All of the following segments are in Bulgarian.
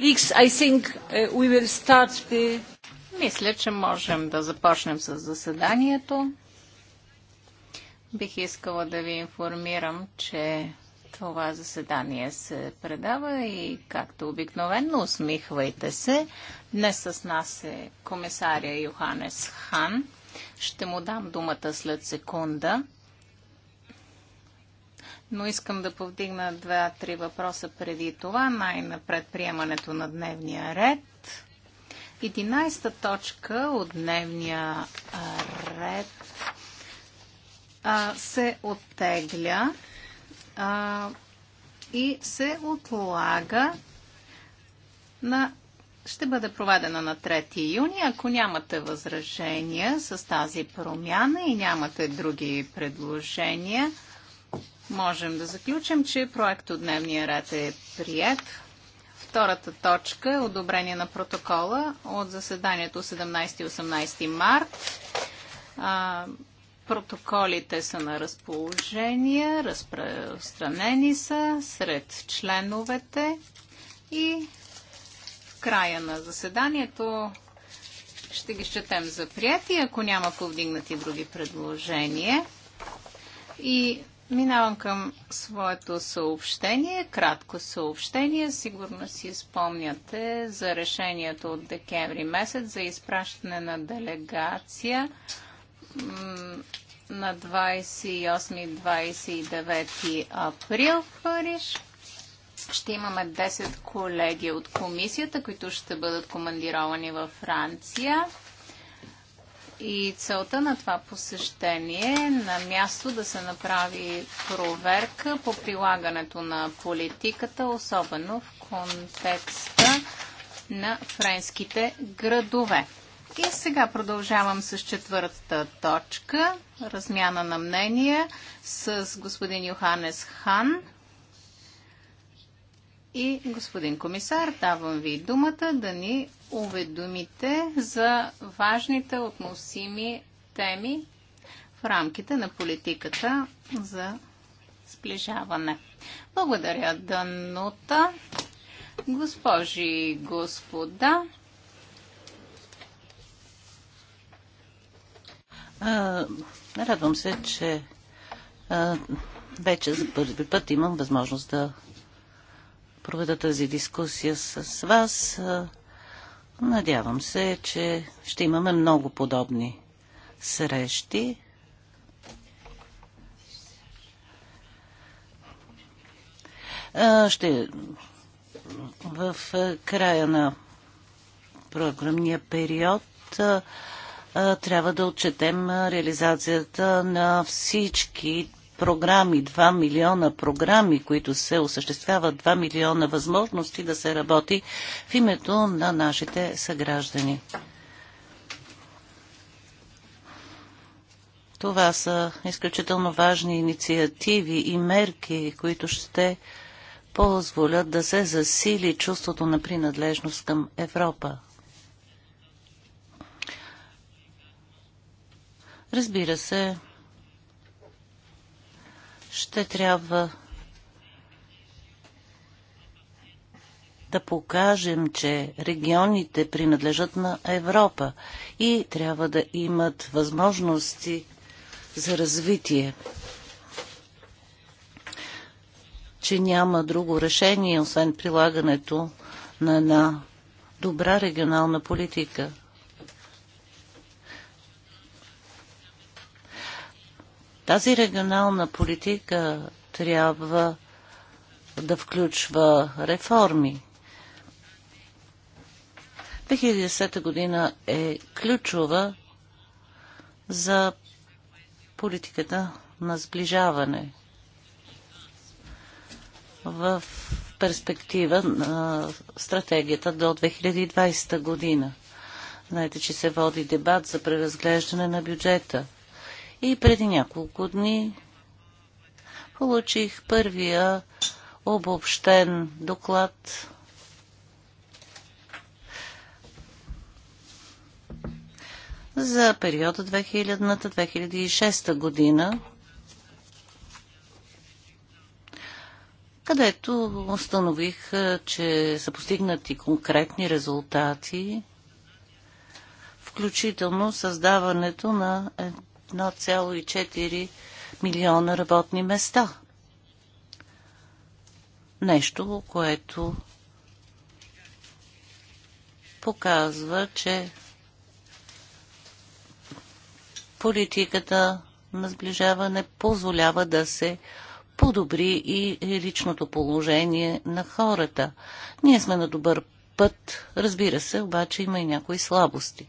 Uh, Мисля, че можем да започнем с заседанието. Бих искала да ви информирам, че това заседание се предава и както обикновено усмихвайте се. Днес с нас е комисаря Йоханес Хан. Ще му дам думата след секунда но искам да повдигна два-три въпроса преди това. Най-напред приемането на дневния ред. 11 точка от дневния ред а, се оттегля а, и се отлага на ще бъде проведена на 3 юни. Ако нямате възражения с тази промяна и нямате други предложения, можем да заключим, че проект от дневния ред е прият. Втората точка е одобрение на протокола от заседанието 17-18 март. протоколите са на разположение, разпространени са сред членовете и в края на заседанието ще ги щетем за прияти, ако няма повдигнати други предложения. И Минавам към своето съобщение, кратко съобщение. Сигурно си спомняте за решението от декември месец за изпращане на делегация на 28-29 април в Париж. Ще имаме 10 колеги от комисията, които ще бъдат командировани във Франция и целта на това посещение е на място да се направи проверка по прилагането на политиката, особено в контекста на френските градове. И сега продължавам с четвъртата точка. Размяна на мнения с господин Йоханес Хан, и, господин комисар, давам ви думата да ни уведомите за важните относими теми в рамките на политиката за сближаване. Благодаря, Данута. Госпожи и господа, а, радвам се, че а, вече за първи път имам възможност да проведа тази дискусия с вас. Надявам се, че ще имаме много подобни срещи. Ще в края на програмния период трябва да отчетем реализацията на всички програми, 2 милиона програми, които се осъществяват, 2 милиона възможности да се работи в името на нашите съграждани. Това са изключително важни инициативи и мерки, които ще позволят да се засили чувството на принадлежност към Европа. Разбира се, ще трябва да покажем, че регионите принадлежат на Европа и трябва да имат възможности за развитие. Че няма друго решение, освен прилагането на една добра регионална политика – Тази регионална политика трябва да включва реформи. 2010 година е ключова за политиката на сближаване в перспектива на стратегията до 2020 година. Знаете, че се води дебат за преразглеждане на бюджета – и преди няколко дни получих първия обобщен доклад за периода 2000-2006 година, където установих, че са постигнати конкретни резултати, включително създаването на 1,4 милиона работни места. Нещо, което показва, че политиката на сближаване позволява да се подобри и личното положение на хората. Ние сме на добър път, разбира се, обаче има и някои слабости.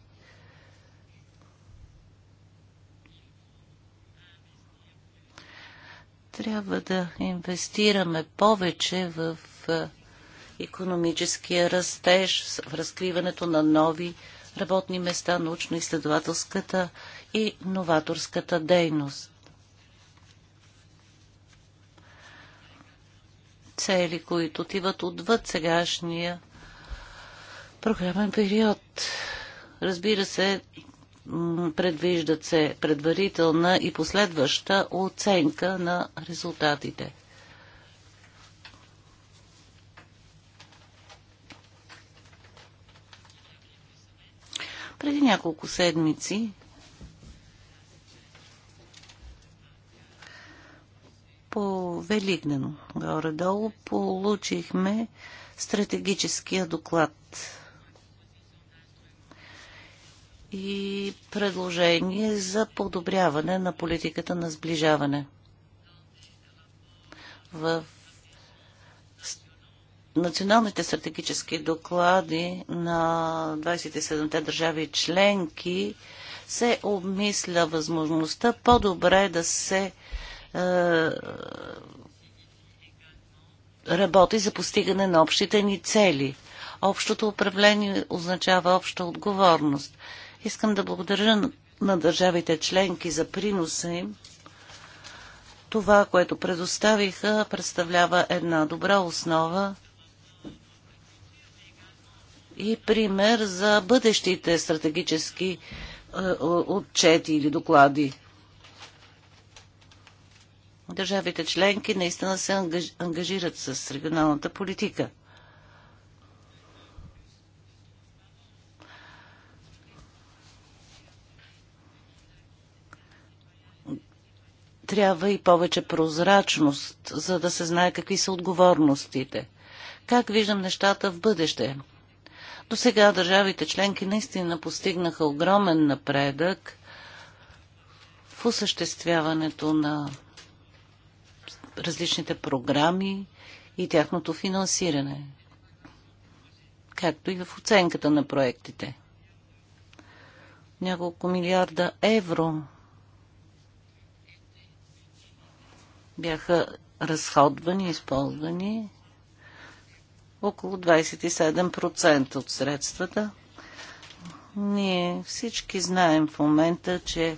Трябва да инвестираме повече в економическия растеж, в разкриването на нови работни места, научно-изследователската и новаторската дейност. Цели, които отиват отвъд сегашния програмен период. Разбира се, Предвиждат се предварителна и последваща оценка на резултатите. Преди няколко седмици по Великдено горе-долу получихме стратегическия доклад и предложение за подобряване на политиката на сближаване. В националните стратегически доклади на 27-те държави членки се обмисля възможността по-добре да се е, работи за постигане на общите ни цели. Общото управление означава обща отговорност. Искам да благодаря на държавите членки за приноса им. Това, което предоставиха, представлява една добра основа и пример за бъдещите стратегически е, отчети или доклади. Държавите членки наистина се ангажират с регионалната политика. трябва и повече прозрачност, за да се знае какви са отговорностите. Как виждам нещата в бъдеще? До сега държавите членки наистина постигнаха огромен напредък в осъществяването на различните програми и тяхното финансиране, както и в оценката на проектите. Няколко милиарда евро бяха разходвани, използвани около 27% от средствата. Ние всички знаем в момента, че е,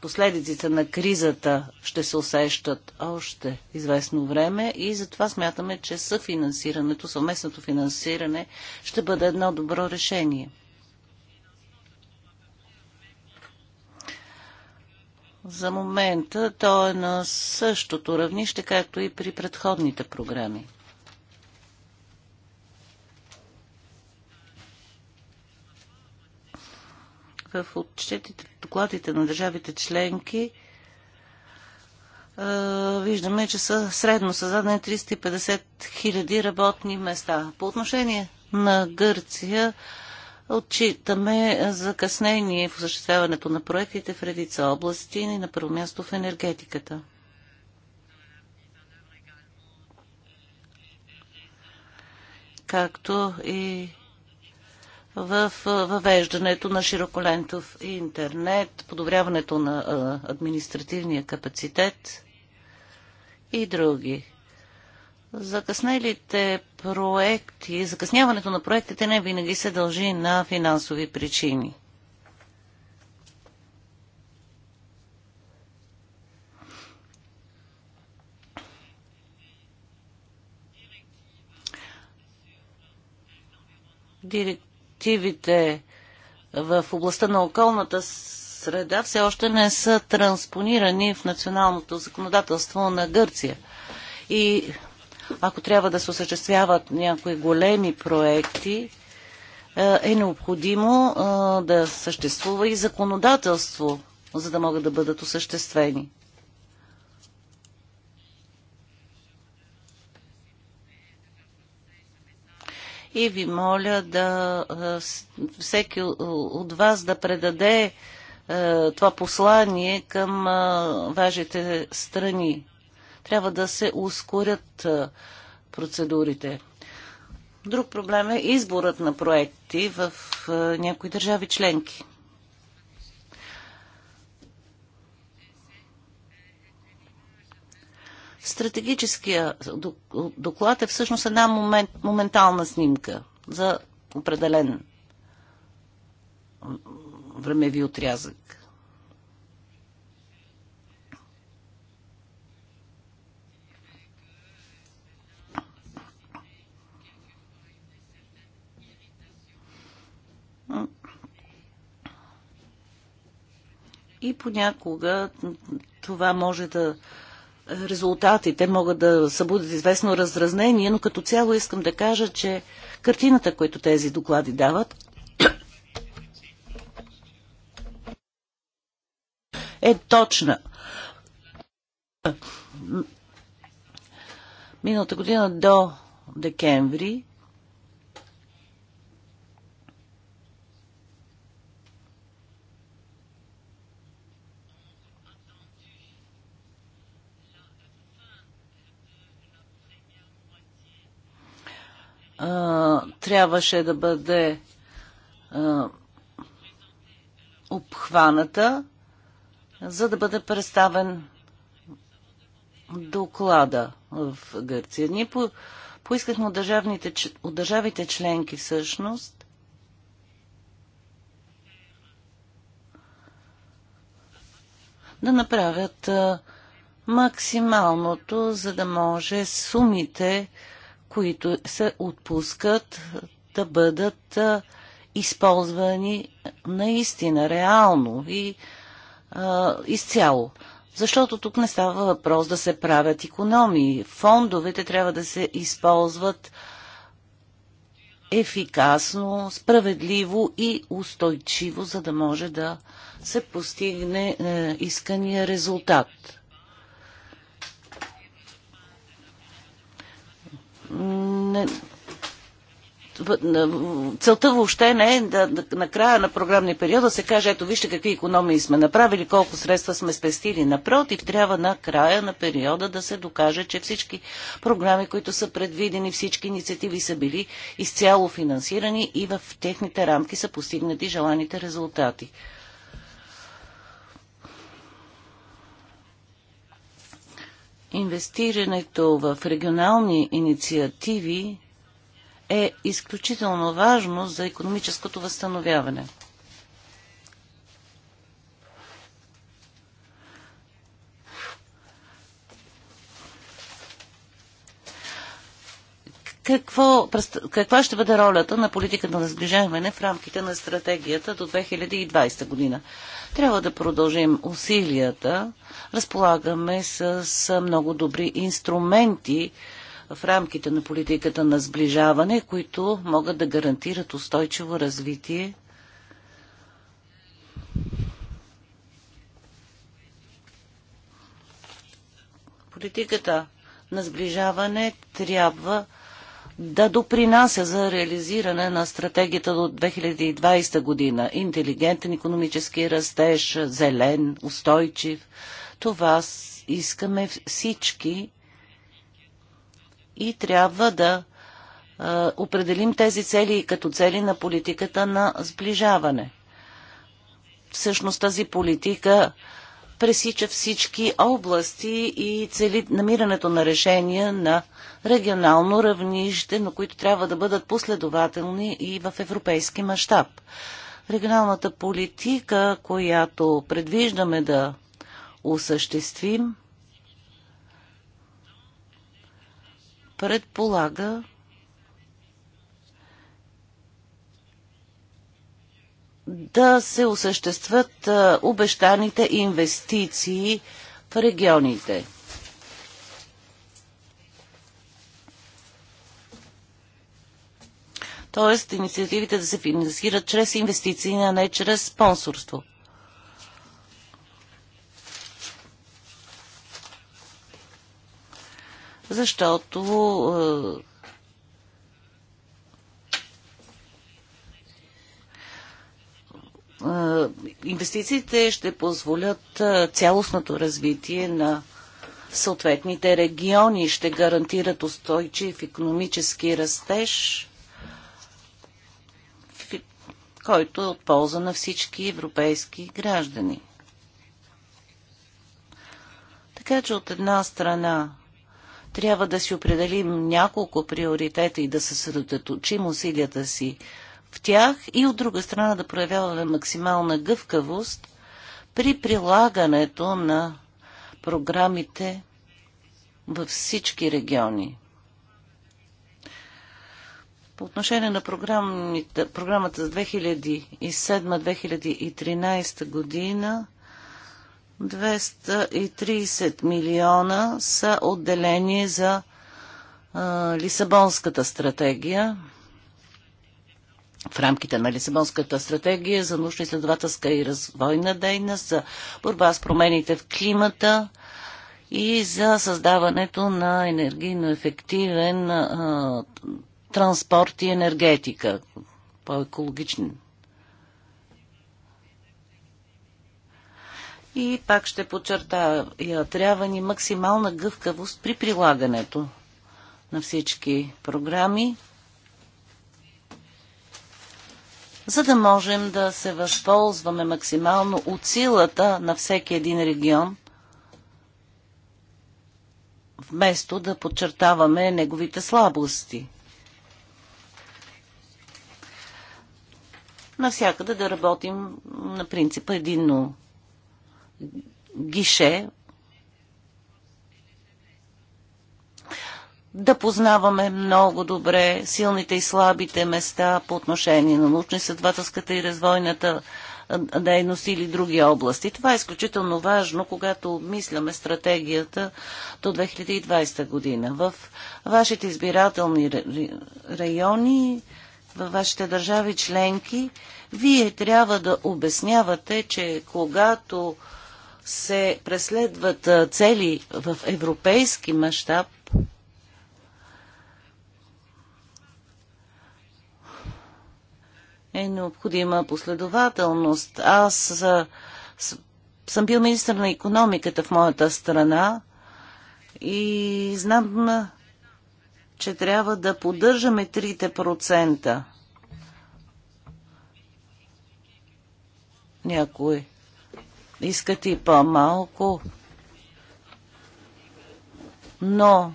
последиците на кризата ще се усещат още известно време и затова смятаме, че съфинансирането, съвместното финансиране ще бъде едно добро решение. За момента то е на същото равнище, както и при предходните програми. В отчетите, докладите на държавите членки е, виждаме, че са средно създадени 350 хиляди работни места. По отношение на Гърция, Отчитаме закъснение в осъществяването на проектите в редица области и на първо място в енергетиката. Както и в въвеждането на широколентов интернет, подобряването на административния капацитет и други. Закъснелите проекти, закъсняването на проектите не винаги се дължи на финансови причини. Директивите в областта на околната среда все още не са транспонирани в националното законодателство на Гърция. И ако трябва да се осъществяват някои големи проекти, е, е необходимо е, да съществува и законодателство, за да могат да бъдат осъществени. И ви моля да е, всеки от вас да предаде това послание към вашите страни. Трябва да се ускорят процедурите. Друг проблем е изборът на проекти в някои държави членки. Стратегическия доклад е всъщност една момент, моментална снимка за определен времеви отрязък. И понякога това може да. Резултатите могат да събудят известно разразнение, но като цяло искам да кажа, че картината, която тези доклади дават, е точна. Миналата година до декември трябваше да бъде обхваната, за да бъде представен доклада в Гърция. Ние по, поискахме от, от държавите членки всъщност да направят максималното, за да може сумите, които се отпускат да бъдат използвани наистина, реално и а, изцяло. Защото тук не става въпрос да се правят економии. Фондовете трябва да се използват ефикасно, справедливо и устойчиво, за да може да се постигне е, искания резултат. не, целта въобще не е да, да, на края на програмния период да се каже, ето вижте какви економии сме направили, колко средства сме спестили. Напротив, трябва на края на периода да се докаже, че всички програми, които са предвидени, всички инициативи са били изцяло финансирани и в техните рамки са постигнати желаните резултати. Инвестирането в регионални инициативи е изключително важно за економическото възстановяване. Какво, каква ще бъде ролята на политиката на сближаване в рамките на стратегията до 2020 година? Трябва да продължим усилията. Разполагаме с много добри инструменти в рамките на политиката на сближаване, които могат да гарантират устойчиво развитие политиката на сближаване трябва да допринася за реализиране на стратегията до 2020 година. Интелигентен економически растеж, зелен, устойчив. Това искаме всички и трябва да а, определим тези цели като цели на политиката на сближаване. Всъщност тази политика пресича всички области и цели намирането на решения на регионално равнище, но които трябва да бъдат последователни и в европейски мащаб. Регионалната политика, която предвиждаме да осъществим, предполага да се осъществят обещаните инвестиции в регионите. Тоест, инициативите да се финансират чрез инвестиции, а не чрез спонсорство. Защото инвестициите ще позволят цялостното развитие на съответните региони, ще гарантират устойчив економически растеж, който е от полза на всички европейски граждани. Така че от една страна трябва да си определим няколко приоритета и да съсредоточим усилията си в тях и от друга страна да проявяваме максимална гъвкавост при прилагането на програмите във всички региони. По отношение на програмата за 2007-2013 година, 230 милиона са отделени за а, Лисабонската стратегия в рамките на Лисабонската стратегия за научно-изследователска и развойна дейност, за борба с промените в климата и за създаването на енергийно ефективен а, транспорт и енергетика, по-екологичен. И пак ще подчертая, трябва ни максимална гъвкавост при прилагането на всички програми. за да можем да се възползваме максимално от силата на всеки един регион, вместо да подчертаваме неговите слабости. Навсякъде да работим на принципа единно гише да познаваме много добре силните и слабите места по отношение на научно-изследователската и развойната дейност или други области. Това е изключително важно, когато обмисляме стратегията до 2020 година. В вашите избирателни райони, във вашите държави членки, вие трябва да обяснявате, че когато се преследват цели в европейски мащаб, е необходима последователност. Аз а, с, съм бил министр на економиката в моята страна и знам, че трябва да поддържаме 3%. Някой искат и по-малко, но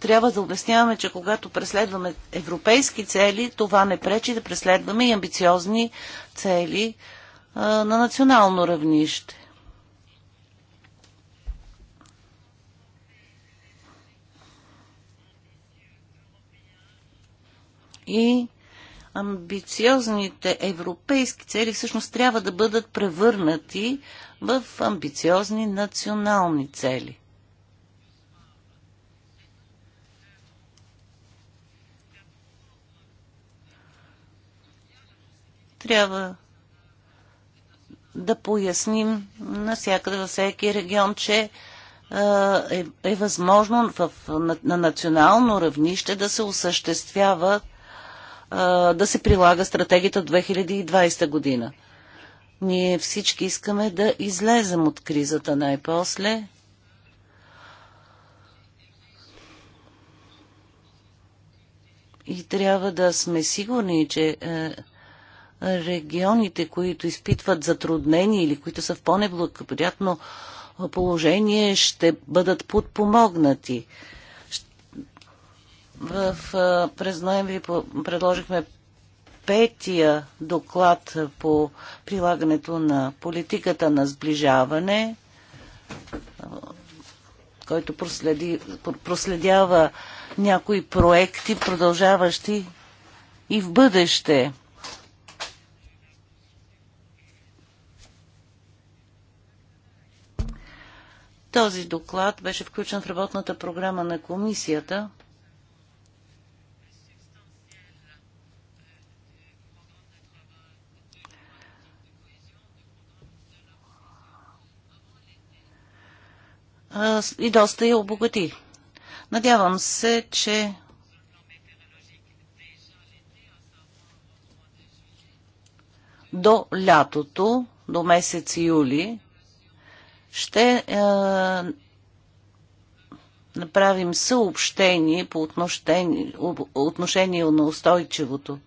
трябва да обясняваме, че когато преследваме европейски цели, това не пречи да преследваме и амбициозни цели а, на национално равнище. И амбициозните европейски цели всъщност трябва да бъдат превърнати в амбициозни национални цели. Трябва да поясним навсякъде във всеки регион, че е, е възможно в, на, на национално равнище да се осъществява, да се прилага стратегията 2020 година. Ние всички искаме да излезем от кризата най-после. И трябва да сме сигурни, че е, регионите, които изпитват затруднения или които са в по-неблагоприятно положение, ще бъдат подпомогнати. В, през ноември предложихме петия доклад по прилагането на политиката на сближаване, който проследи, проследява някои проекти, продължаващи и в бъдеще. Този доклад беше включен в работната програма на комисията. и доста я обогати. Надявам се, че до лятото, до месец юли, ще е, направим съобщение по отношение, отношение на устойчивото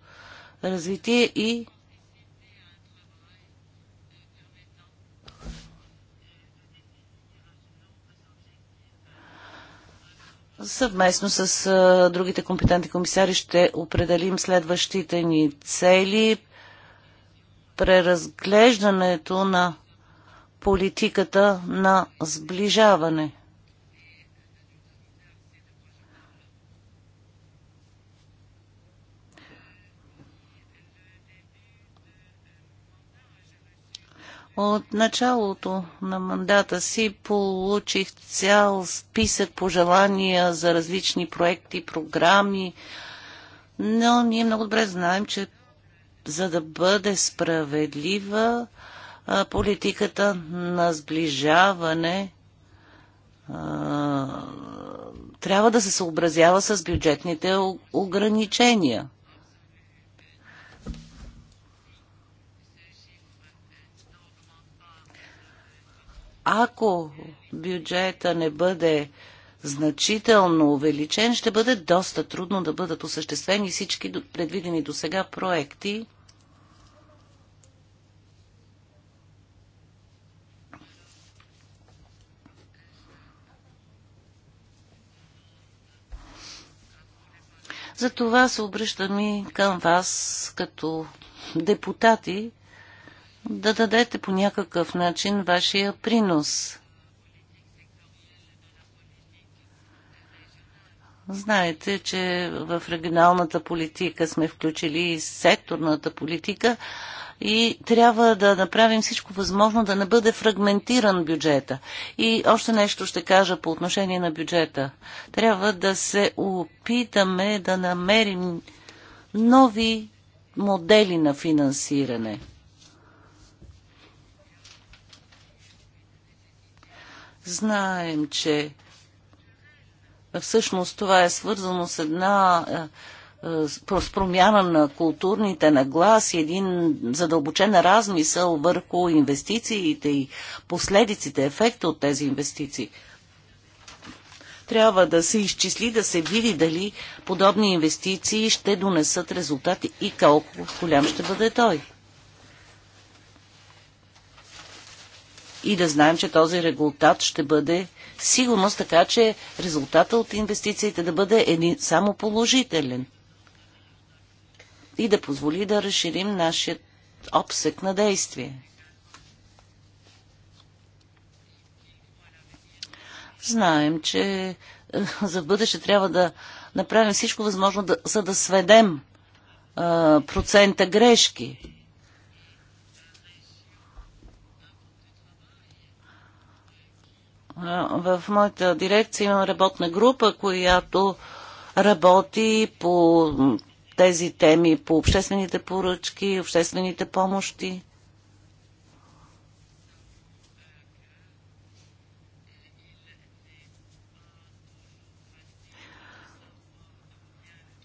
развитие и Съвместно с а, е, другите компетентни комисари ще определим следващите ни цели. Преразглеждането на политиката на сближаване. От началото на мандата си получих цял списък пожелания за различни проекти, програми, но ние много добре знаем, че за да бъде справедлива, политиката на сближаване трябва да се съобразява с бюджетните ограничения. Ако бюджета не бъде значително увеличен, ще бъде доста трудно да бъдат осъществени всички предвидени до сега проекти За това се обръщам и към вас, като депутати, да дадете по някакъв начин вашия принос. Знаете, че в регионалната политика сме включили и секторната политика, и трябва да направим всичко възможно да не бъде фрагментиран бюджета. И още нещо ще кажа по отношение на бюджета. Трябва да се опитаме да намерим нови модели на финансиране. Знаем, че всъщност това е свързано с една с промяна на културните нагласи, един задълбочен размисъл върху инвестициите и последиците, ефекта от тези инвестиции. Трябва да се изчисли, да се види дали подобни инвестиции ще донесат резултати и колко голям ще бъде той. И да знаем, че този резултат ще бъде сигурност, така че резултата от инвестициите да бъде един, само положителен и да позволи да разширим нашия обсек на действие. Знаем, че е, за бъдеще трябва да направим всичко възможно, да, за да сведем а, е, процента грешки. Е, в моята дирекция имам работна група, която работи по тези теми по обществените поръчки, обществените помощи?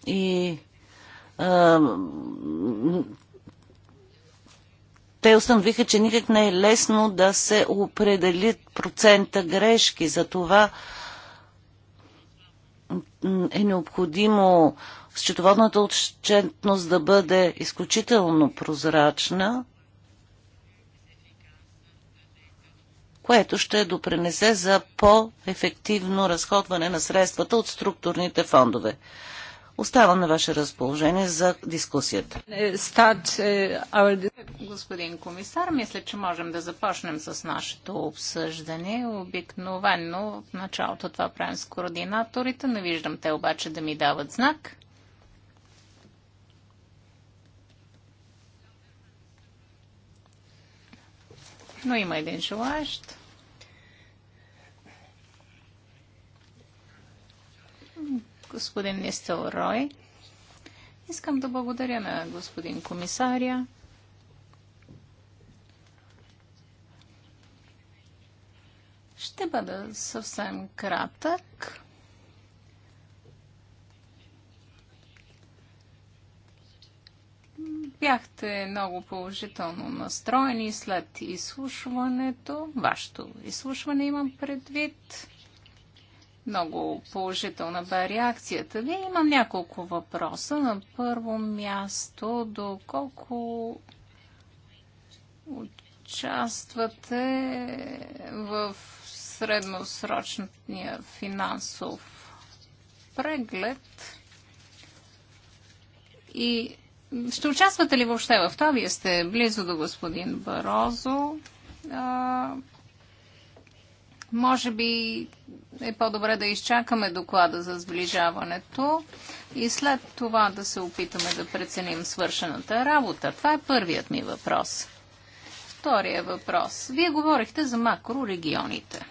И а, те установиха, че никак не е лесно да се определят процента грешки. Затова е необходимо счетоводната отчетност да бъде изключително прозрачна, което ще допренесе за по-ефективно разходване на средствата от структурните фондове. Оставам на ваше разположение за дискусията. Е, е, Господин комисар, мисля, че можем да започнем с нашето обсъждане. Обикновено в началото това правим с координаторите, не виждам те обаче да ми дават знак. но има един желаящ. Господин Нестел Рой. Искам да благодаря на господин комисаря. Ще бъда съвсем кратък. Бяхте много положително настроени след изслушването. Вашето изслушване имам предвид. Много положителна бе реакцията ви. Имам няколко въпроса. На първо място, доколко участвате в средносрочния финансов преглед и ще участвате ли въобще в това? Вие сте близо до господин Барозо. А, може би е по-добре да изчакаме доклада за сближаването и след това да се опитаме да преценим свършената работа. Това е първият ми въпрос. Втория въпрос. Вие говорихте за макрорегионите.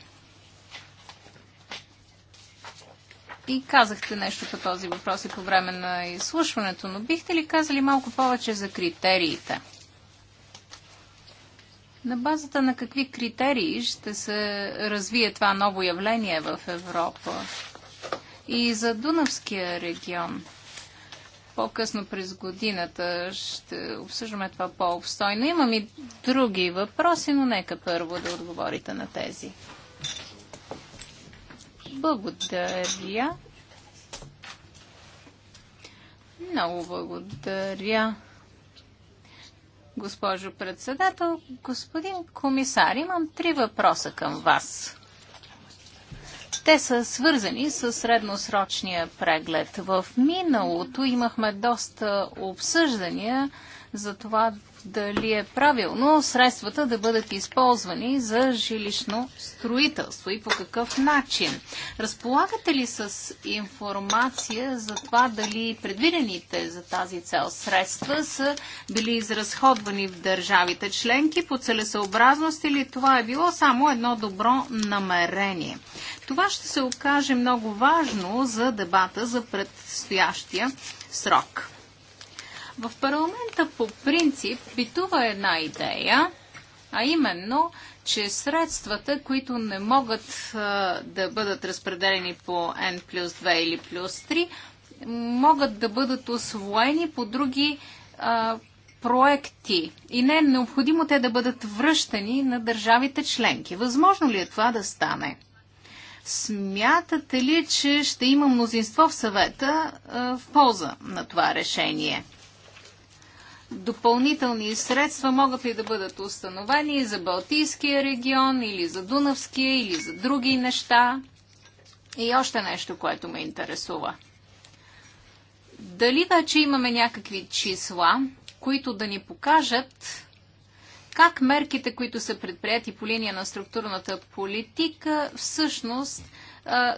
и казахте нещо по този въпрос и по време на изслушването, но бихте ли казали малко повече за критериите? На базата на какви критерии ще се развие това ново явление в Европа и за Дунавския регион? По-късно през годината ще обсъждаме това по-обстойно. Имам и други въпроси, но нека първо да отговорите на тези. Благодаря. Много благодаря. Госпожо председател, господин комисар, имам три въпроса към вас. Те са свързани с средносрочния преглед. В миналото имахме доста обсъждания за това дали е правилно средствата да бъдат използвани за жилищно строителство и по какъв начин. Разполагате ли с информация за това дали предвидените за тази цел средства са били изразходвани в държавите членки по целесообразност, или това е било само едно добро намерение? Това ще се окаже много важно за дебата за предстоящия срок. В парламента по принцип битува една идея, а именно, че средствата, които не могат а, да бъдат разпределени по N плюс 2 или плюс 3, могат да бъдат освоени по други а, проекти и не е необходимо те да бъдат връщани на държавите членки. Възможно ли е това да стане? Смятате ли, че ще има мнозинство в съвета а, в полза на това решение? допълнителни средства могат ли да бъдат установени за Балтийския регион или за Дунавския или за други неща? И още нещо, което ме интересува. Дали вече имаме някакви числа, които да ни покажат как мерките, които са предприяти по линия на структурната политика, всъщност –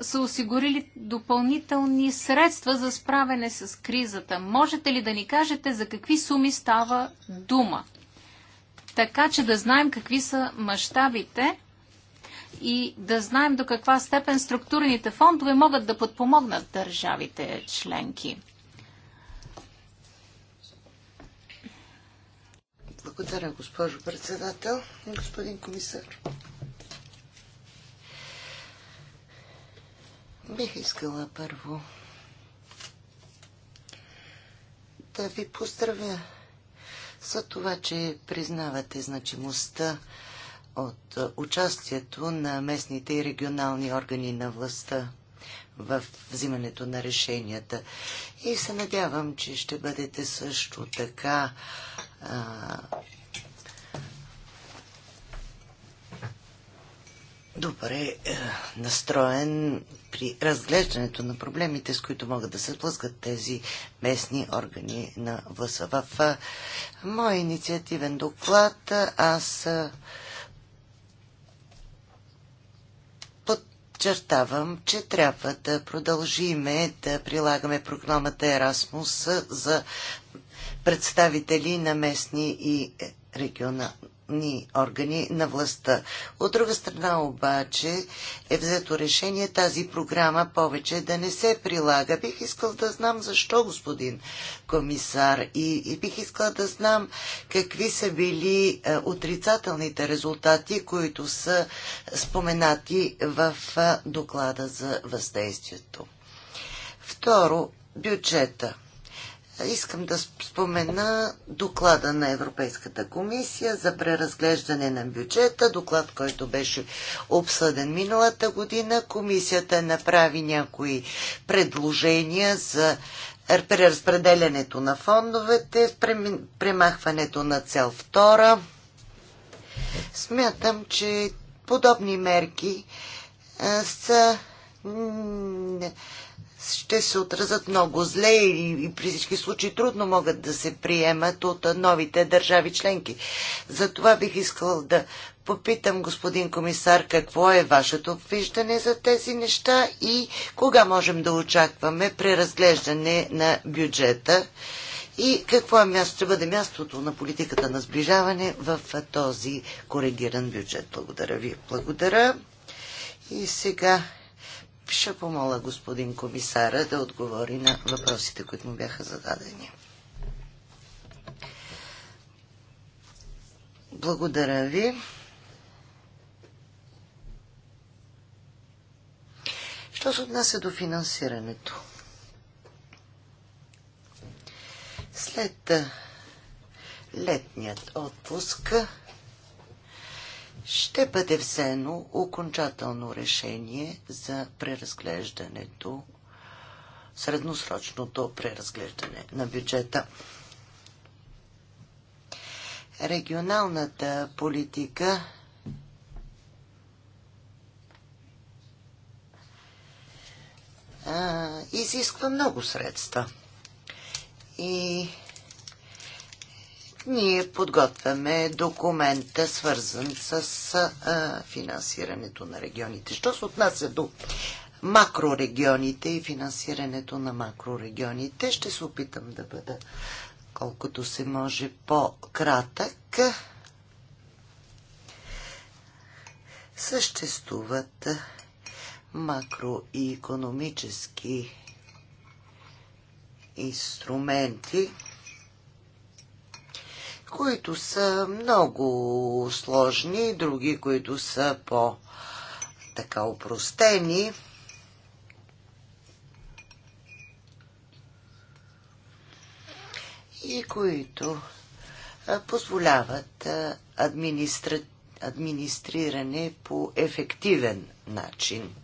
са осигурили допълнителни средства за справяне с кризата. Можете ли да ни кажете за какви суми става дума? Така че да знаем какви са мащабите и да знаем до каква степен структурните фондове могат да подпомогнат държавите членки. Благодаря, госпожо председател. Господин комисар. Бих искала първо да ви поздравя за това, че признавате значимостта от участието на местните и регионални органи на властта в взимането на решенията. И се надявам, че ще бъдете също така а, добре е, настроен при разглеждането на проблемите, с които могат да се сблъскат тези местни органи на властта. В е, моя инициативен доклад е, аз подчертавам, че трябва да продължиме да прилагаме програмата Ерасмус за представители на местни и регионални ни органи на властта. От друга страна обаче е взето решение тази програма повече да не се прилага. Бих искал да знам защо, господин комисар, и, и бих искал да знам какви са били е, отрицателните резултати, които са споменати в е, доклада за въздействието. Второ, бюджета – Искам да спомена доклада на Европейската комисия за преразглеждане на бюджета, доклад, който беше обсъден миналата година. Комисията направи някои предложения за преразпределянето на фондовете, премахването на цел втора. Смятам, че подобни мерки са ще се отразят много зле и, и при всички случаи трудно могат да се приемат от новите държави членки. Затова бих искал да попитам господин комисар какво е вашето виждане за тези неща и кога можем да очакваме преразглеждане на бюджета и какво е място, ще бъде мястото на политиката на сближаване в този коригиран бюджет. Благодаря ви. Благодаря. И сега ще помоля господин комисара да отговори на въпросите, които му бяха зададени. Благодаря ви. Що се отнася до финансирането? След летният отпуск ще бъде взено окончателно решение за преразглеждането, средносрочното преразглеждане на бюджета. Регионалната политика а, изисква много средства. И ние подготвяме документа, свързан с а, финансирането на регионите. Що се отнася до макрорегионите и финансирането на макрорегионите, ще се опитам да бъда колкото се може по-кратък. Съществуват макро и економически инструменти, които са много сложни, други, които са по така упростени. и които позволяват администра... администриране по ефективен начин.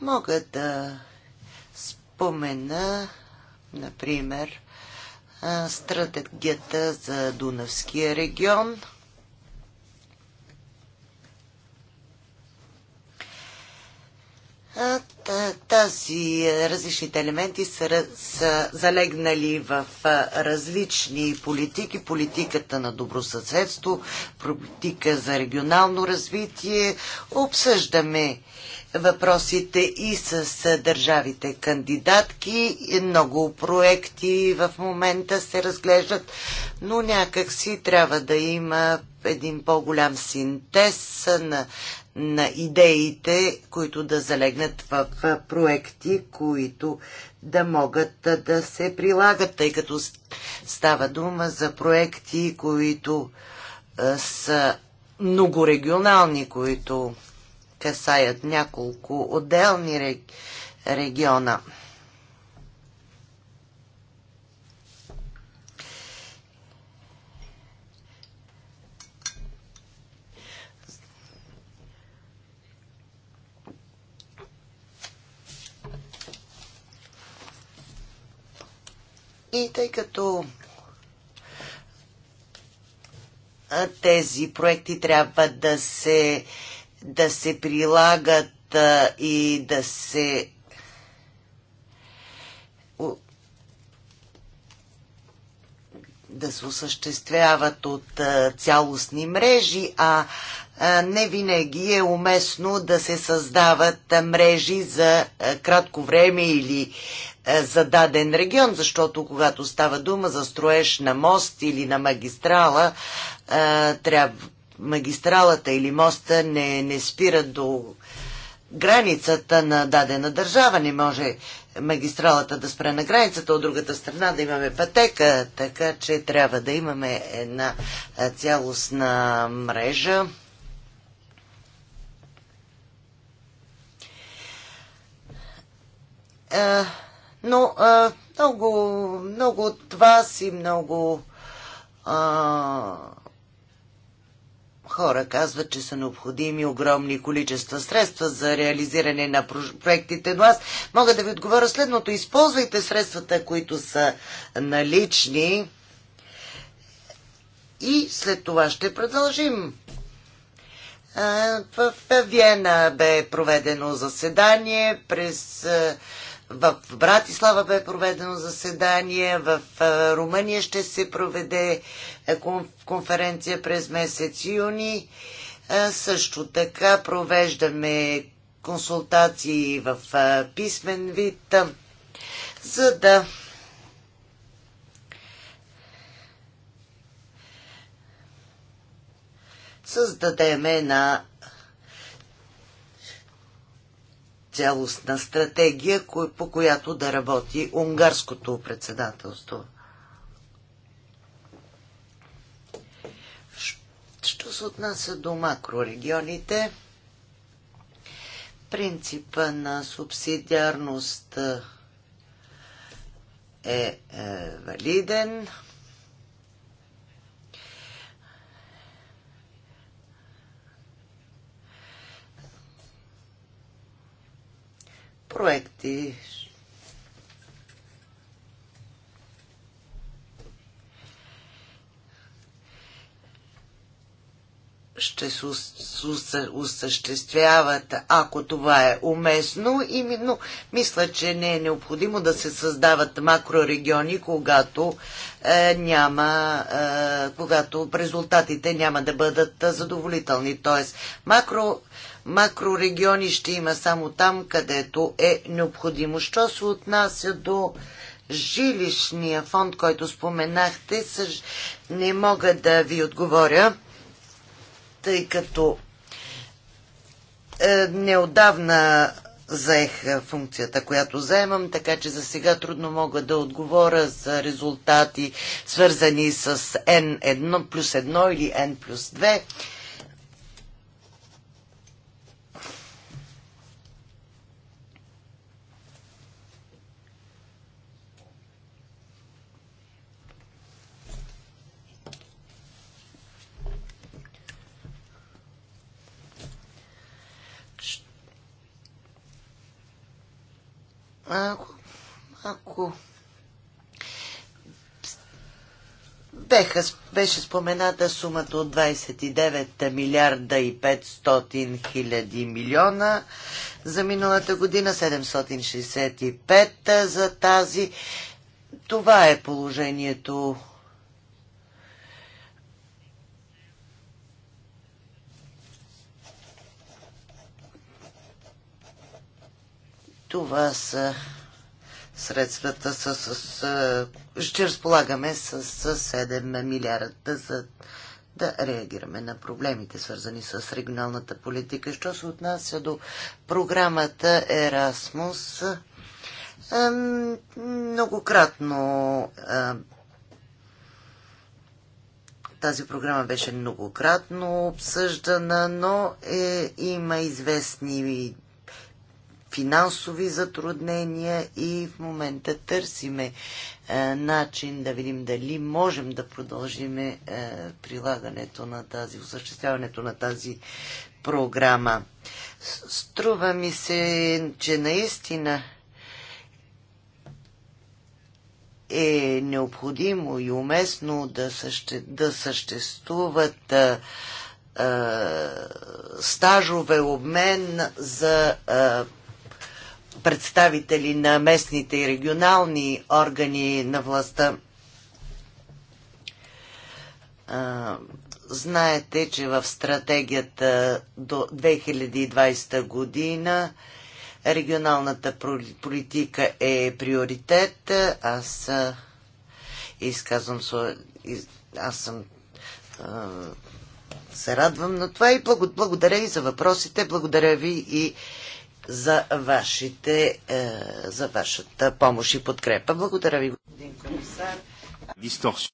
Мога да спомена, например, стратегията за Дунавския регион. Тази е, различните елементи са, са залегнали в различни политики. Политиката на добросъседство, политика за регионално развитие. Обсъждаме въпросите и с държавите кандидатки. Много проекти в момента се разглеждат, но някак си трябва да има един по-голям синтез на, на идеите, които да залегнат в проекти, които да могат да се прилагат, тъй като става дума за проекти, които са многорегионални, които касаят няколко отделни региона. И тъй като тези проекти трябва да се да се прилагат а, и да се да се осъществяват от а, цялостни мрежи, а, а не винаги е уместно да се създават а, мрежи за а, кратко време или а, за даден регион, защото когато става дума за строеж на мост или на магистрала, а, трябва магистралата или моста не, не спира до границата на дадена държава. Не може магистралата да спре на границата, от другата страна да имаме пътека, така че трябва да имаме една цялостна мрежа. Но много, много от вас и много хора казват, че са необходими огромни количества средства за реализиране на проектите, но аз мога да ви отговоря следното. Използвайте средствата, които са налични и след това ще продължим. В Виена бе проведено заседание през в Братислава бе проведено заседание, в Румъния ще се проведе е, конференция през месец юни. Също така провеждаме консултации в писмен вид, за да създадем една цялостна стратегия, по която да работи унгарското председателство. Що се отнася до макрорегионите, принципа на субсидиарност е, е валиден. проекти. ще се осъществяват, ако това е уместно. Именно мисля, че не е необходимо да се създават макрорегиони, когато, е, няма, е, когато резултатите няма да бъдат е, задоволителни. Тоест, макро макрорегиони ще има само там, където е необходимо. Що се отнася до жилищния фонд, който споменахте, съж... не мога да ви отговоря, тъй като е, неодавна заех е, функцията, която заемам, така че за сега трудно мога да отговоря за резултати, свързани с N1 плюс 1 или N плюс 2. Ако, ако Беха, беше спомената сумата от 29 милиарда и 500 хиляди милиона за миналата година, 765 за тази. Това е положението Това са средствата, с, с, с, ще разполагаме с, с 7 милиарда за да реагираме на проблемите, свързани с регионалната политика. Що се отнася до програмата Ерасмус, многократно тази програма беше многократно обсъждана, но е, има известни финансови затруднения и в момента търсиме е, начин да видим дали можем да продължим е, прилагането на тази, осъществяването на тази програма. Струва ми се, че наистина е необходимо и уместно да, съще, да съществуват а, е, а, е, стажове обмен за а, е, представители на местните и регионални органи на властта. Знаете, че в стратегията до 2020 година регионалната политика е приоритет. Аз изказвам аз съм се радвам на това и благодаря и за въпросите. Благодаря ви и за, вашите, е, за вашата помощ и подкрепа. Благодаря ви, господин комисар. Дисторсия.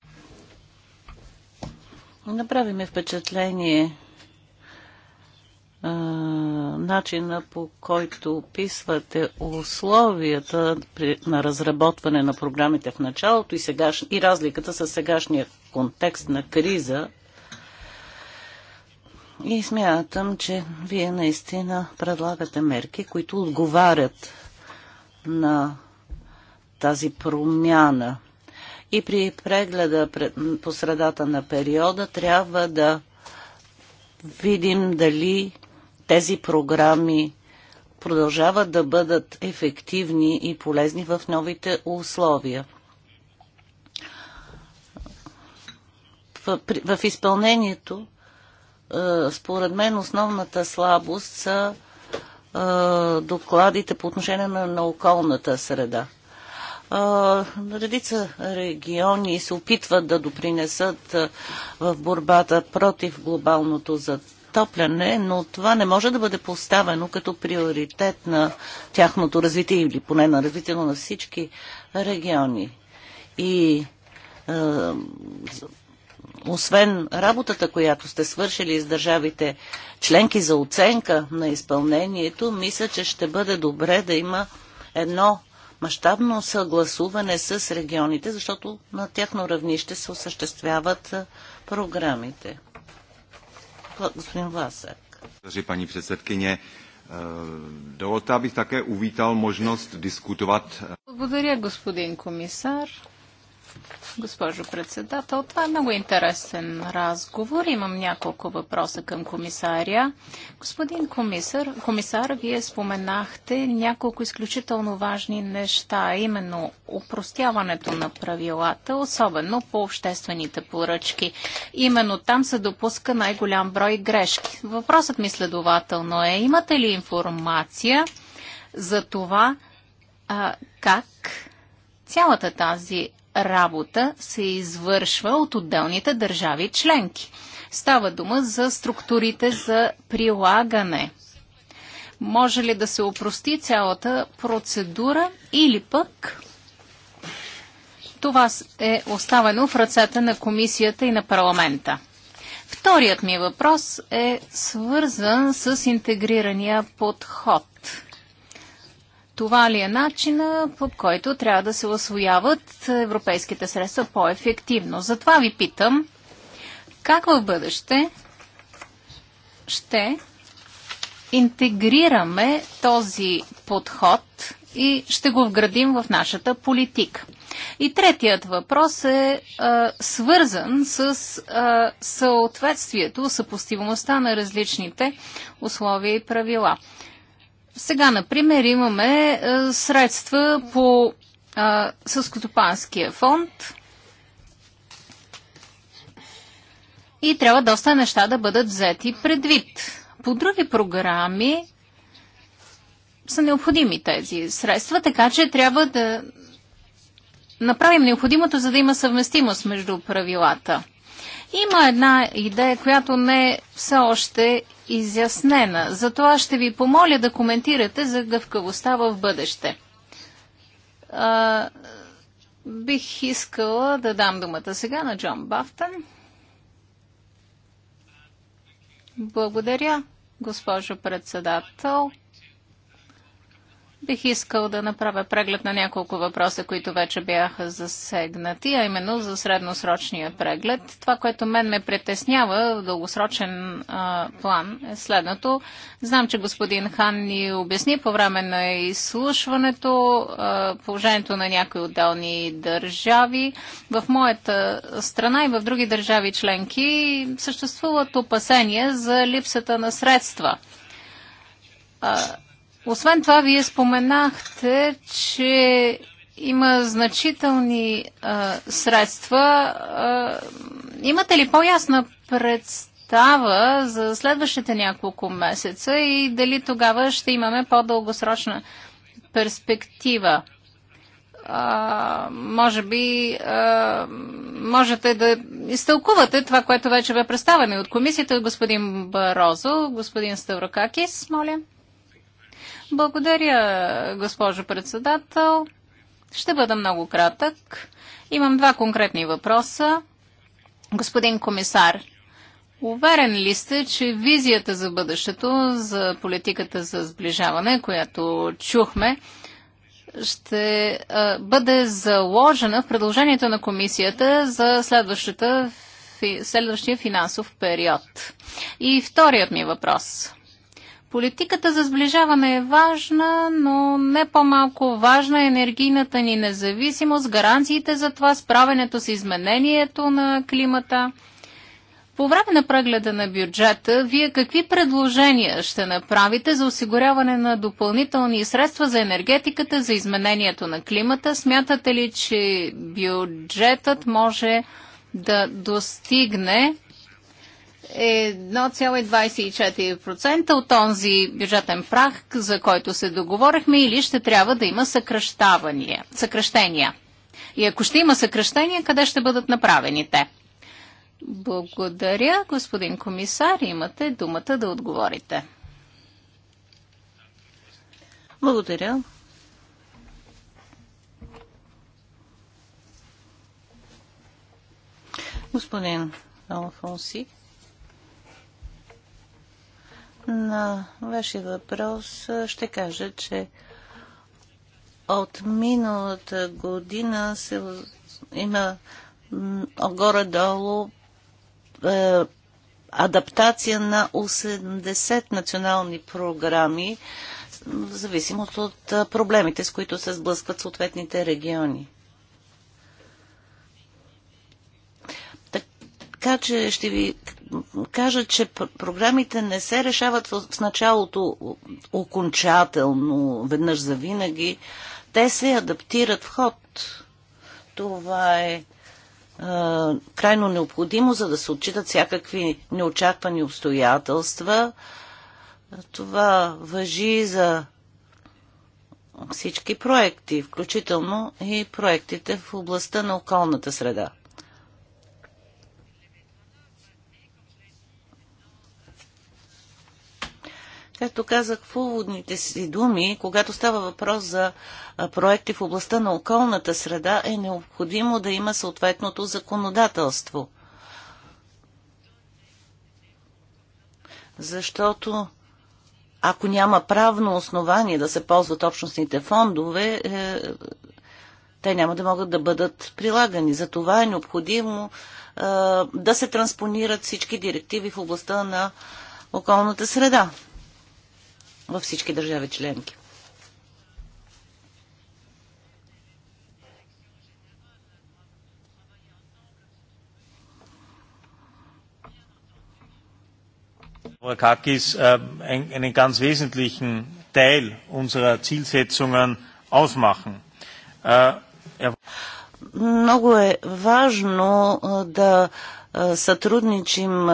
Направи ми впечатление а, е, начина по който описвате условията при, на разработване на програмите в началото и, сегаш, и разликата с сегашния контекст на криза и смятам, че вие наистина предлагате мерки, които отговарят на тази промяна. И при прегледа по средата на периода трябва да видим дали тези програми продължават да бъдат ефективни и полезни в новите условия. В, в изпълнението е, според мен основната слабост са е, докладите по отношение на, на околната среда. Е, редица региони се опитват да допринесат в борбата против глобалното затопляне, но това не може да бъде поставено като приоритет на тяхното развитие или поне на развитието на всички региони. И освен работата, която сте свършили с държавите членки за оценка на изпълнението, мисля, че ще бъде добре да има едно мащабно съгласуване с регионите, защото на тяхно равнище се осъществяват програмите. Господин Даже, Пани председкиня, е, Долота бих така увитал можност дискутуват. Е, Благодаря, господин комисар. Госпожо председател, това е много интересен разговор. Имам няколко въпроса към комисаря. Господин комисар, комисар, вие споменахте няколко изключително важни неща, именно упростяването на правилата, особено по обществените поръчки. Именно там се допуска най-голям брой грешки. Въпросът ми следователно е, имате ли информация за това а, как цялата тази работа се извършва от отделните държави членки. Става дума за структурите за прилагане. Може ли да се опрости цялата процедура или пък това е оставено в ръцете на комисията и на парламента? Вторият ми въпрос е свързан с интегрирания подход. Това ли е начина, по който трябва да се освояват европейските средства по-ефективно? Затова ви питам, как в бъдеще ще интегрираме този подход и ще го вградим в нашата политика. И третият въпрос е а, свързан с а, съответствието, съпостивността на различните условия и правила. Сега, например, имаме е, средства по е, съскотопанския фонд и трябва доста неща да бъдат взети предвид. По други програми са необходими тези средства, така че трябва да направим необходимото, за да има съвместимост между правилата. Има една идея, която не е все още изяснена. Затова ще ви помоля да коментирате за гъвкавостта в бъдеще. А, бих искала да дам думата сега на Джон Бафтън. Благодаря, госпожо председател. Бих искал да направя преглед на няколко въпроса, които вече бяха засегнати, а именно за средносрочния преглед. Това, което мен ме притеснява в дългосрочен а, план е следното. Знам, че господин Хан ни обясни по време на изслушването а, положението на някои отделни държави. В моята страна и в други държави членки съществуват опасения за липсата на средства. А, освен това, вие споменахте, че има значителни а, средства. А, имате ли по-ясна представа за следващите няколко месеца и дали тогава ще имаме по-дългосрочна перспектива? А, може би а, можете да изтълкувате това, което вече бе представено от комисията от господин Барозо, господин Ставрокакис, моля. Благодаря, госпожо председател. Ще бъда много кратък. Имам два конкретни въпроса. Господин комисар, уверен ли сте, че визията за бъдещето, за политиката за сближаване, която чухме, ще а, бъде заложена в предложението на комисията за следващата, фи, следващия финансов период? И вторият ми въпрос – Политиката за сближаване е важна, но не по-малко важна е енергийната ни независимост, гаранциите за това, справенето с изменението на климата. По време на прегледа на бюджета, вие какви предложения ще направите за осигуряване на допълнителни средства за енергетиката, за изменението на климата? Смятате ли, че бюджетът може да достигне 1,24% е от този бюджетен прах, за който се договорихме, или ще трябва да има съкръщения. И ако ще има съкръщения, къде ще бъдат направени те? Благодаря, господин комисар. Имате думата да отговорите. Благодаря. Господин Алфонси. На вашия въпрос ще кажа, че от миналата година се има горе-долу е, адаптация на 80 национални програми, в зависимост от проблемите, с които се сблъскват съответните региони. Така че ще ви кажа, че програмите не се решават в началото окончателно, веднъж за винаги. Те се адаптират в ход. Това е крайно необходимо, за да се отчитат всякакви неочаквани обстоятелства. Това въжи за всички проекти, включително и проектите в областта на околната среда. Както казах в уводните си думи, когато става въпрос за проекти в областта на околната среда, е необходимо да има съответното законодателство. Защото ако няма правно основание да се ползват общностните фондове, е, те няма да могат да бъдат прилагани. За това е необходимо да се транспонират всички директиви в областта на околната среда във всички държави членки. Kakis einen ganz wesentlichen Teil unserer Zielsetzungen ausmachen. Много е важно да сътрудничим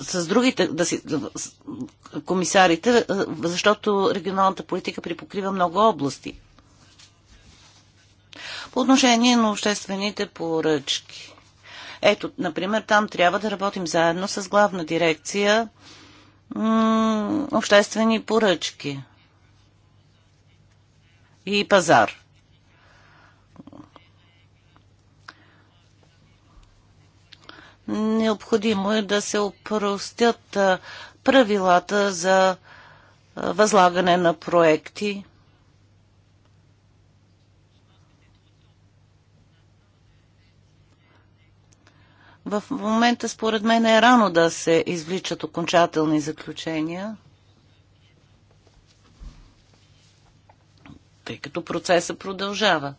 с другите да си, комисарите, защото регионалната политика припокрива много области. По отношение на обществените поръчки. Ето, например, там трябва да работим заедно с главна дирекция обществени поръчки и пазар. Необходимо е да се опростят правилата за възлагане на проекти. В момента, според мен, е рано да се извличат окончателни заключения, тъй като процесът продължава.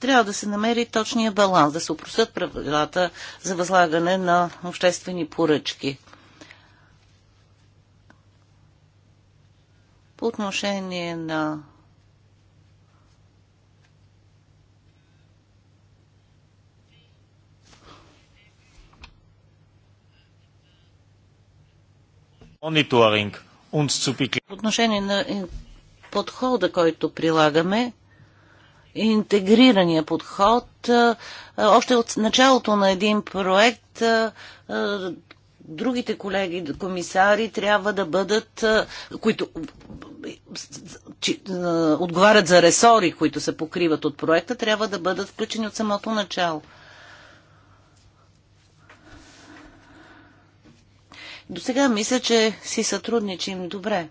трябва да се намери точния баланс, да се опросят правилата за възлагане на обществени поръчки. По отношение на мониторинг. По отношение на подхода, който прилагаме, интегрирания подход. Още от началото на един проект другите колеги комисари трябва да бъдат, които че, отговарят за ресори, които се покриват от проекта, трябва да бъдат включени от самото начало. До сега мисля, че си сътрудничим добре.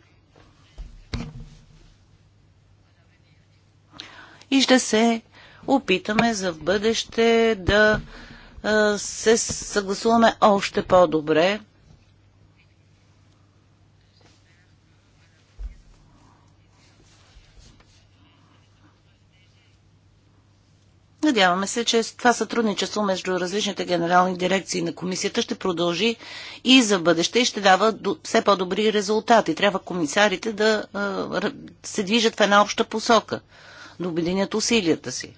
и ще се опитаме за в бъдеще да се съгласуваме още по-добре. Надяваме се, че това сътрудничество между различните генерални дирекции на комисията ще продължи и за бъдеще и ще дава все по-добри резултати. Трябва комисарите да се движат в една обща посока да обединят усилията си.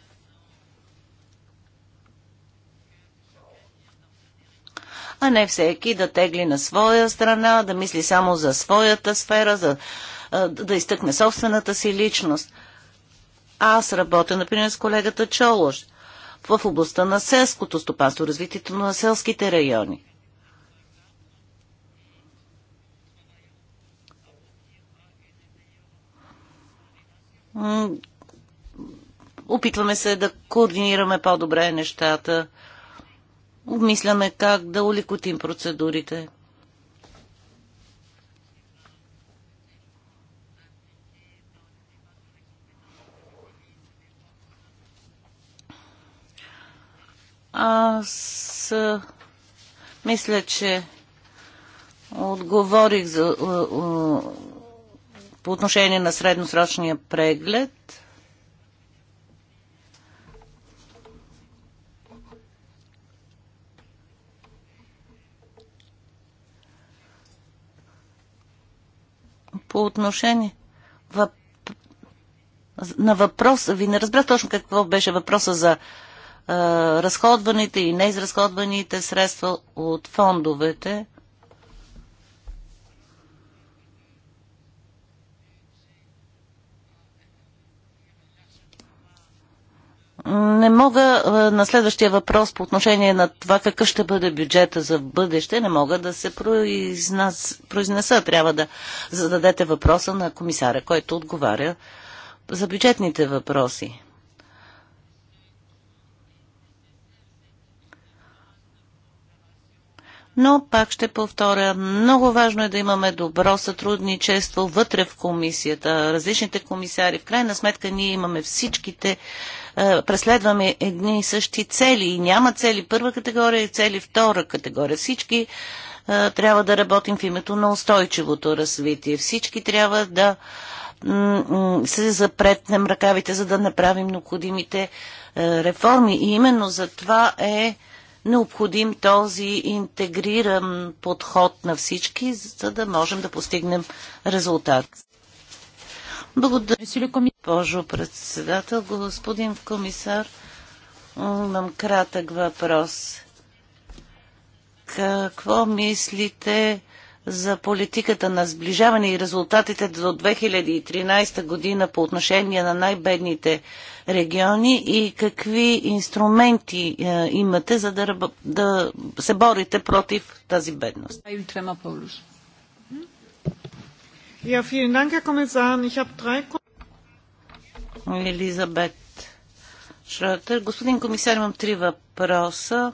А не всеки да тегли на своя страна, да мисли само за своята сфера, за, да изтъкне собствената си личност. Аз работя, например, с колегата Чолош в областта на селското стопанство, развитието на селските райони. Опитваме се да координираме по-добре нещата. Обмисляме как да улекотим процедурите. Аз мисля, че отговорих за, по отношение на средносрочния преглед. по отношение въп... на въпроса ви. Не разбрах точно какво беше въпроса за а, разходваните и неизразходваните средства от фондовете. Не мога на следващия въпрос по отношение на това какъв ще бъде бюджета за бъдеще, не мога да се произнеса. Трябва да зададете въпроса на комисаря, който отговаря за бюджетните въпроси. но пак ще повторя, много важно е да имаме добро сътрудничество вътре в комисията, различните комисари. В крайна сметка ние имаме всичките е, преследваме едни и същи цели. И няма цели първа категория и цели втора категория. Всички е, трябва да работим в името на устойчивото развитие. Всички трябва да се запретнем ръкавите, за да направим необходимите е, реформи. И именно за това е необходим този интегриран подход на всички, за да можем да постигнем резултат. Благодаря, госпожо председател. Господин комисар, имам кратък въпрос. Какво мислите за политиката на сближаване и резултатите до 2013 година по отношение на най-бедните региони и какви инструменти е, имате, за да, да се борите против тази бедност? Трема Паулус. Ja, vielen Dank, Herr Kommissar. Ich habe drei... Господин комисар, имам три въпроса.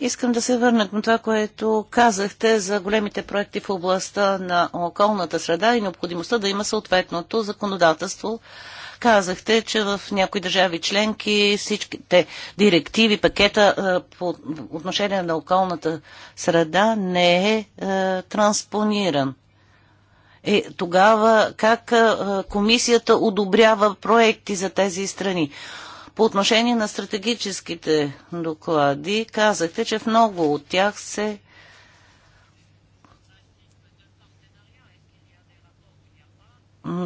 Искам да се върна към това, което казахте за големите проекти в областта на околната среда и необходимостта да има съответното законодателство Казахте, че в някои държави членки всичките директиви, пакета е, по отношение на околната среда не е, е транспониран. Е, тогава как е, комисията одобрява проекти за тези страни? По отношение на стратегическите доклади, казахте, че в много от тях се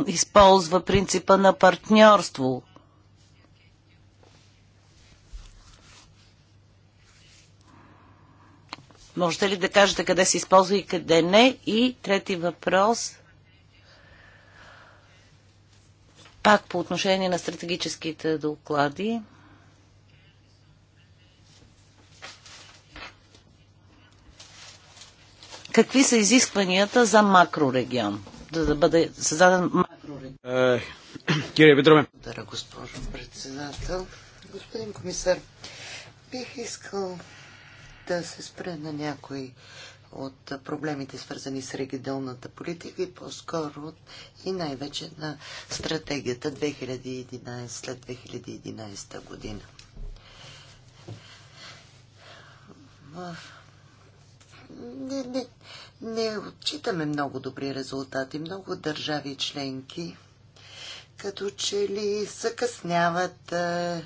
използва принципа на партньорство. Можете ли да кажете къде се използва и къде не? И трети въпрос. Пак по отношение на стратегическите доклади. Какви са изискванията за макрорегион? да бъде създаден макрорегион. Е, Кирия Петрове. Благодаря, госпожо председател. Господин комисар, бих искал да се спре на някои от проблемите, свързани с регионалната политика и по-скоро и най-вече на стратегията 2011 след 2011 година не, не, не отчитаме много добри резултати. Много държави членки като че ли съкъсняват, а,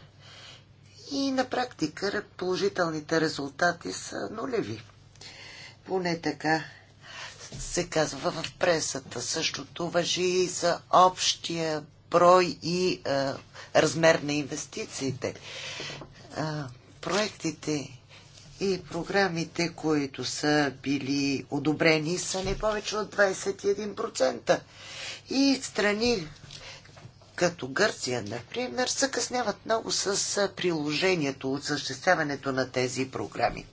и на практика положителните резултати са нулеви. Поне така се казва в пресата. Същото въжи и за общия брой и а, размер на инвестициите. А, проектите и програмите, които са били одобрени, са не повече от 21%. И страни като Гърция, например, съкъсняват много с приложението, от съществяването на тези програми.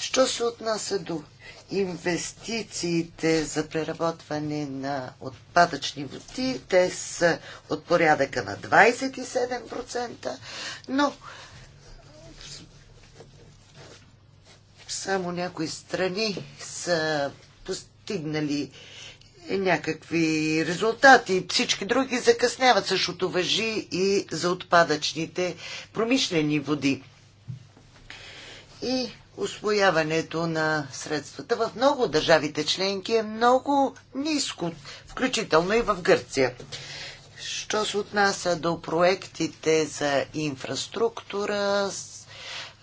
Що се отнася до инвестициите за преработване на отпадъчни води, те са от порядъка на 27%, но Само някои страни са постигнали някакви резултати. Всички други закъсняват. Същото въжи и за отпадъчните промишлени води. И освояването на средствата в много държавите членки е много ниско, включително и в Гърция. Що се отнася до проектите за инфраструктура,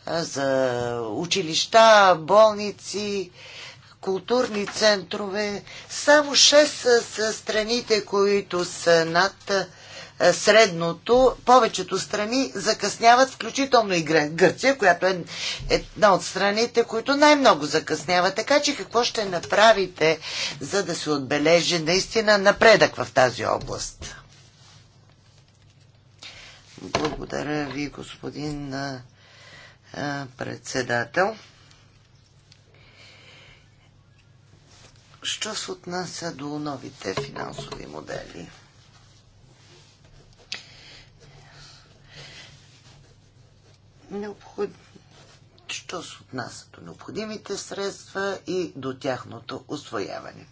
за училища, болници, културни центрове. Само 6 са, са страните, които са над средното. Повечето страни закъсняват, включително и Гърция, която е една от страните, които най-много закъсняват. Така че какво ще направите, за да се отбележи наистина напредък в тази област? Благодаря ви, господин председател. Що се отнася до новите финансови модели? Необход... Що се отнася до необходимите средства и до тяхното освояване?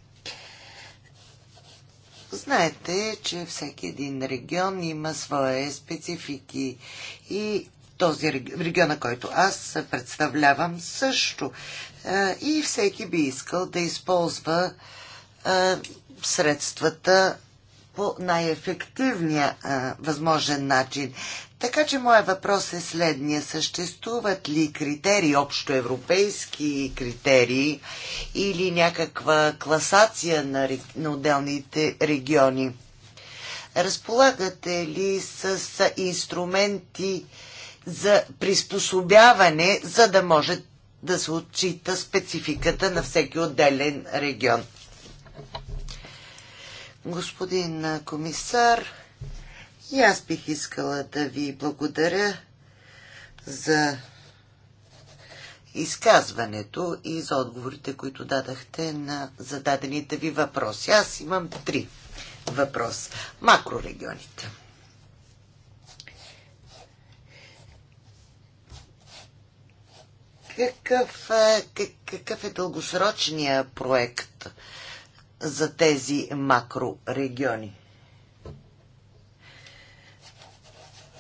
Знаете, че всеки един регион има свои специфики и този региона, който аз представлявам също. Е, и всеки би искал да използва е, средствата по най-ефективния е, възможен начин. Така че моят въпрос е следния. Съществуват ли критерии, общоевропейски критерии или някаква класация на, на отделните региони? Разполагате ли с инструменти за приспособяване, за да може да се отчита спецификата на всеки отделен регион. Господин комисар, и аз бих искала да ви благодаря за изказването и за отговорите, които дадахте на зададените ви въпроси. Аз имам три въпроса. Макрорегионите. какъв, какъв е, е дългосрочният проект за тези макрорегиони?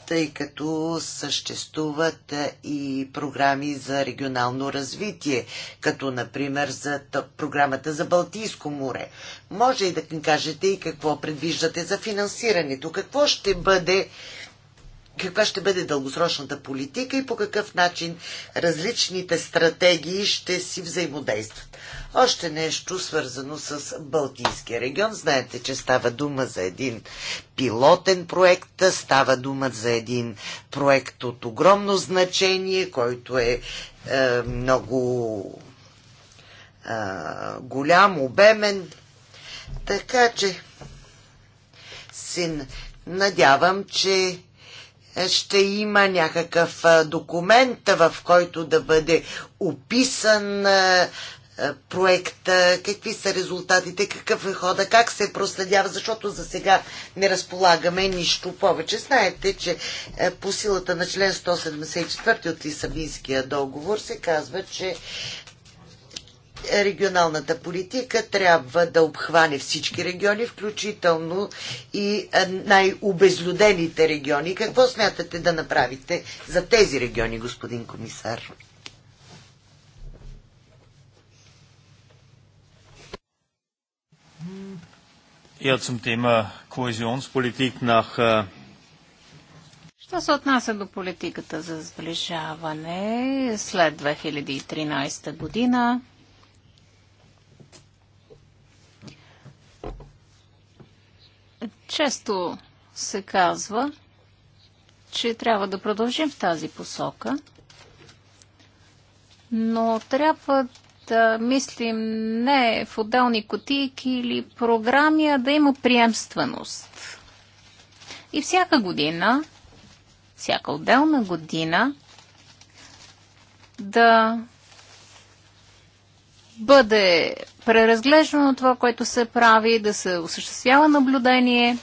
тъй като съществуват и програми за регионално развитие, като например за програмата за Балтийско море. Може и да ни кажете и какво предвиждате за финансирането. Какво ще бъде каква ще бъде дългосрочната политика и по какъв начин различните стратегии ще си взаимодействат. Още нещо свързано с Балтийския регион. Знаете, че става дума за един пилотен проект, става дума за един проект от огромно значение, който е, е много е, голям, обемен. Така че, син, надявам, че ще има някакъв документ, в който да бъде описан проект, какви са резултатите, какъв е хода, как се проследява, защото за сега не разполагаме нищо повече. Знаете, че е, по силата на член 174 от Лисабинския договор се казва, че регионалната политика трябва да обхване всички региони, включително и най-обезлюдените региони. Какво смятате да направите за тези региони, господин комисар? Eher zum Thema политик на... Äh, Що се отнася до политиката за сближаване след 2013 година, Често се казва, че трябва да продължим в тази посока, но трябва да мислим не в отделни котийки или програми, а да има приемственост. И всяка година, всяка отделна година, да бъде преразглеждано това, което се прави, да се осъществява наблюдение,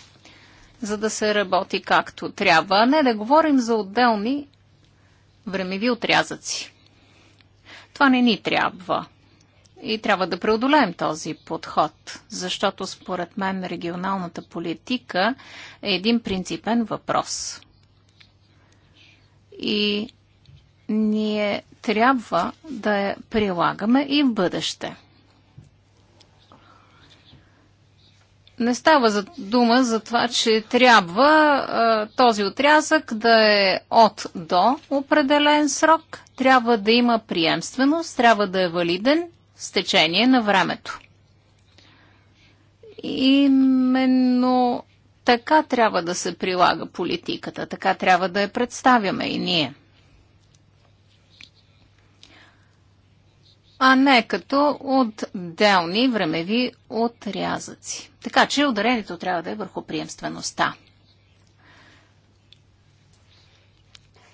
за да се работи както трябва, а не да говорим за отделни времеви отрязъци. Това не ни трябва. И трябва да преодолеем този подход, защото според мен регионалната политика е един принципен въпрос. И ние трябва да я прилагаме и в бъдеще. Не става за дума за това, че трябва а, този отрязък да е от до определен срок, трябва да има приемственост, трябва да е валиден с течение на времето. Именно така трябва да се прилага политиката, така трябва да я представяме и ние. а не като отделни времеви отрязъци. Така че ударението трябва да е върху приемствеността.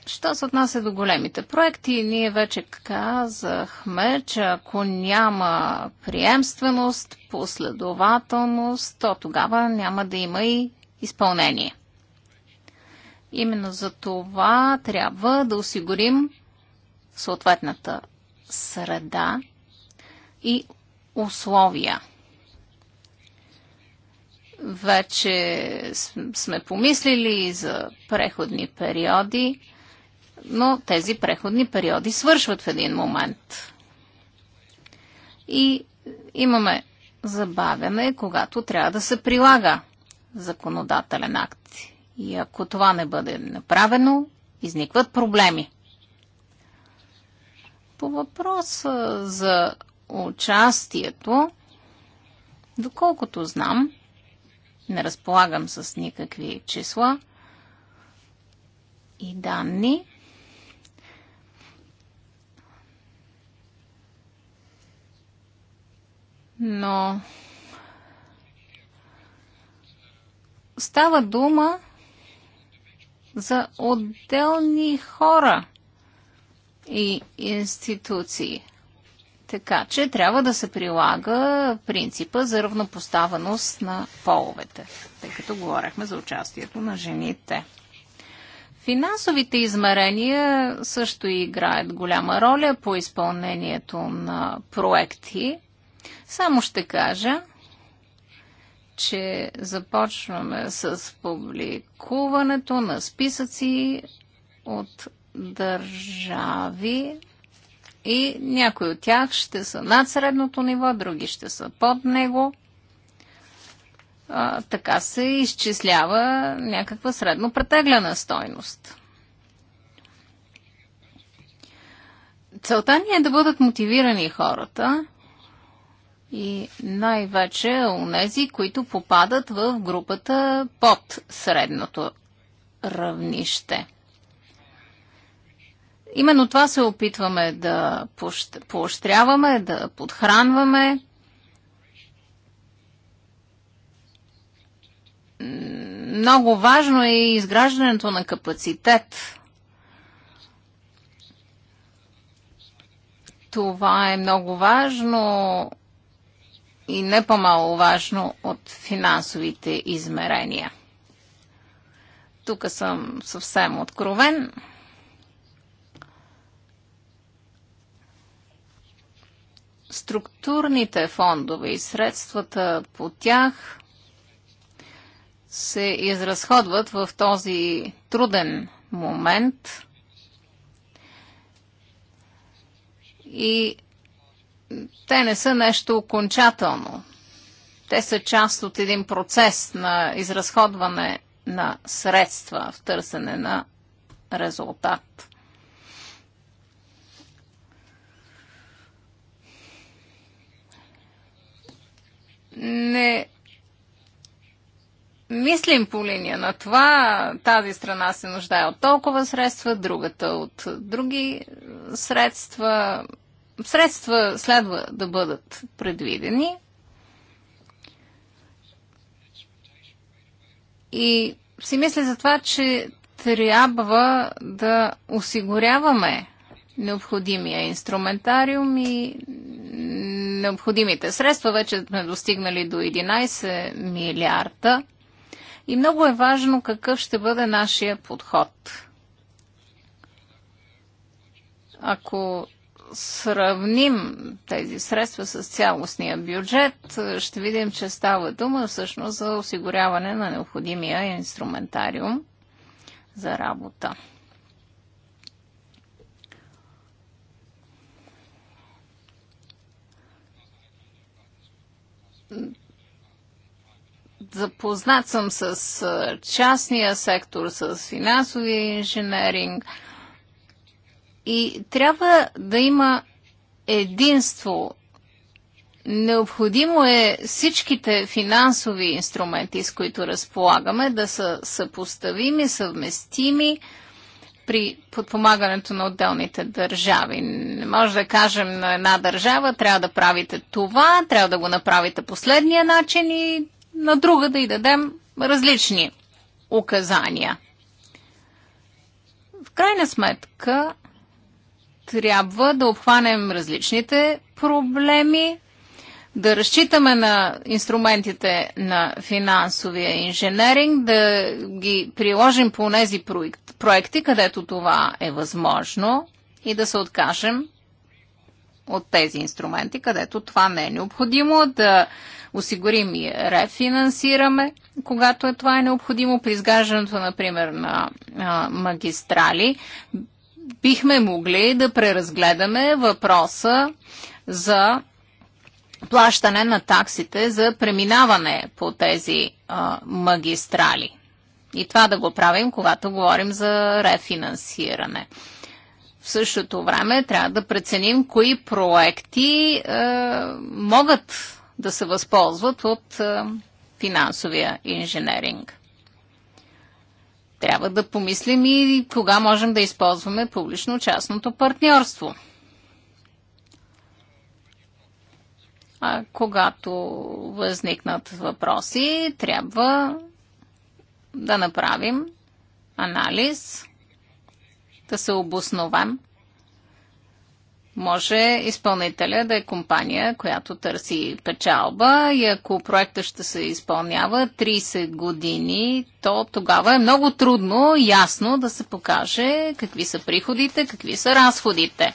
Що се отнася до големите проекти, ние вече казахме, че ако няма приемственост, последователност, то тогава няма да има и изпълнение. Именно за това трябва да осигурим съответната среда и условия. Вече сме помислили за преходни периоди, но тези преходни периоди свършват в един момент. И имаме забавяне, когато трябва да се прилага законодателен акт. И ако това не бъде направено, изникват проблеми. По въпроса за участието, доколкото знам, не разполагам с никакви числа и данни, но става дума за отделни хора, и институции. Така че трябва да се прилага принципа за равнопоставеност на половете, тъй като говорихме за участието на жените. Финансовите измерения също играят голяма роля по изпълнението на проекти. Само ще кажа, че започваме с публикуването на списъци от държави и някои от тях ще са над средното ниво, други ще са под него. А, така се изчислява някаква средно претеглена стойност. Целта ни е да бъдат мотивирани хората и най-вече нези, които попадат в групата под средното равнище – Именно това се опитваме да поощряваме, да подхранваме. Много важно е изграждането на капацитет. Това е много важно и не по-мало важно от финансовите измерения. Тук съм съвсем откровен. структурните фондове и средствата по тях се изразходват в този труден момент и те не са нещо окончателно. Те са част от един процес на изразходване на средства в търсене на резултат. не мислим по линия на това. Тази страна се нуждае от толкова средства, другата от други средства. Средства следва да бъдат предвидени. И си мисля за това, че трябва да осигуряваме необходимия инструментариум и необходимите средства. Вече сме достигнали до 11 милиарда. И много е важно какъв ще бъде нашия подход. Ако сравним тези средства с цялостния бюджет, ще видим, че става дума всъщност за осигуряване на необходимия инструментариум за работа. Запознат съм с частния сектор, с финансовия инженеринг и трябва да има единство. Необходимо е всичките финансови инструменти, с които разполагаме, да са съпоставими, съвместими, при подпомагането на отделните държави. Не може да кажем на една държава, трябва да правите това, трябва да го направите последния начин и на друга да й дадем различни указания. В крайна сметка, трябва да обхванем различните проблеми да разчитаме на инструментите на финансовия инженеринг, да ги приложим по тези проекти, където това е възможно и да се откажем от тези инструменти, където това не е необходимо, да осигурим и рефинансираме, когато е това е необходимо при изграждането, например, на а, магистрали. Бихме могли да преразгледаме въпроса за плащане на таксите за преминаване по тези а, магистрали. И това да го правим, когато говорим за рефинансиране. В същото време трябва да преценим кои проекти е, могат да се възползват от е, финансовия инженеринг. Трябва да помислим и кога можем да използваме публично-частното партньорство – А, когато възникнат въпроси, трябва да направим анализ, да се обосновем. Може изпълнителя да е компания, която търси печалба и ако проекта ще се изпълнява 30 години, то тогава е много трудно ясно да се покаже какви са приходите, какви са разходите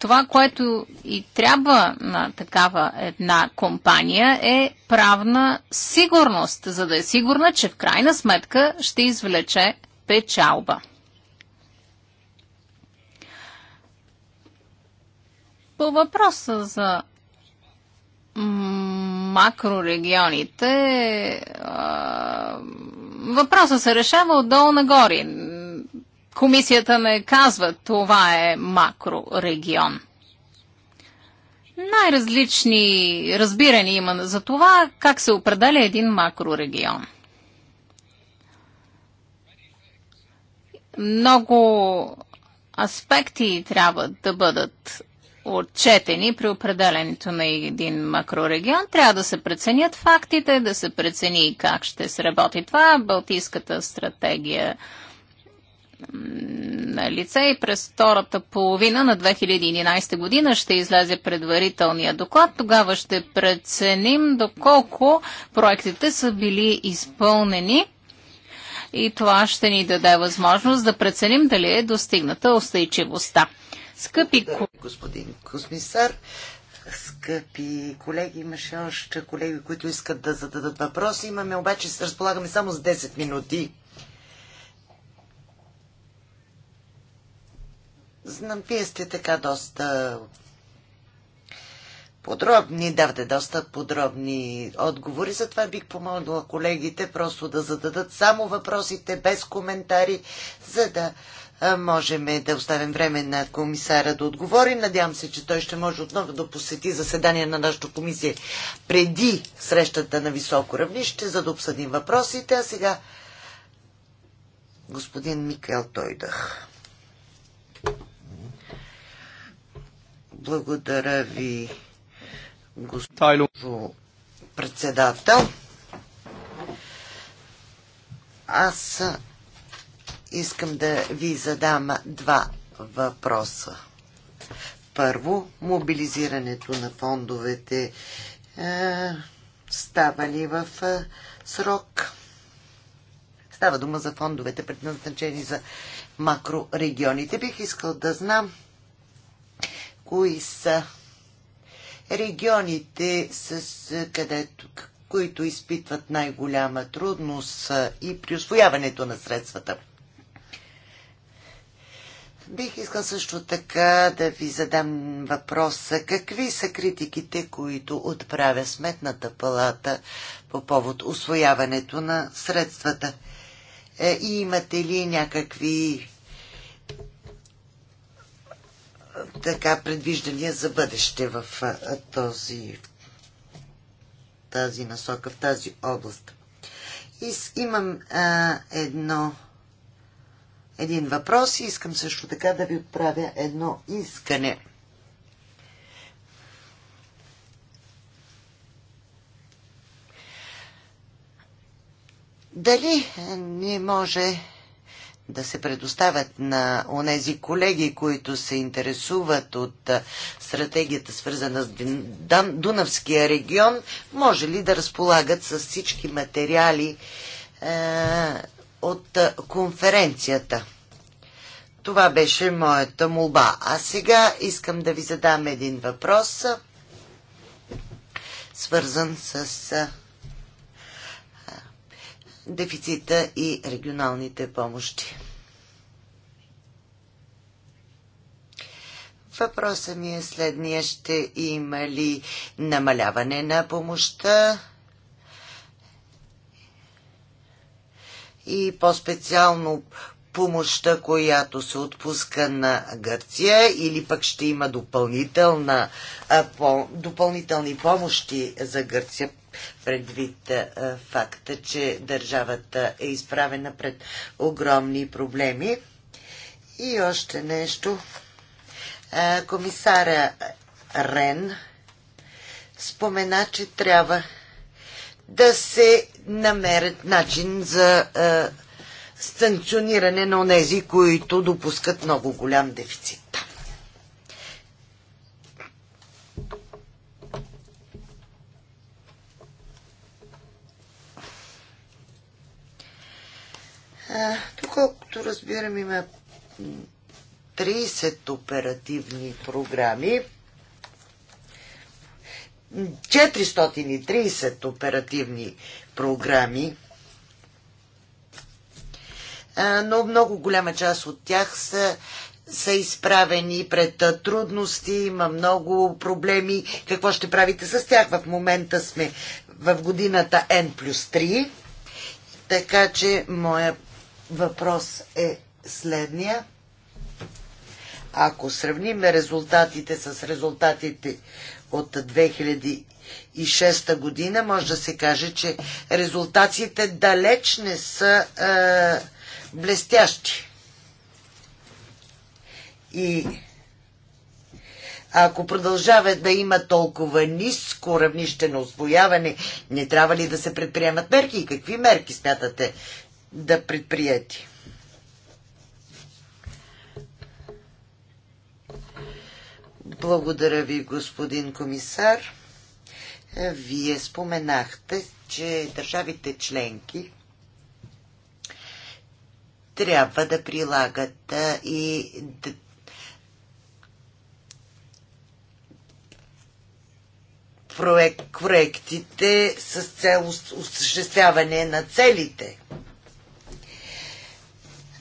това, което и трябва на такава една компания е правна сигурност, за да е сигурна, че в крайна сметка ще извлече печалба. По въпроса за макрорегионите, въпросът се решава отдолу нагоре комисията не казва, това е макрорегион. Най-различни разбирания има за това как се определя един макрорегион. Много аспекти трябва да бъдат отчетени при определенето на един макрорегион. Трябва да се преценят фактите, да се прецени как ще сработи това. Балтийската стратегия на лице и през втората половина на 2011 година ще излезе предварителния доклад. Тогава ще преценим доколко проектите са били изпълнени и това ще ни даде възможност да преценим дали е достигната устойчивостта. Скъпи господин Космисар, скъпи колеги, имаше още колеги, които искат да зададат въпроси. Имаме обаче, разполагаме само с 10 минути. Знам, вие сте така доста подробни, давате доста подробни отговори, затова бих помогнала колегите просто да зададат само въпросите без коментари, за да можем да оставим време на комисара да отговори. Надявам се, че той ще може отново да посети заседание на нашата комисия преди срещата на високо равнище, за да обсъдим въпросите. А сега господин Микел Тойдах. Благодаря ви, госпожо председател. Аз искам да ви задам два въпроса. Първо, мобилизирането на фондовете е, става ли в е, срок? Става дума за фондовете, предназначени за макрорегионите. Бих искал да знам кои са регионите, с, където, които изпитват най-голяма трудност и при освояването на средствата. Бих искал също така да ви задам въпроса. Какви са критиките, които отправя Сметната палата по повод освояването на средствата? Е, и имате ли някакви така предвиждания за бъдеще в този, тази насока, в тази област. И имам а, едно, един въпрос и искам също така да ви отправя едно искане. Дали не може да се предоставят на онези колеги, които се интересуват от стратегията свързана с Дунавския регион, може ли да разполагат с всички материали е, от конференцията? Това беше моята молба. А сега искам да ви задам един въпрос, свързан с дефицита и регионалните помощи. Въпросът ми е следния. Ще има ли намаляване на помощта? И по-специално помощта, която се отпуска на Гърция или пък ще има допълнителна, допълнителни помощи за Гърция предвид а, факта, че държавата е изправена пред огромни проблеми. И още нещо. А, Рен спомена, че трябва да се намерят начин за а, санкциониране на онези, които допускат много голям дефицит. колкото разбирам, има 30 оперативни програми. 430 оперативни програми, но много голяма част от тях са, са изправени пред трудности, има много проблеми. Какво ще правите с тях? В момента сме в годината N плюс 3, така че моя въпрос е следния. Ако сравним резултатите с резултатите от 2006 година, може да се каже, че резултатите далеч не са е, блестящи. И ако продължава да има толкова ниско равнище на освояване, не трябва ли да се предприемат мерки? И какви мерки смятате, да предприяти. Благодаря ви, господин комисар. Е, вие споменахте, че държавите членки трябва да прилагат и проект, проектите с цел осъществяване на целите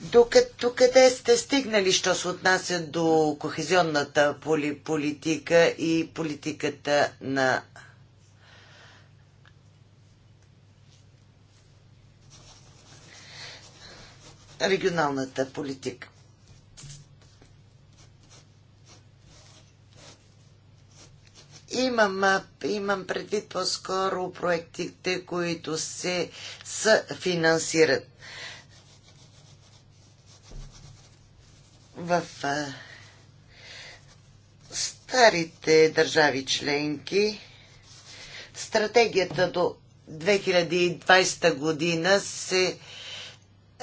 докато къде сте стигнали, що се отнася до кохезионната политика и политиката на регионалната политика? Имам, имам предвид по-скоро проектите, които се финансират. в старите държави членки стратегията до 2020 година се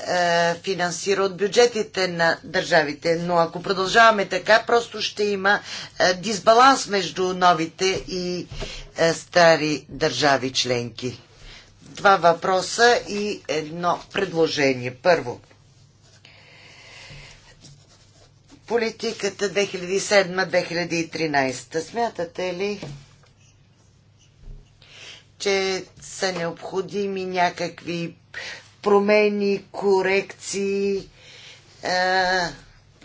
а, финансира от бюджетите на държавите. Но ако продължаваме така, просто ще има а, дисбаланс между новите и а, стари държави членки. Два въпроса и едно предложение. Първо, политиката 2007-2013. Смятате ли, че са необходими някакви промени, корекции а, е,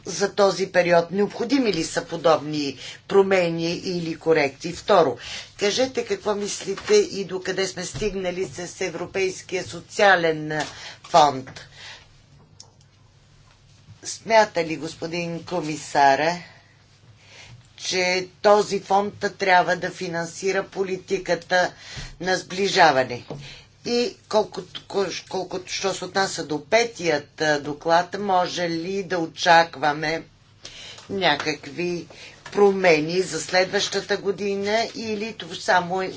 за този период? Необходими ли са подобни промени или корекции? Второ, кажете какво мислите и докъде сме стигнали с Европейския социален фонд? Смята ли господин комисаре, че този фонд трябва да финансира политиката на сближаване? И колкото, колкото що се отнася до петият доклад, може ли да очакваме някакви промени за следващата година или това само е-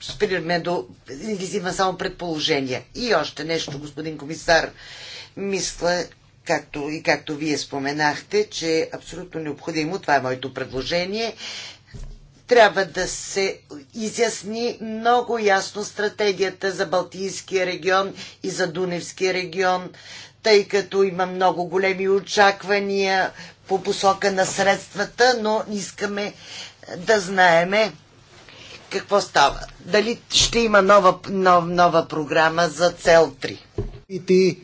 спираме до... или взима само предположения. И още нещо, господин комисар. Мисля, както и както вие споменахте, че е абсолютно необходимо, това е моето предложение, трябва да се изясни много ясно стратегията за Балтийския регион и за Дуневския регион, тъй като има много големи очаквания по посока на средствата, но искаме да знаеме какво става. Дали ще има нова, нова, нова програма за цел 3?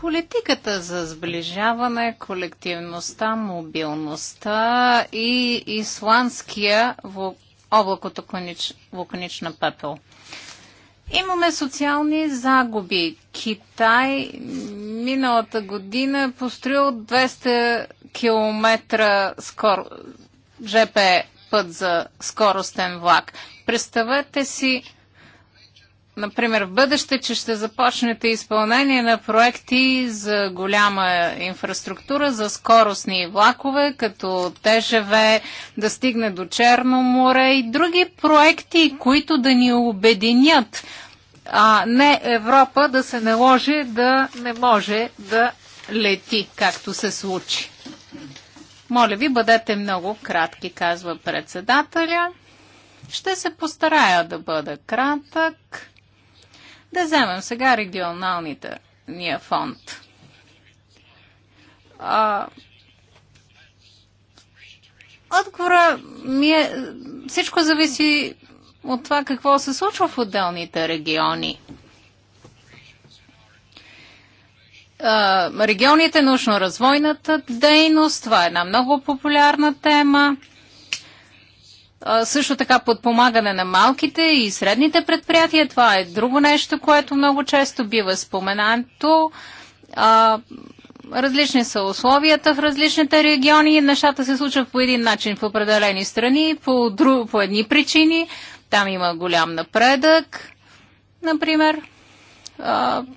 Политиката за сближаване, колективността, мобилността и исландския облакотоконична вулканич, пепел. Имаме социални загуби. Китай миналата година е построил 200 км скор... ЖП път за скоростен влак. Представете си например, в бъдеще, че ще започнете изпълнение на проекти за голяма инфраструктура, за скоростни влакове, като ТЖВ, да стигне до Черно море и други проекти, които да ни обединят, а не Европа да се наложи да не може да лети, както се случи. Моля ви, бъдете много кратки, казва председателя. Ще се постарая да бъда кратък. Да вземем сега регионалните ния фонд. А, отговора ми е, всичко зависи от това какво се случва в отделните региони. регионите, научно-развойната дейност, това е една много популярна тема също така подпомагане на малките и средните предприятия. Това е друго нещо, което много често бива споменато. различни са условията в различните региони. Нещата се случват по един начин в определени страни, по, друг, по едни причини. Там има голям напредък, например.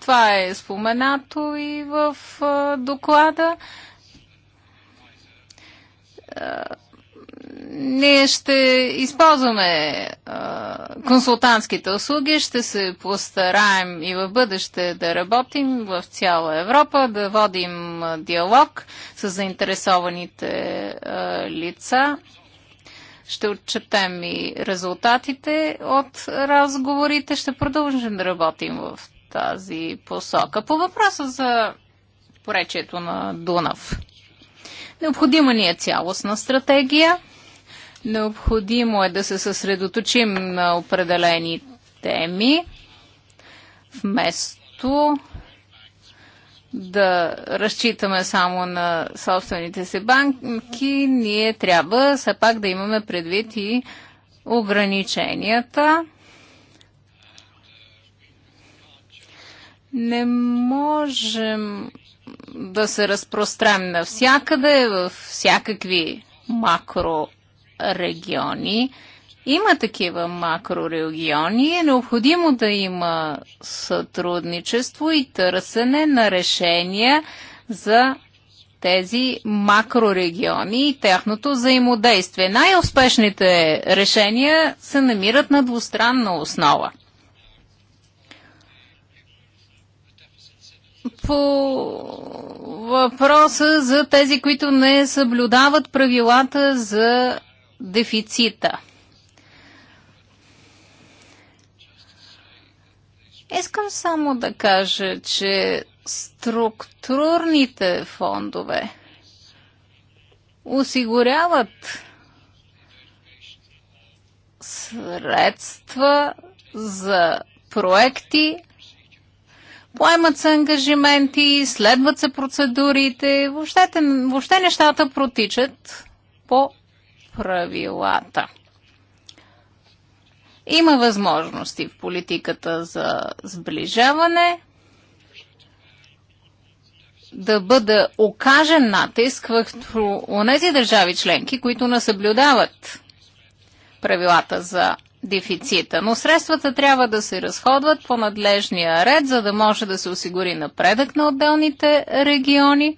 това е споменато и в доклада ние ще използваме а, консултантските услуги, ще се постараем и в бъдеще да работим в цяла Европа, да водим диалог с заинтересованите а, лица. Ще отчетем и резултатите от разговорите. Ще продължим да работим в тази посока. По въпроса за поречието на Дунав. Необходима ни е цялостна стратегия. Необходимо е да се съсредоточим на определени теми, вместо да разчитаме само на собствените си банки, ние трябва все пак да имаме предвид и ограниченията. Не можем да се разпрострем навсякъде, във всякакви макро региони. Има такива макрорегиони, е необходимо да има сътрудничество и търсене на решения за тези макрорегиони и тяхното взаимодействие. Най-успешните решения се намират на двустранна основа. По въпроса за тези, които не съблюдават правилата за дефицита. Искам само да кажа, че структурните фондове осигуряват средства за проекти, поемат се ангажименти, следват се процедурите, въобще, въобще нещата протичат по правилата. Има възможности в политиката за сближаване да бъде окажен натиск в тези държави членки, които не съблюдават правилата за дефицита. Но средствата трябва да се разходват по надлежния ред, за да може да се осигури напредък на отделните региони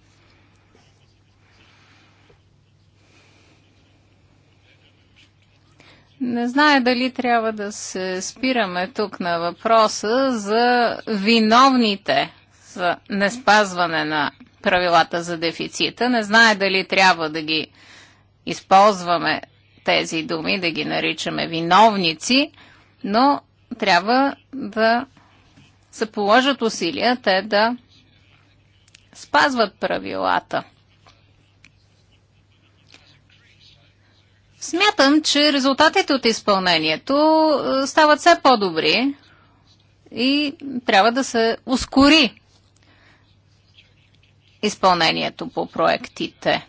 Не знае дали трябва да се спираме тук на въпроса за виновните за не спазване на правилата за дефицита. Не знае дали трябва да ги използваме тези думи, да ги наричаме виновници, но трябва да се положат усилия те да спазват правилата – Смятам, че резултатите от изпълнението е, стават все по-добри и трябва да се ускори изпълнението по проектите.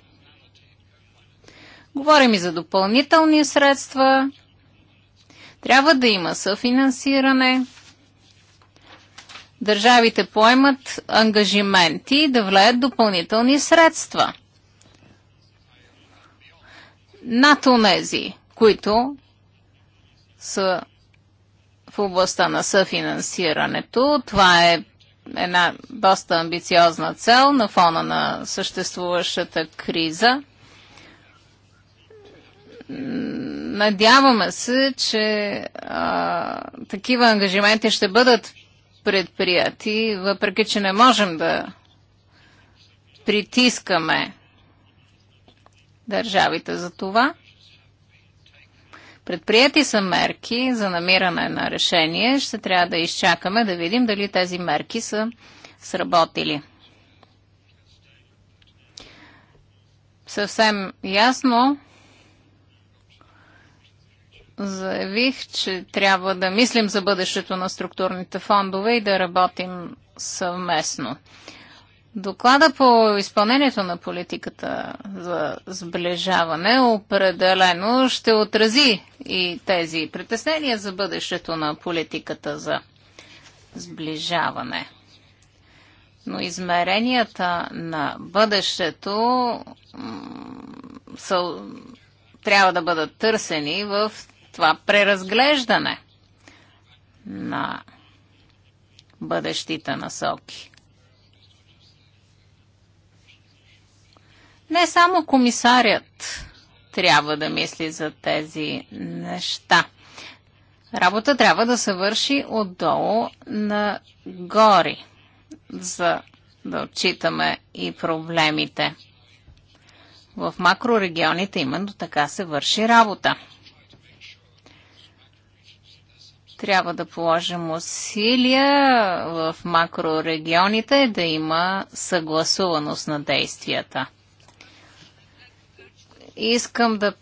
Говорим и за допълнителни средства. Трябва да има съфинансиране. Държавите поемат ангажименти да влеят допълнителни средства – над онези, които са в областта на съфинансирането. Това е една доста амбициозна цел на фона на съществуващата криза. Надяваме се, че а, такива ангажименти ще бъдат предприяти, въпреки че не можем да притискаме държавите за това. Предприяти са мерки за намиране на решение. Ще трябва да изчакаме да видим дали тези мерки са сработили. Съвсем ясно заявих, че трябва да мислим за бъдещето на структурните фондове и да работим съвместно. Доклада по изпълнението на политиката за сближаване определено ще отрази и тези притеснения за бъдещето на политиката за сближаване. Но измеренията на бъдещето са, трябва да бъдат търсени в това преразглеждане на бъдещите насоки. Не само комисарят трябва да мисли за тези неща. Работа трябва да се върши отдолу нагоре, за да отчитаме и проблемите. В макрорегионите именно така се върши работа. Трябва да положим усилия в макрорегионите да има съгласуваност на действията. Искам да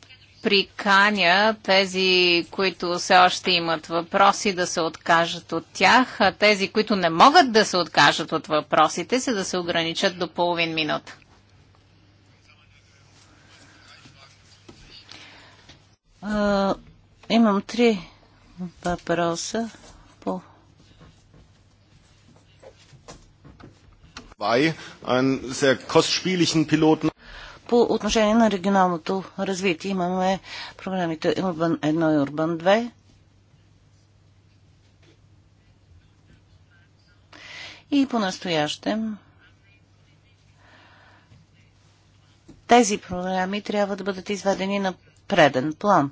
приканя тези, които все още имат въпроси, да се откажат от тях, а тези, които не могат да се откажат от въпросите си, да се ограничат до половин минута. Uh, имам три въпроса по bei einem sehr kostspieligen Piloten. По отношение на регионалното развитие имаме програмите Urban 1 и Urban 2. И по-настоящем тези програми трябва да бъдат изведени на преден план.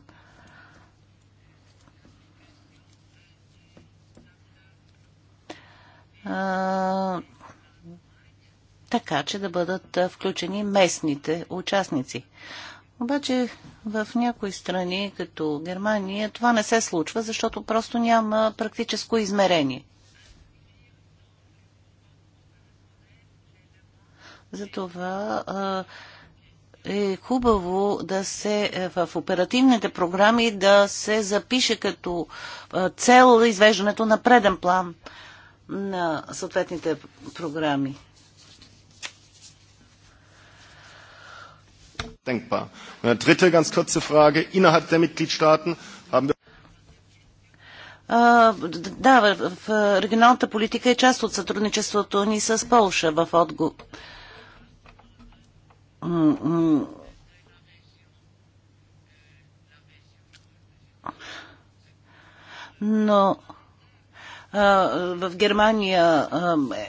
А, така че да бъдат включени местните участници. Обаче в някои страни, като Германия, това не се случва, защото просто няма практическо измерение. Затова е хубаво да се е, в оперативните програми да се запише като цел извеждането на преден план на съответните програми. denkbar. Und eine dritte ganz kurze Frage. Innerhalb der Mitgliedstaaten haben wir. да, в, в регионалната политика е част от сътрудничеството ни с Полша в отго. Но в Германия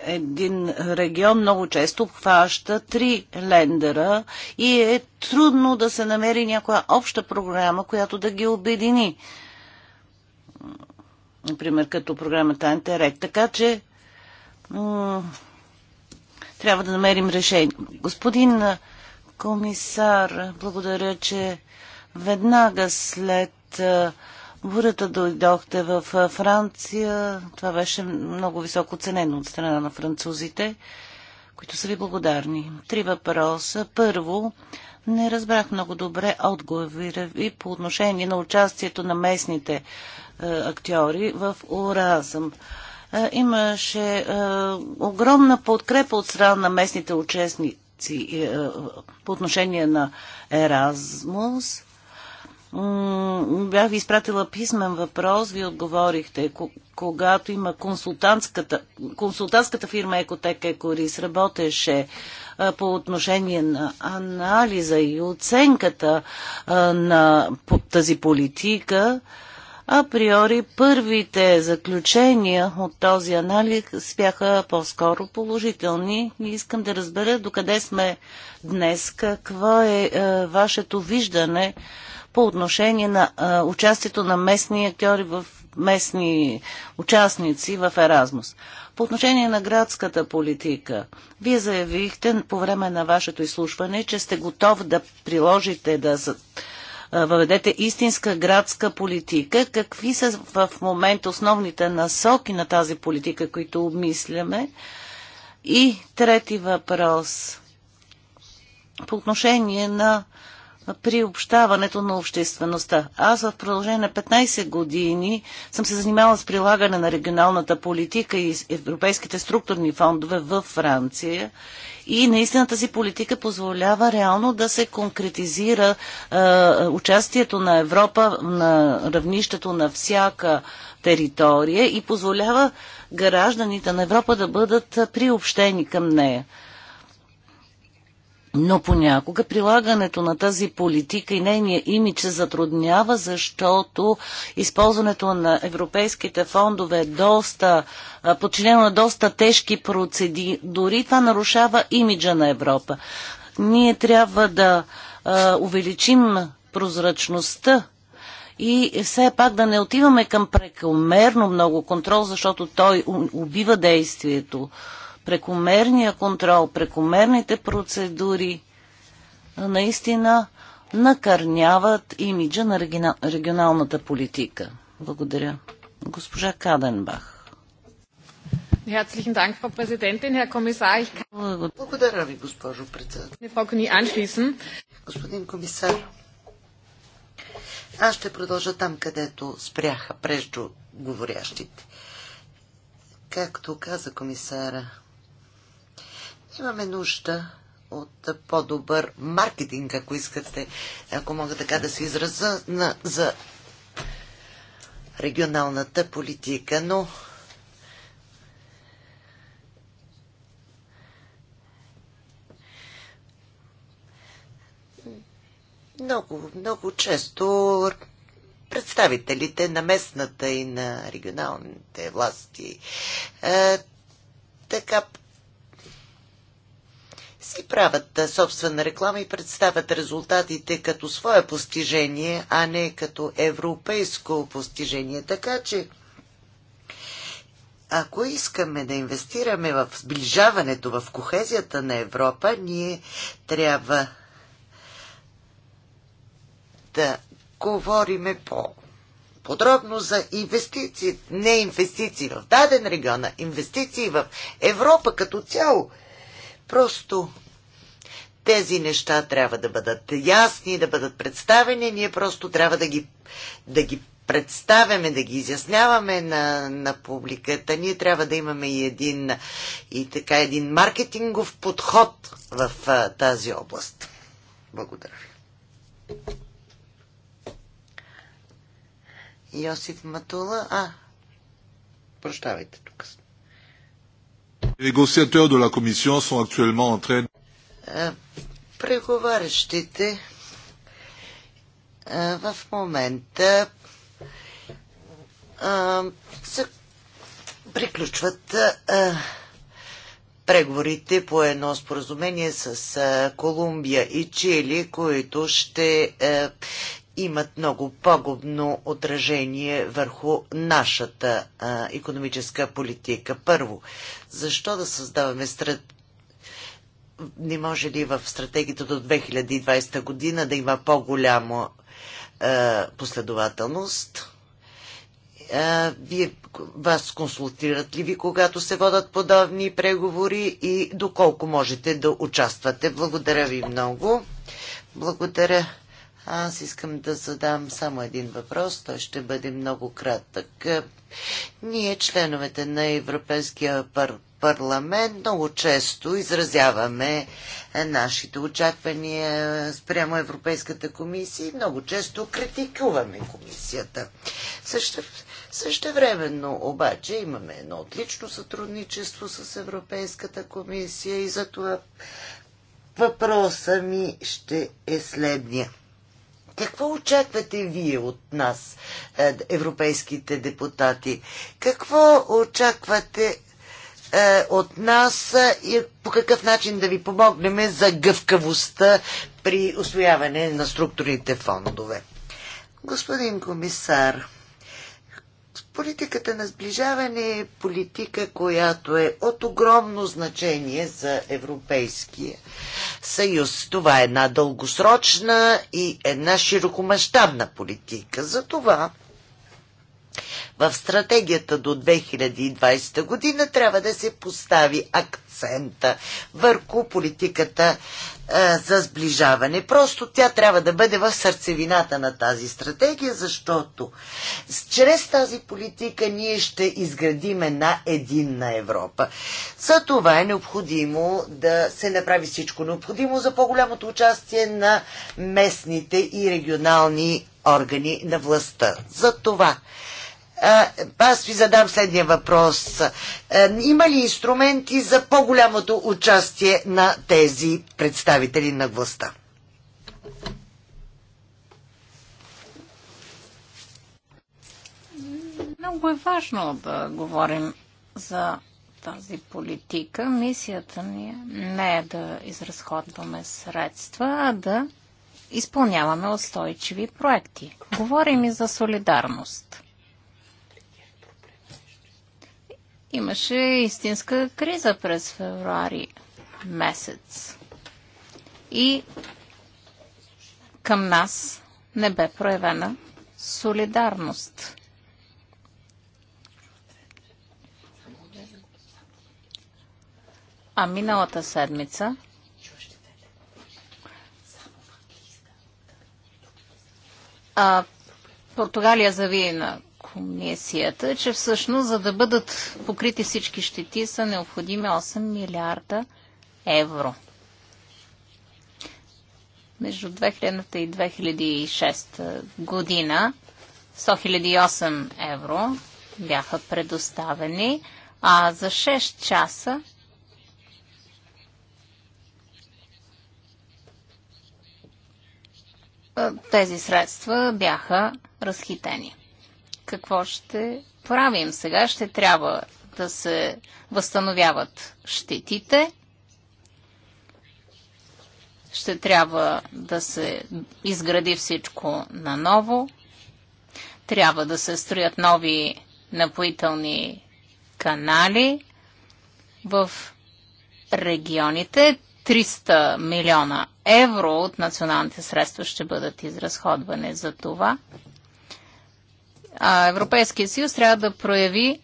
един регион много често обхваща три лендера и е трудно да се намери някоя обща програма, която да ги обедини. Например, като програмата Антерек. Така че трябва да намерим решение. Господин комисар, благодаря, че веднага след Бурята дойдохте в Франция. Това беше много високо ценено от страна на французите, които са ви благодарни. Три въпроса. Първо, не разбрах много добре отговора ви по отношение на участието на местните е, актьори в Оразъм. Е, имаше е, огромна подкрепа от страна на местните участници е, по отношение на Еразмус бях ви изпратила писмен въпрос, ви отговорихте, когато има консултантската, консултантската фирма Екотек Екорис работеше по отношение на анализа и оценката на тази политика, априори първите заключения от този анализ бяха по-скоро положителни и искам да разбера докъде сме днес, какво е, е вашето виждане по отношение на а, участието на местни актьори в местни участници в Еразмус. По отношение на градската политика, вие заявихте по време на вашето изслушване, че сте готов да приложите, да въведете истинска градска политика. Какви са в момента основните насоки на тази политика, които обмисляме? И трети въпрос. По отношение на приобщаването на обществеността. Аз в продължение на 15 години съм се занимавала с прилагане на регионалната политика и европейските структурни фондове в Франция и наистина тази политика позволява реално да се конкретизира е, участието на Европа на равнището на всяка територия и позволява гражданите на Европа да бъдат приобщени към нея. Но понякога прилагането на тази политика и нейния имидж се затруднява, защото използването на европейските фондове е доста, подчинено на доста тежки процеди. Дори това нарушава имиджа на Европа. Ние трябва да а, увеличим прозрачността и все пак да не отиваме към прекомерно много контрол, защото той убива действието прекомерния контрол, прекомерните процедури наистина накърняват имиджа на регионалната политика. Благодаря. Госпожа Каденбах. Благодаря ви, госпожо председател. Господин комисар, аз ще продължа там, където спряха говорящите. Както каза комисара, Имаме нужда от по-добър маркетинг, ако искате, ако мога така да се израза, на, за регионалната политика. Но много, много често представителите на местната и на регионалните власти е, така си правят собствена реклама и представят резултатите като свое постижение, а не като европейско постижение. Така че, ако искаме да инвестираме в сближаването, в кохезията на Европа, ние трябва да говориме по подробно за инвестиции, не инвестиции в даден регион, а инвестиции в Европа като цяло – Просто тези неща трябва да бъдат ясни, да бъдат представени. Ние просто трябва да ги, да ги представяме, да ги изясняваме на, на публиката. Ние трябва да имаме и един, и така, един маркетингов подход в а, тази област. Благодаря ви. Йосиф Матула. А, прощавайте тук сме. Е, преговарящите е, в момента е, приключват преговорите по едно споразумение с Колумбия и Чили, които ще имат много погубно отражение върху нашата а, економическа политика. Първо, защо да създаваме стра, Не може ли в стратегията до 2020 година да има по-голяма последователност? А, вие вас консултират ли ви, когато се водат подобни преговори и доколко можете да участвате? Благодаря ви много. Благодаря аз искам да задам само един въпрос. Той ще бъде много кратък. Е, ние, членовете на Европейския пар- парламент, много често изразяваме е, нашите очаквания е, спрямо Европейската комисия и много често критикуваме комисията. Също, същевременно обаче имаме едно отлично сътрудничество с Европейската комисия и за това въпроса ми ще е следния. Какво очаквате вие от нас, е, европейските депутати? Какво очаквате е, от нас и по какъв начин да ви помогнем за гъвкавостта при освояване на структурните фондове? Господин комисар, Политиката на сближаване е политика, която е от огромно значение за Европейския съюз. Това е една дългосрочна и една широкомащабна политика. Затова в стратегията до 2020 година трябва да се постави акцента върху политиката е, за сближаване. Просто тя трябва да бъде в сърцевината на тази стратегия, защото чрез тази политика ние ще изградим една единна Европа. За това е необходимо да се направи всичко необходимо за по-голямото участие на местните и регионални органи на властта. За това аз ви задам следния въпрос. Има ли инструменти за по-голямото участие на тези представители на властта? Много е важно да говорим за тази политика. Мисията ни е не е да изразходваме средства, а да изпълняваме устойчиви проекти. Говорим и за солидарност. Имаше истинска криза през февруари месец. И към нас не бе проявена солидарност. А миналата седмица а, Португалия зави на комисията че всъщност за да бъдат покрити всички щети са необходими 8 милиарда евро. Между 2000 и 2006 година 100 008 евро бяха предоставени, а за 6 часа тези средства бяха разхитени какво ще правим. Сега ще трябва да се възстановяват щетите, ще трябва да се изгради всичко наново, трябва да се строят нови напоителни канали в регионите. 300 милиона евро от националните средства ще бъдат изразходвани за това а Европейския съюз трябва да прояви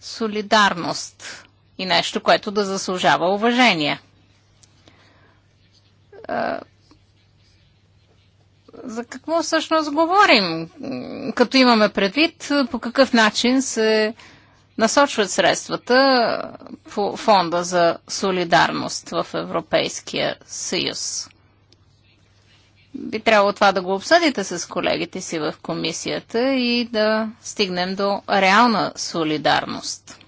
солидарност и нещо, което да заслужава уважение. За какво всъщност говорим, като имаме предвид по какъв начин се насочват средствата по фонда за солидарност в Европейския съюз? би трябвало това да го обсъдите с колегите си в комисията и да стигнем до реална солидарност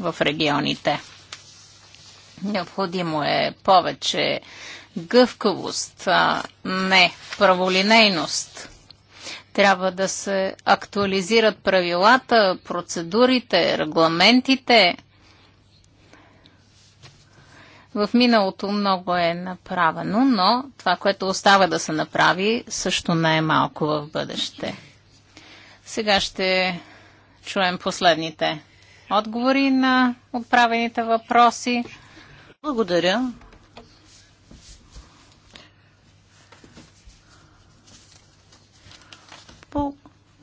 в регионите. Необходимо е повече гъвкавост, а не праволинейност. Трябва да се актуализират правилата, процедурите, регламентите в миналото много е направено, но това, което остава да се направи, също не е малко в бъдеще. Сега ще чуем последните отговори на отправените въпроси. Благодаря. По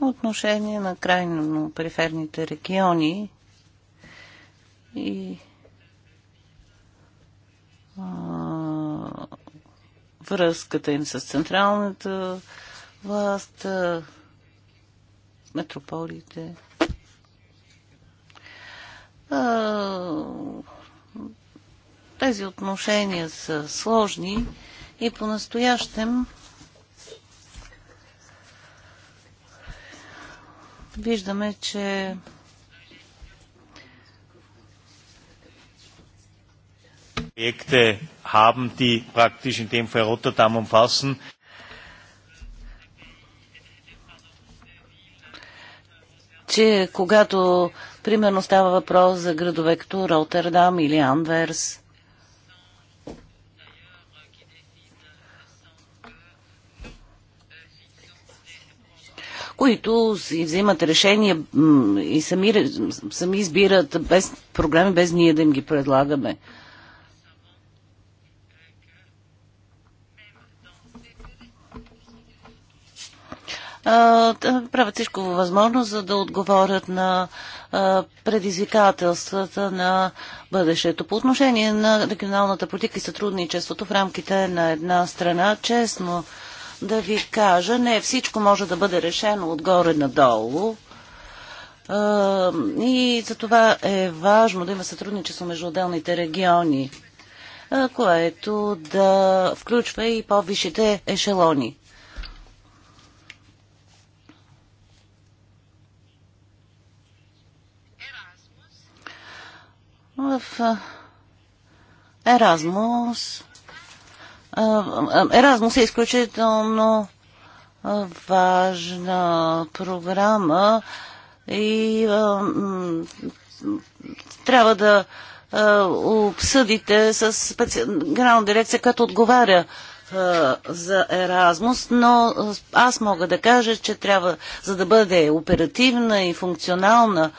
отношение на крайно периферните региони и връзката им с централната власт, метрополите. Тези отношения са сложни и по-настоящем виждаме, че Projekte haben, die praktisch in dem Fall Rotterdam umfassen. че когато примерно става въпрос за градове като Ротердам или Анверс, които си взимат решения и сами, сами избират без проблеми, без ние да им ги предлагаме. правят всичко възможно, за да отговорят на предизвикателствата на бъдещето. По отношение на регионалната политика и сътрудничеството в рамките на една страна, честно да ви кажа, не всичко може да бъде решено отгоре надолу. И за това е важно да има сътрудничество между отделните региони, което да включва и по-висшите ешелони. В Еразмус. Еразмус е изключително важна програма и трябва да обсъдите с генерална дирекция, като отговаря за Еразмус, но аз мога да кажа, че трябва, за да бъде оперативна и функционална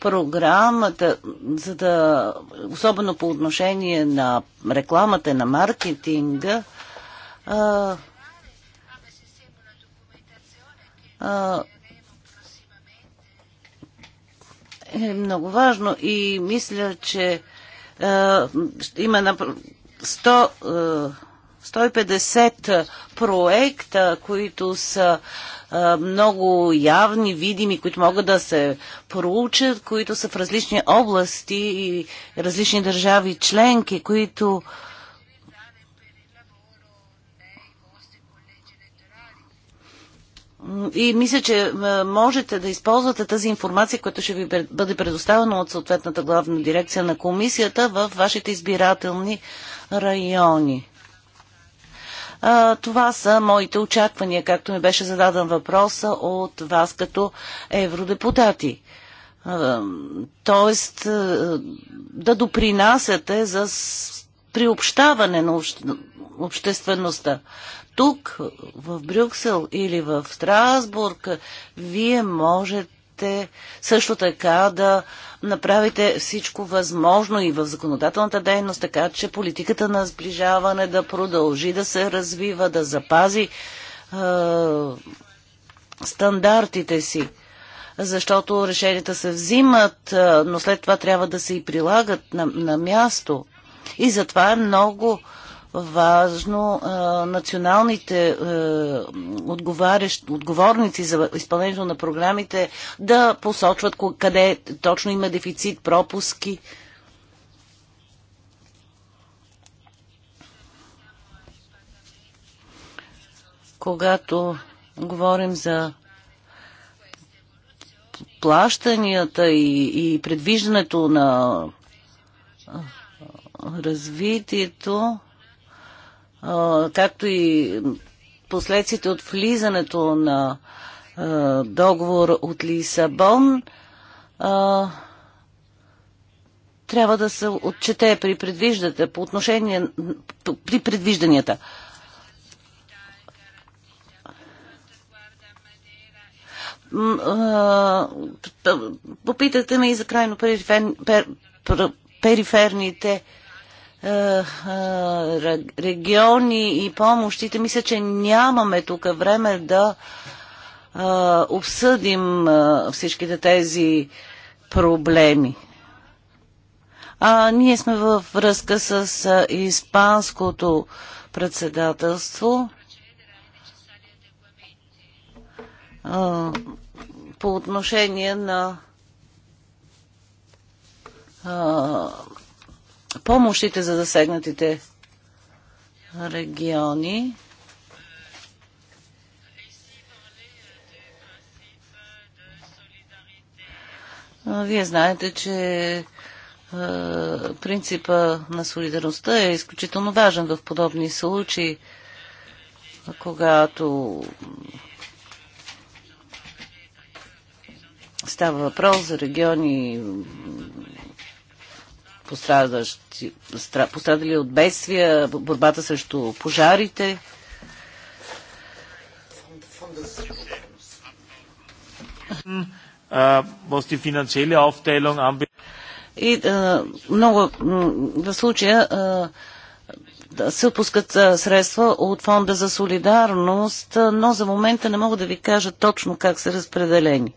програмата, за да, особено по отношение на рекламата, на маркетинга, а, а, е много важно и мисля, че а, има на 100 150 проекта, които са много явни, видими, които могат да се проучат, които са в различни области и различни държави членки, които И мисля, че можете да използвате тази информация, която ще ви бъде предоставена от съответната главна дирекция на комисията в вашите избирателни райони. А, това са моите очаквания, както ми беше зададен въпроса от вас като евродепутати. А, тоест, да допринасяте за приобщаване на обществеността. Тук, в Брюксел или в Страсбург, вие можете можете също така да направите всичко възможно и в законодателната дейност, така че политиката на сближаване да продължи да се развива, да запази е, стандартите си. Защото решенията се взимат, е, но след това трябва да се и прилагат на, на място. И затова е много важно а, националните е, а, отговорници за изпълнението на програмите да посочват къде точно има дефицит, пропуски. Когато говорим за плащанията и, и предвиждането на развитието, както и последствията от влизането на договор от Лисабон, трябва да се отчете при предвиждата, по отношение при предвижданията. Попитате ме и за крайно пер, пер, периферните е, е, региони и помощите, мисля, че нямаме тук време да е, обсъдим всичките тези проблеми. А, ние сме във връзка с испанското председателство. А, по отношение на а, помощите за засегнатите региони. Вие знаете, че принципа на солидарността е изключително важен в подобни случаи, когато става въпрос за региони пострадащи, пострадали от бедствия, борбата срещу пожарите. Е, И а, е, много в случая е, а, се отпускат средства от фонда за солидарност, но за момента не мога да ви кажа точно как са разпределени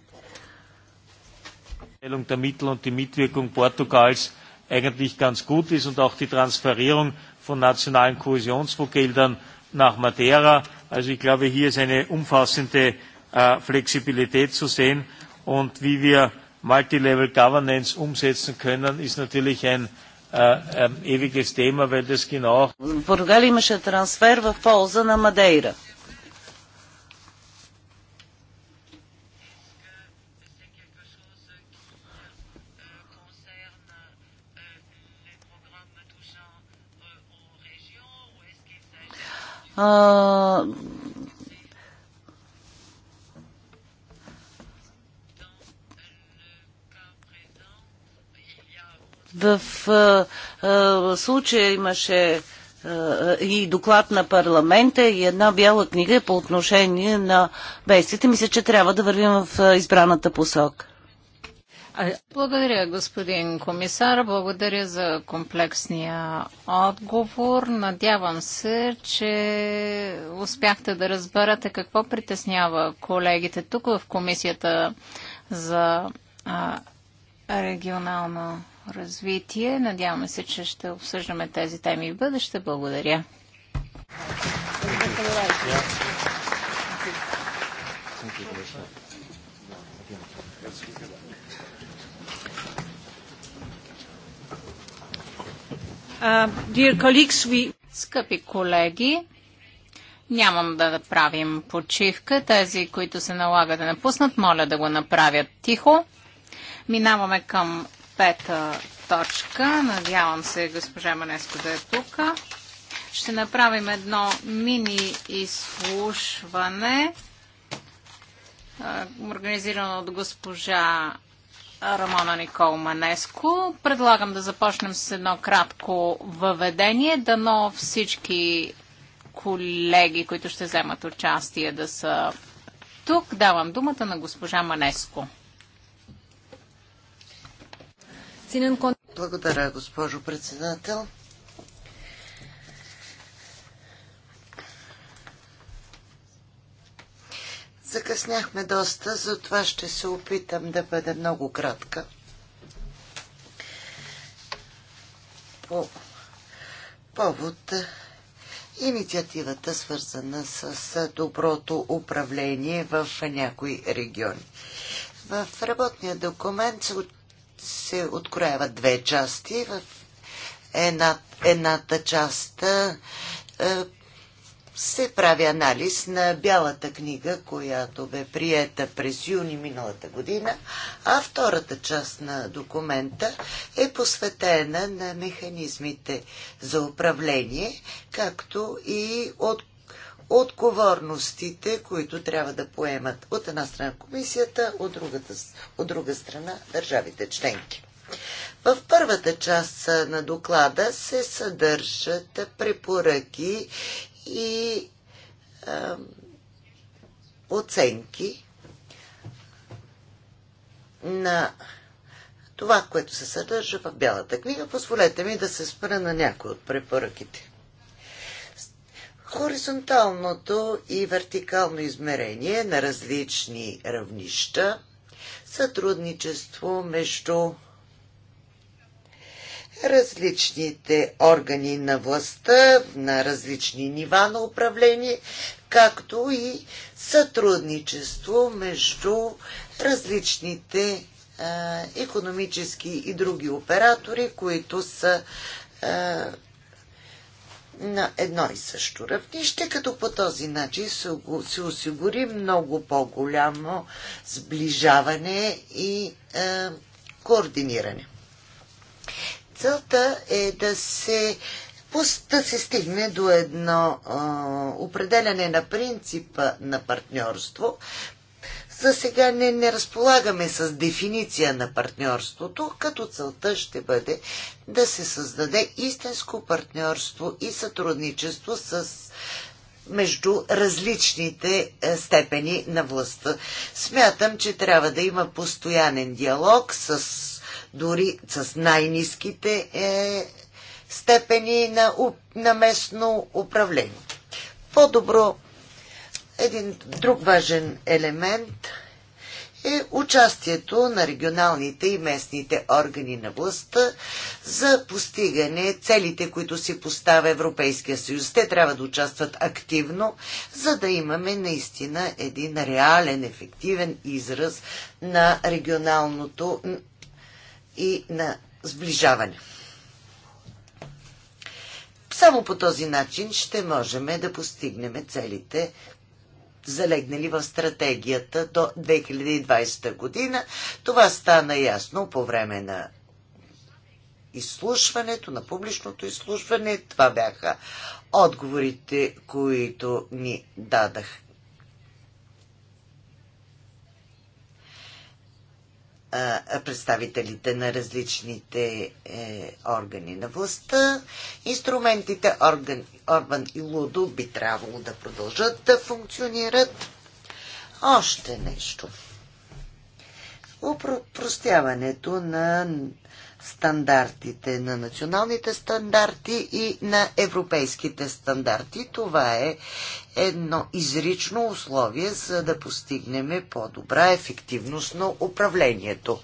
eigentlich ganz gut ist und auch die Transferierung von nationalen Kohäsionsfondsgeldern nach Madeira. Also ich glaube, hier ist eine umfassende Flexibilität zu sehen. Und wie wir Multilevel Governance umsetzen können, ist natürlich ein ewiges Thema, weil das genau... В имаше трансфер в полза на Мадейра. а, В а, а, случая имаше а, и доклад на парламента и една бяла книга по отношение на бедствията. Мисля, че трябва да вървим в избраната посока. Благодаря, господин комисар. Благодаря за комплексния отговор. Надявам се, че успяхте да разберете какво притеснява колегите тук в Комисията за регионално развитие. Надяваме се, че ще обсъждаме тези теми в бъдеще. Благодаря. Thank you, you. Uh, Скъпи колеги, нямам да правим почивка. Тези, които се налага да напуснат, моля да го направят тихо. Минаваме към пета точка. Надявам се госпожа Манеско да е тук. Ще направим едно мини изслушване, организирано от госпожа Рамона Никол Манеско. Предлагам да започнем с едно кратко въведение. Дано всички колеги, които ще вземат участие да са тук. Давам думата на госпожа Манеско. Благодаря, госпожо председател. Закъсняхме доста, затова ще се опитам да бъда много кратка. По повод инициативата, свързана с доброто управление в някои региони. В работния документ се, от, се открояват две части. В една, едната част е, се прави анализ на бялата книга, която бе приета през юни миналата година, а втората част на документа е посветена на механизмите за управление, както и от отговорностите, които трябва да поемат от една страна комисията, от, другата, от друга страна държавите членки. В първата част на доклада се съдържат препоръки и а, оценки на това, което се съдържа в Бялата книга. Позволете ми да се спра на някои от препоръките. Хоризонталното и вертикално измерение на различни равнища, сътрудничество между различните органи на властта, на различни нива на управление, както и сътрудничество между различните а, економически и други оператори, които са а, на едно и също равнище, като по този начин се, се осигури много по-голямо сближаване и координиране. Целта е да се да се стигне до едно а, определяне на принципа на партньорство. За сега не, не разполагаме с дефиниция на партньорството, като целта ще бъде да се създаде истинско партньорство и сътрудничество с между различните е, степени на властта. Смятам, че трябва да има постоянен диалог с дори с най-низките е, степени на, на местно управление. По-добро, един друг важен елемент е участието на регионалните и местните органи на властта за постигане целите, които си поставя Европейския съюз. Те трябва да участват активно, за да имаме наистина един реален, ефективен израз на регионалното и на сближаване. Само по този начин ще можем да постигнем целите, залегнали в стратегията до 2020 година. Това стана ясно по време на изслушването, на публичното изслушване. Това бяха отговорите, които ни дадах, представителите на различните е, органи на властта. Инструментите орган, Орбан и Лудо би трябвало да продължат да функционират. Още нещо. Упростяването на стандартите, на националните стандарти и на европейските стандарти. Това е едно изрично условие, за да постигнем по-добра ефективност на управлението.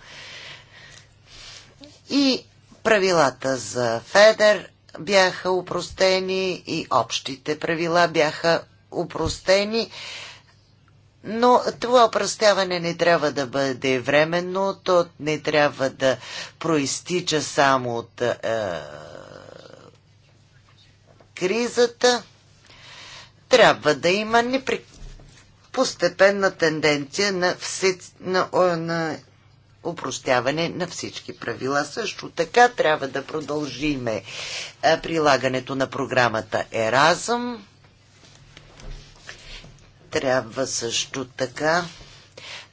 И правилата за Федер бяха упростени и общите правила бяха упростени но това опростяване не трябва да бъде временно, то не трябва да проистича само от е, кризата. Трябва да има непри... постепенна тенденция на, все... на, на упростяване на всички правила. Също така трябва да продължиме е, прилагането на програмата Еразъм трябва също така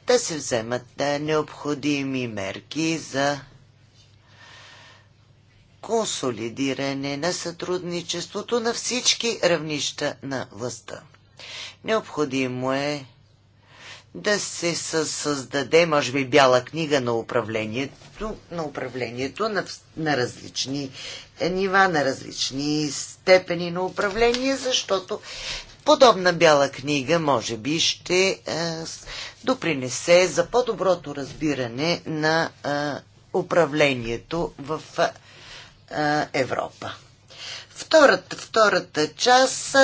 да се вземат необходими мерки за консолидиране на сътрудничеството на всички равнища на властта. Необходимо е да се създаде, може би, бяла книга на управлението, на, управлението на, на различни нива, на различни степени на управление, защото Подобна бяла книга може би ще е, допринесе за по-доброто разбиране на е, управлението в е, Европа. Втората, втората част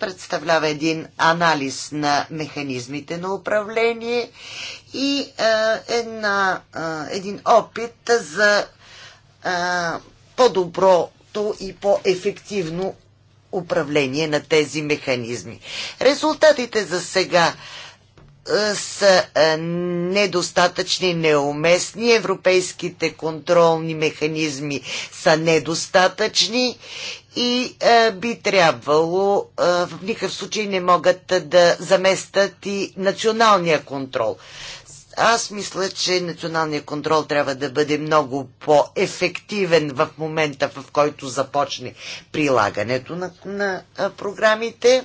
представлява един анализ на механизмите на управление и една, един опит за по-доброто и по-ефективно управление на тези механизми. Резултатите за сега е, са е, недостатъчни, неуместни, европейските контролни механизми са недостатъчни и е, би трябвало, в никакъв случай не могат да заместят и националния контрол. Аз мисля, че националният контрол трябва да бъде много по-ефективен в момента, в който започне прилагането на, на програмите,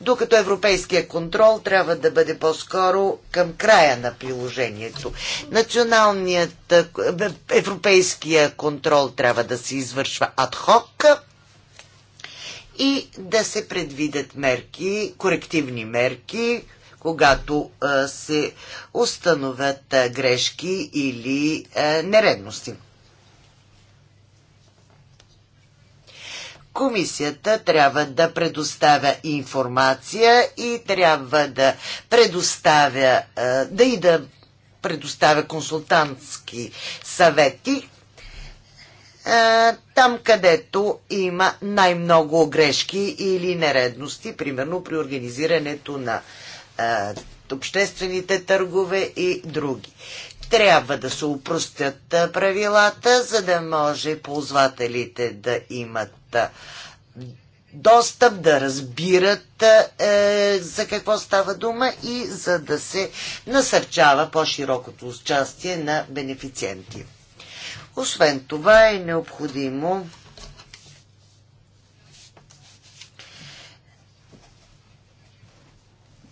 докато европейския контрол трябва да бъде по-скоро към края на приложението. Националният европейския контрол трябва да се извършва адхок и да се предвидят мерки, корективни мерки, когато се установят грешки или нередности. Комисията трябва да предоставя информация и трябва да предоставя, да и да предоставя консултантски съвети, там където има най-много грешки или нередности, примерно при организирането на обществените търгове и други. Трябва да се упростят правилата, за да може ползвателите да имат достъп, да разбират е, за какво става дума и за да се насърчава по-широкото участие на бенефициенти. Освен това е необходимо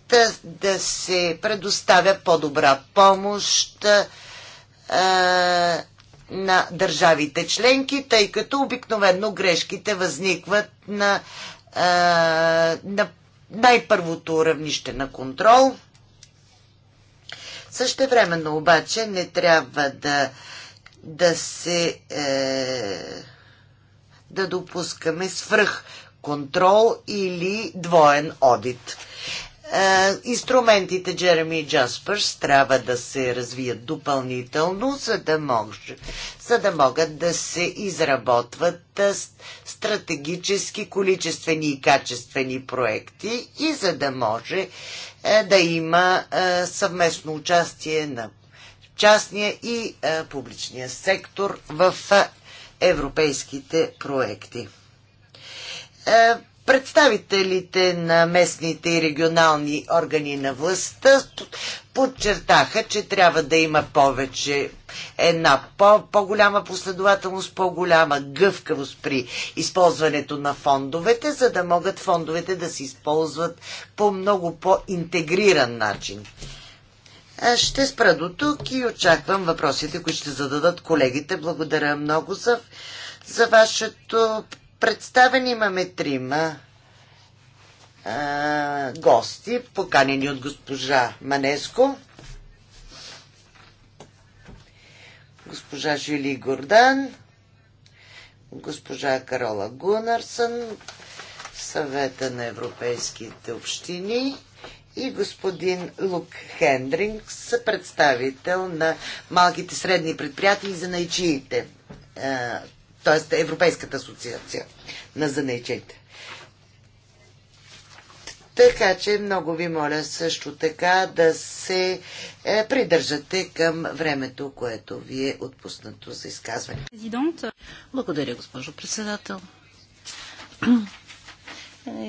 да, да се предоставя по-добра помощ а, на държавите членки, тъй като обикновено грешките възникват на, а, на най-първото равнище на контрол. времено обаче не трябва да, да се е, да допускаме свръх контрол или двоен одит. Е, инструментите Джереми и Джаспърс трябва да се развият допълнително, за да, може, за да могат да се изработват е, стратегически, количествени и качествени проекти и за да може е, да има съвместно участие на частния и публичния сектор в европейските проекти Представителите на местните и регионални органи на властта подчертаха, че трябва да има повече една по- по-голяма последователност, по-голяма гъвкавост при използването на фондовете, за да могат фондовете да се използват по много по-интегриран начин. ще спра до тук и очаквам въпросите, които ще зададат колегите. Благодаря много за, за вашето представени имаме трима а, гости, поканени от госпожа Манеско. Госпожа Жили Гордан, госпожа Карола Гунарсън, съвета на европейските общини и господин Лук Хендринг, представител на малките средни предприятия и найчиите т.е. Европейската асоциация на занечете. Така че много ви моля също така да се е, придържате към времето, което ви е отпуснато за изказване. Благодаря, госпожо председател. Е,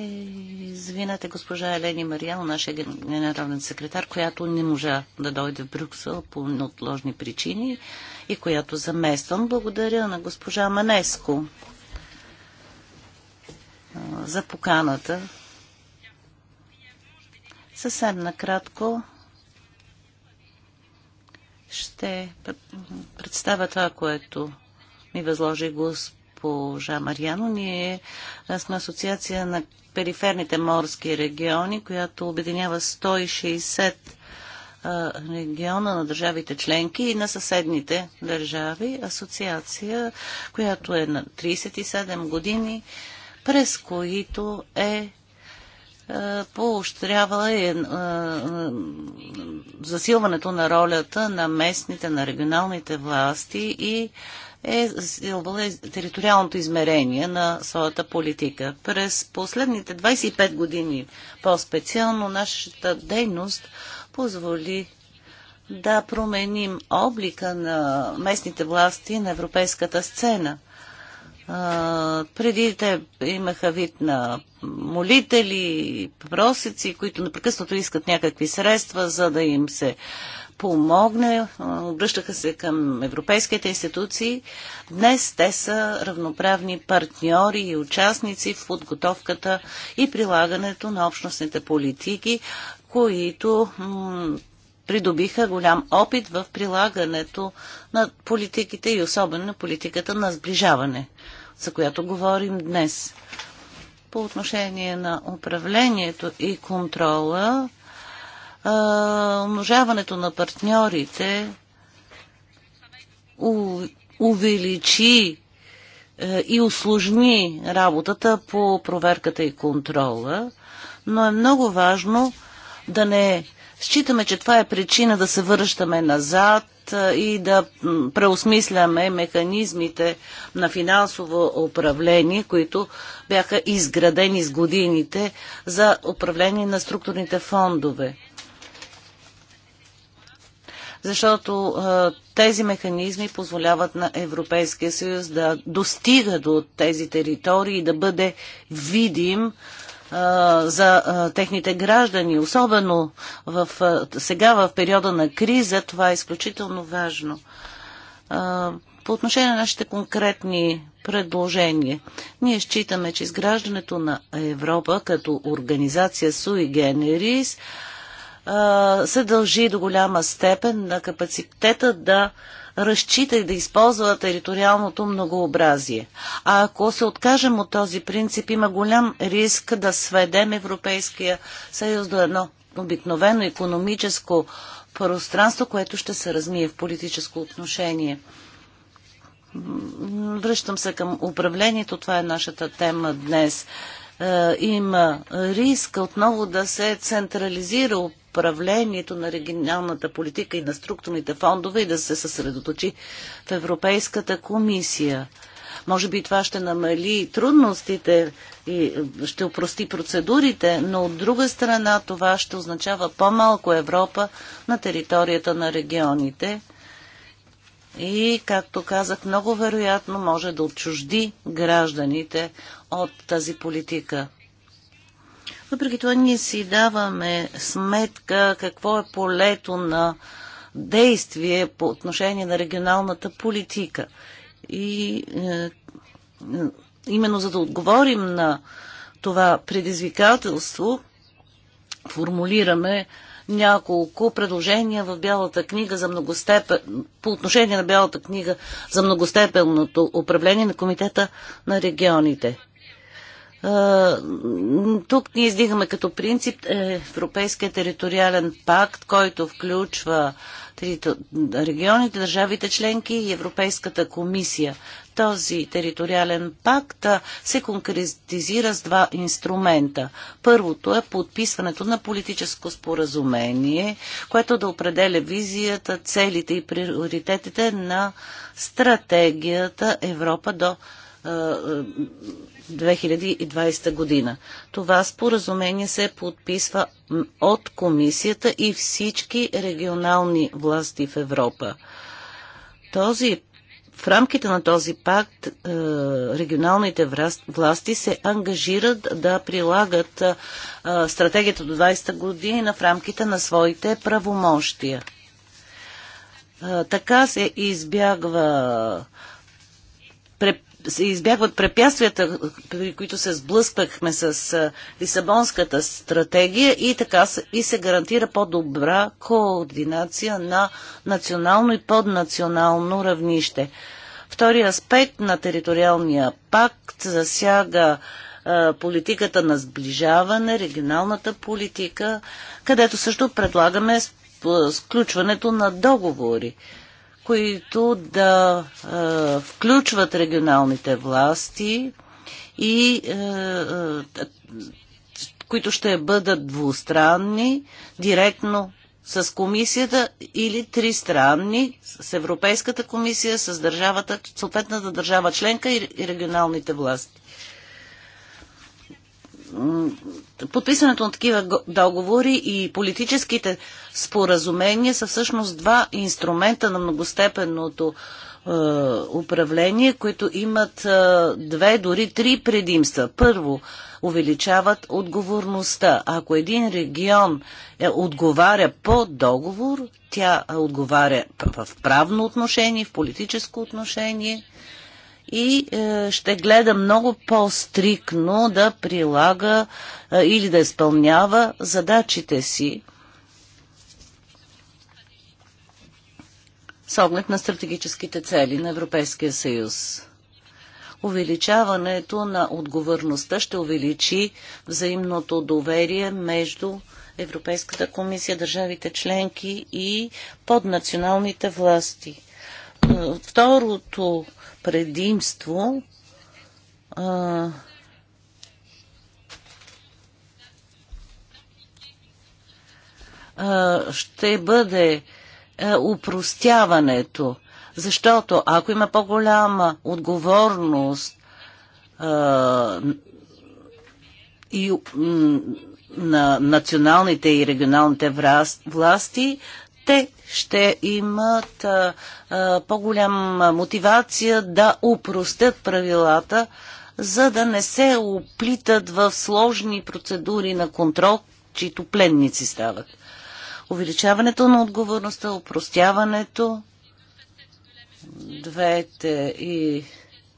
извинете, госпожа Елени Мариал, нашия генерален секретар, която не можа да дойде в Брюксел по неотложни причини и която замествам. Благодаря на госпожа Манеско за поканата. Съвсем накратко ще представя това, което ми възложи госпожа Марияно. Ние сме асоциация на периферните морски региони, която обединява 160 региона на държавите членки и на съседните държави, асоциация, която е на 37 години, през които е поощрявала е, е, засилването на ролята на местните, на регионалните власти и е засилвала териториалното измерение на своята политика. През последните 25 години по-специално нашата дейност позволи да променим облика на местните власти на европейската сцена. А, преди те имаха вид на молители, просици, които непрекъснато искат някакви средства, за да им се помогне. Обръщаха се към европейските институции. Днес те са равноправни партньори и участници в подготовката и прилагането на общностните политики, които придобиха голям опит в прилагането на политиките и особено на политиката на сближаване, за която говорим днес. По отношение на управлението и контрола, умножаването на партньорите увеличи е, и усложни работата по проверката и контрола, но е много важно да не считаме, че това е причина да се връщаме назад и да преосмисляме механизмите на финансово управление, които бяха изградени с годините за управление на структурните фондове. Защото тези механизми позволяват на Европейския съюз да достига до тези територии и да бъде видим за техните граждани, особено в, сега в периода на криза, това е изключително важно. По отношение на нашите конкретни предложения, ние считаме, че изграждането на Европа като организация Суи Генерис се дължи до голяма степен на капацитета да разчита да използва териториалното многообразие. А ако се откажем от този принцип, има голям риск да сведем Европейския съюз до едно обикновено економическо пространство, което ще се размие в политическо отношение. Връщам се към управлението. Това е нашата тема днес. Е, има риск отново да се централизира управлението на регионалната политика и на структурните фондове и да се съсредоточи в Европейската комисия. Може би това ще намали трудностите и ще упрости процедурите, но от друга страна това ще означава по-малко Европа на територията на регионите и, както казах, много вероятно може да отчужди гражданите от тази политика. Въпреки това ние си даваме сметка какво е полето на действие по отношение на регионалната политика. И е, е, именно за да отговорим на това предизвикателство, формулираме няколко предложения в Бялата книга за многостепен, по отношение на Бялата книга за многостепенното управление на Комитета на регионите. Тук ние издигаме като принцип е, Европейския териториален пакт, който включва регионите, държавите членки и Европейската комисия. Този териториален пакт се конкретизира с два инструмента. Първото е подписването на политическо споразумение, което да определя визията, целите и приоритетите на стратегията Европа до 2020 2020 година. Това споразумение се подписва от комисията и всички регионални власти в Европа. Този, в рамките на този пакт регионалните власти се ангажират да прилагат стратегията до 20 година в рамките на своите правомощия. Така се избягва се избягват препятствията, при които се сблъскахме с Лисабонската стратегия и така и се гарантира по-добра координация на национално и поднационално равнище. Втори аспект на териториалния пакт засяга политиката на сближаване, регионалната политика, където също предлагаме сключването на договори които да е, включват регионалните власти и е, е, които ще бъдат двустранни, директно с комисията или тристранни, с Европейската комисия, с държавата, съответната държава членка и регионалните власти подписването на такива договори и политическите споразумения са всъщност два инструмента на многостепенното е, управление, които имат е, две, дори три предимства. Първо, увеличават отговорността. Ако един регион е, отговаря по договор, тя е, отговаря в правно отношение, в политическо отношение, и е, ще гледа много по-стрикно да прилага е, или да изпълнява задачите си с оглед на стратегическите цели на Европейския съюз. Увеличаването на отговорността ще увеличи взаимното доверие между Европейската комисия, държавите членки и поднационалните власти. Е, второто предимство а, а, ще бъде а, упростяването. Защото ако има по-голяма отговорност а, и на националните и регионалните власти, те ще имат по-голям мотивация да упростят правилата, за да не се оплитат в сложни процедури на контрол, чието пленници стават. Увеличаването на отговорността, упростяването, двете и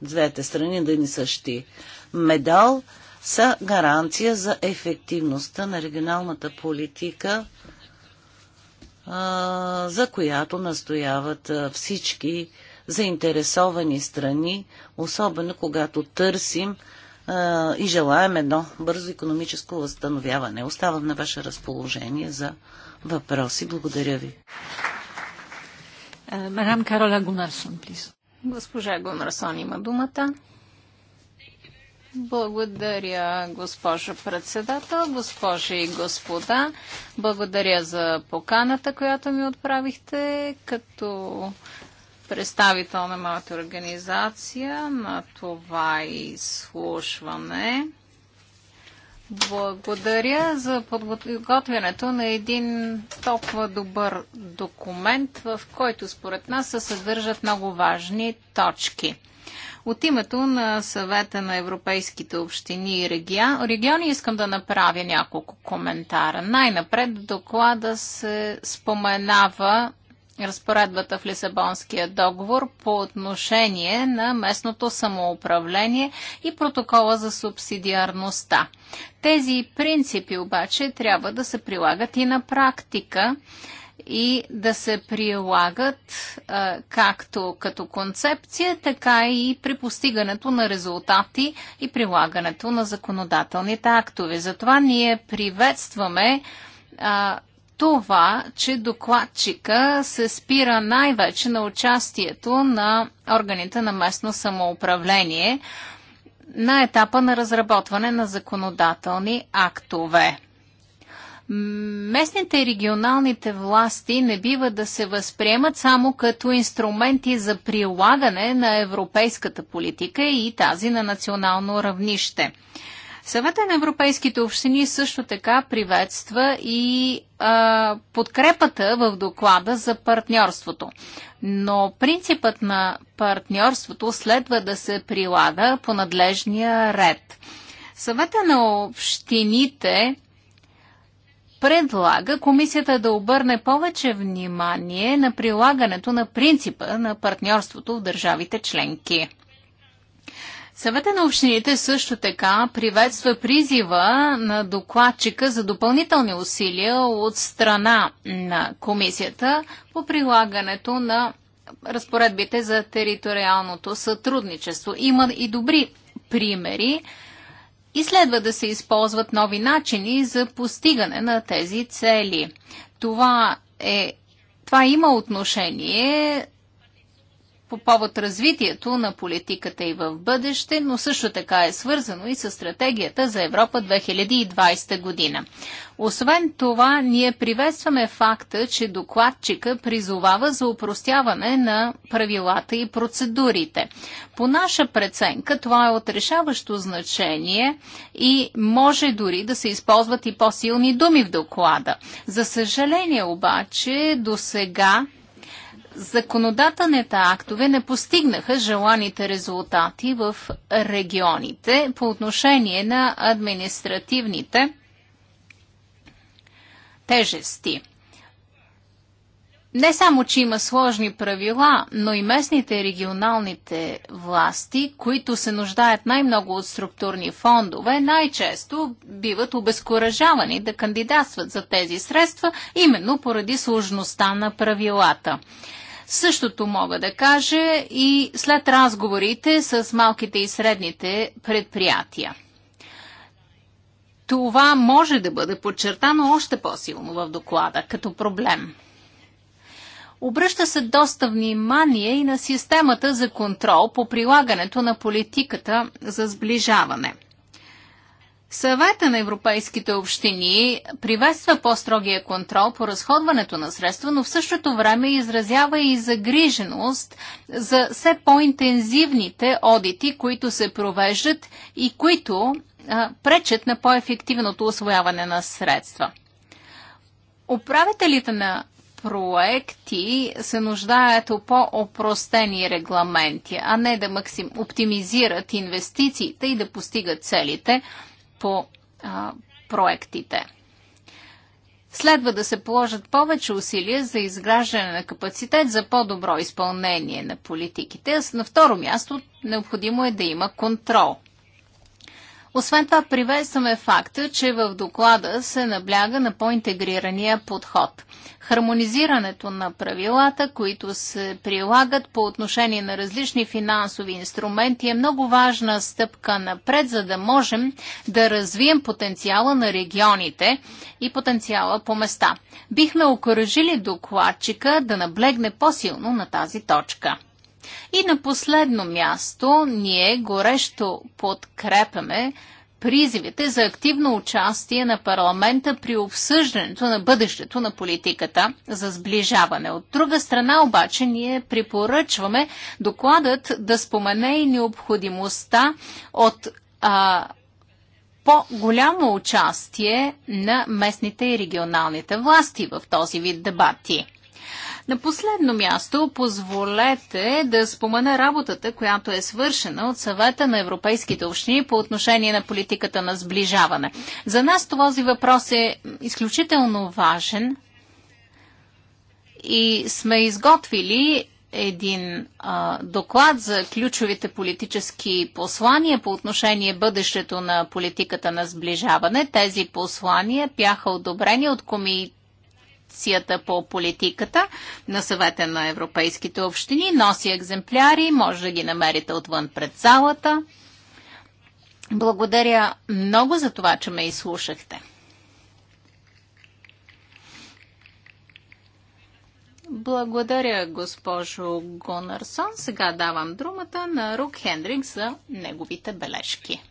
двете страни да ни същи медал са гаранция за ефективността на регионалната политика за която настояват всички заинтересовани страни, особено когато търсим и желаем едно бързо економическо възстановяване. Оставам на ваше разположение за въпроси. Благодаря ви. Мадам Карола Гунарсон, плиз. Госпожа Гунарсон има думата. Благодаря, госпожо председател, госпожи и господа. Благодаря за поканата, която ми отправихте като представител на моята организация на това изслушване. Благодаря за подготвянето на един толкова добър документ, в който според нас се съдържат много важни точки. От името на съвета на европейските общини и региони искам да направя няколко коментара. Най-напред в доклада се споменава разпоредбата в Лисабонския договор по отношение на местното самоуправление и протокола за субсидиарността. Тези принципи обаче трябва да се прилагат и на практика и да се прилагат а, както като концепция, така и при постигането на резултати и прилагането на законодателните актове. Затова ние приветстваме а, това, че докладчика се спира най-вече на участието на органите на местно самоуправление на етапа на разработване на законодателни актове. Местните и регионалните власти не бива да се възприемат само като инструменти за прилагане на европейската политика и тази на национално равнище. Съвета на европейските общини също така приветства и а, подкрепата в доклада за партньорството. Но принципът на партньорството следва да се прилага по надлежния ред. Съвета на общините предлага комисията да обърне повече внимание на прилагането на принципа на партньорството в държавите членки. Съвета на общините също така приветства призива на докладчика за допълнителни усилия от страна на комисията по прилагането на разпоредбите за териториалното сътрудничество. Има и добри примери и следва да се използват нови начини за постигане на тези цели. Това е това има отношение по повод развитието на политиката и в бъдеще, но също така е свързано и с стратегията за Европа 2020 година. Освен това, ние приветстваме факта, че докладчика призовава за упростяване на правилата и процедурите. По наша преценка това е от решаващо значение и може дори да се използват и по-силни думи в доклада. За съжаление обаче, до сега законодателните актове не постигнаха желаните резултати в регионите по отношение на административните тежести. Не само, че има сложни правила, но и местните и регионалните власти, които се нуждаят най-много от структурни фондове, най-често биват обезкуражавани да кандидатстват за тези средства, именно поради сложността на правилата. Същото мога да кажа и след разговорите с малките и средните предприятия. Това може да бъде подчертано още по-силно в доклада като проблем. Обръща се доста внимание и на системата за контрол по прилагането на политиката за сближаване – Съвета на европейските общини приветства по-строгия контрол по разходването на средства, но в същото време изразява и загриженост за все по-интензивните одити, които се провеждат и които а, пречат на по-ефективното освояване на средства. Управителите на проекти се нуждаят от по-опростени регламенти, а не да максим, оптимизират инвестициите и да постигат целите – по а, проектите. Следва да се положат повече усилия за изграждане на капацитет за по-добро изпълнение на политиките. На второ място необходимо е да има контрол. Освен това, приветстваме факта, че в доклада се набляга на по-интегрирания подход хармонизирането на правилата, които се прилагат по отношение на различни финансови инструменти е много важна стъпка напред, за да можем да развием потенциала на регионите и потенциала по места. Бихме окоръжили докладчика да наблегне по-силно на тази точка. И на последно място, ние горещо подкрепяме призивите за активно участие на парламента при обсъждането на бъдещето на политиката за сближаване. От друга страна обаче ние препоръчваме докладът да спомене и необходимостта от а, по-голямо участие на местните и регионалните власти в този вид дебати. На последно място, позволете да спомена работата, която е свършена от съвета на европейските общини по отношение на политиката на сближаване. За нас този въпрос е изключително важен и сме изготвили един а, доклад за ключовите политически послания по отношение бъдещето на политиката на сближаване. Тези послания бяха одобрени от комитета секцията по политиката на съвета на европейските общини. Носи екземпляри, може да ги намерите отвън пред залата. Благодаря много за това, че ме изслушахте. Благодаря, госпожо Гонарсон. Сега давам думата на Рук Хендрик за неговите бележки.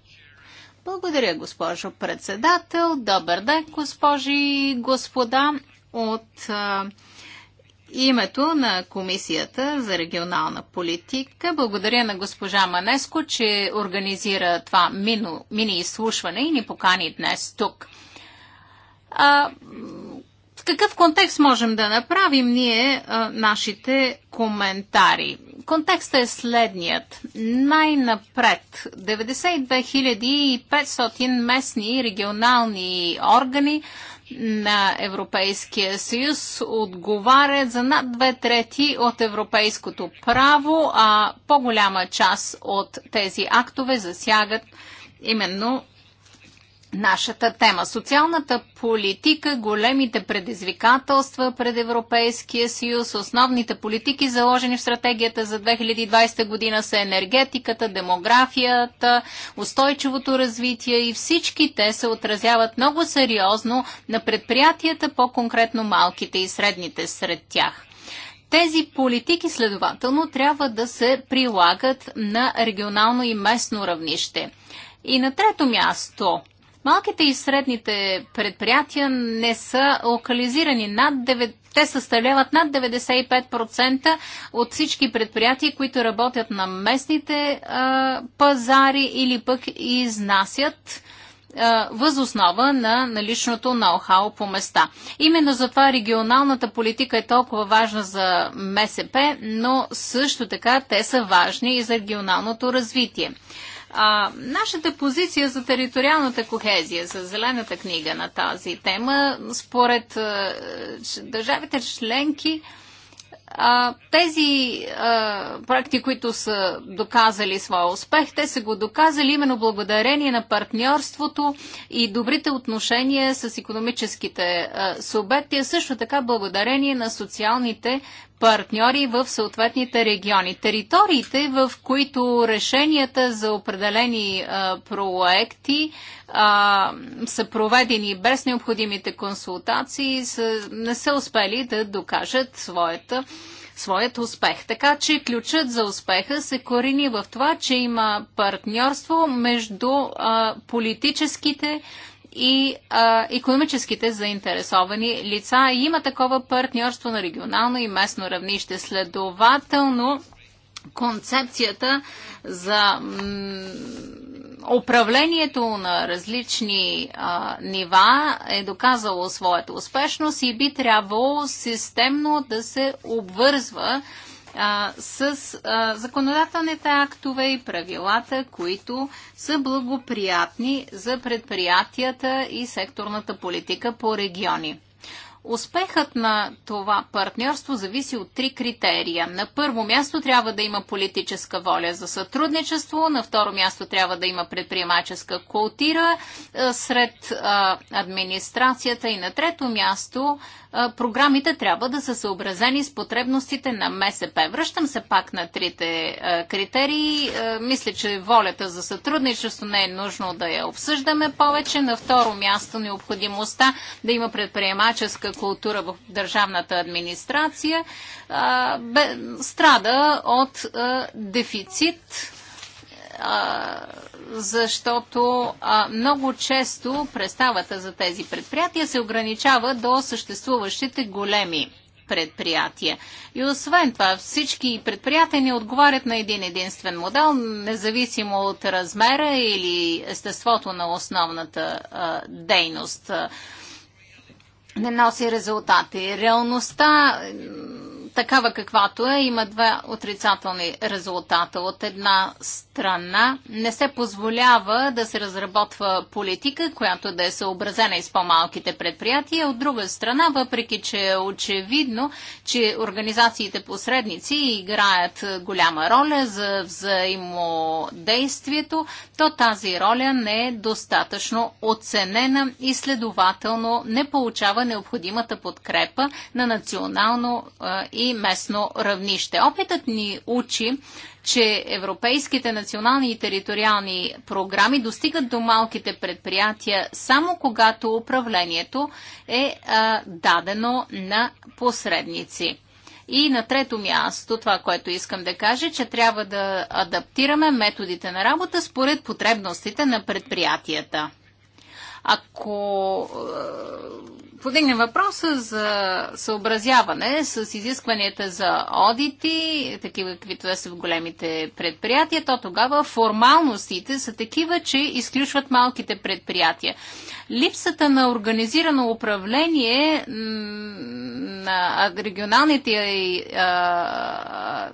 Благодаря, госпожо председател. Добър ден, госпожи и господа от а, името на Комисията за регионална политика. Благодаря на госпожа Манеско, че организира това мини изслушване и ни покани днес тук. А, в какъв контекст можем да направим ние а, нашите коментари? Контекстът е следният. Най-напред 92 500 местни регионални органи на Европейския съюз отговарят за над две трети от европейското право, а по-голяма част от тези актове засягат именно нашата тема. Социалната политика, големите предизвикателства пред Европейския съюз, основните политики, заложени в стратегията за 2020 година са енергетиката, демографията, устойчивото развитие и всички те се отразяват много сериозно на предприятията, по-конкретно малките и средните сред тях. Тези политики следователно трябва да се прилагат на регионално и местно равнище. И на трето място Малките и средните предприятия не са локализирани. Над 9, те съставляват над 95% от всички предприятия, които работят на местните а, пазари или пък изнасят възоснова на наличното ноу-хау по места. Именно затова регионалната политика е толкова важна за МСП, но също така те са важни и за регионалното развитие. А, нашата позиция за териториалната кохезия, за зелената книга на тази тема, според а, държавите членки, а, тези а, проекти, които са доказали своя успех, те са го доказали именно благодарение на партньорството и добрите отношения с економическите а, субекти, а също така благодарение на социалните партньори в съответните региони. Териториите, в които решенията за определени а, проекти а, са проведени без необходимите консултации, са, не са успели да докажат своята своят успех. Така че ключът за успеха се корени в това, че има партньорство между а, политическите и а, економическите заинтересовани лица. Има такова партньорство на регионално и местно равнище. Следователно, концепцията за управлението на различни а, нива е доказало своята успешност и би трябвало системно да се обвързва а, с а, законодателните актове и правилата, които са благоприятни за предприятията и секторната политика по региони. Успехът на това партньорство зависи от три критерия. На първо място трябва да има политическа воля за сътрудничество, на второ място трябва да има предприемаческа култура сред а, администрацията и на трето място програмите трябва да са съобразени с потребностите на МСП. Връщам се пак на трите критерии. Мисля, че волята за сътрудничество не е нужно да я обсъждаме повече. На второ място необходимостта да има предприемаческа култура в държавната администрация страда от дефицит защото а, много често представата за тези предприятия се ограничава до съществуващите големи предприятия. И освен това, всички предприятия не отговарят на един единствен модел, независимо от размера или естеството на основната а, дейност. Не носи резултати. Реалността такава каквато е, има два отрицателни резултата. От една страна не се позволява да се разработва политика, която да е съобразена и с по-малките предприятия. От друга страна, въпреки че е очевидно, че организациите посредници играят голяма роля за взаимодействието, то тази роля не е достатъчно оценена и следователно не получава необходимата подкрепа на национално и и местно равнище. Опитът ни учи, че европейските национални и териториални програми достигат до малките предприятия само когато управлението е а, дадено на посредници. И на трето място, това, което искам да кажа, че трябва да адаптираме методите на работа според потребностите на предприятията. Ако е, подигнем въпроса за съобразяване с изискванията за одити, такива каквито са в големите предприятия, то тогава формалностите са такива, че изключват малките предприятия. Липсата на организирано управление на регионалните и е, е,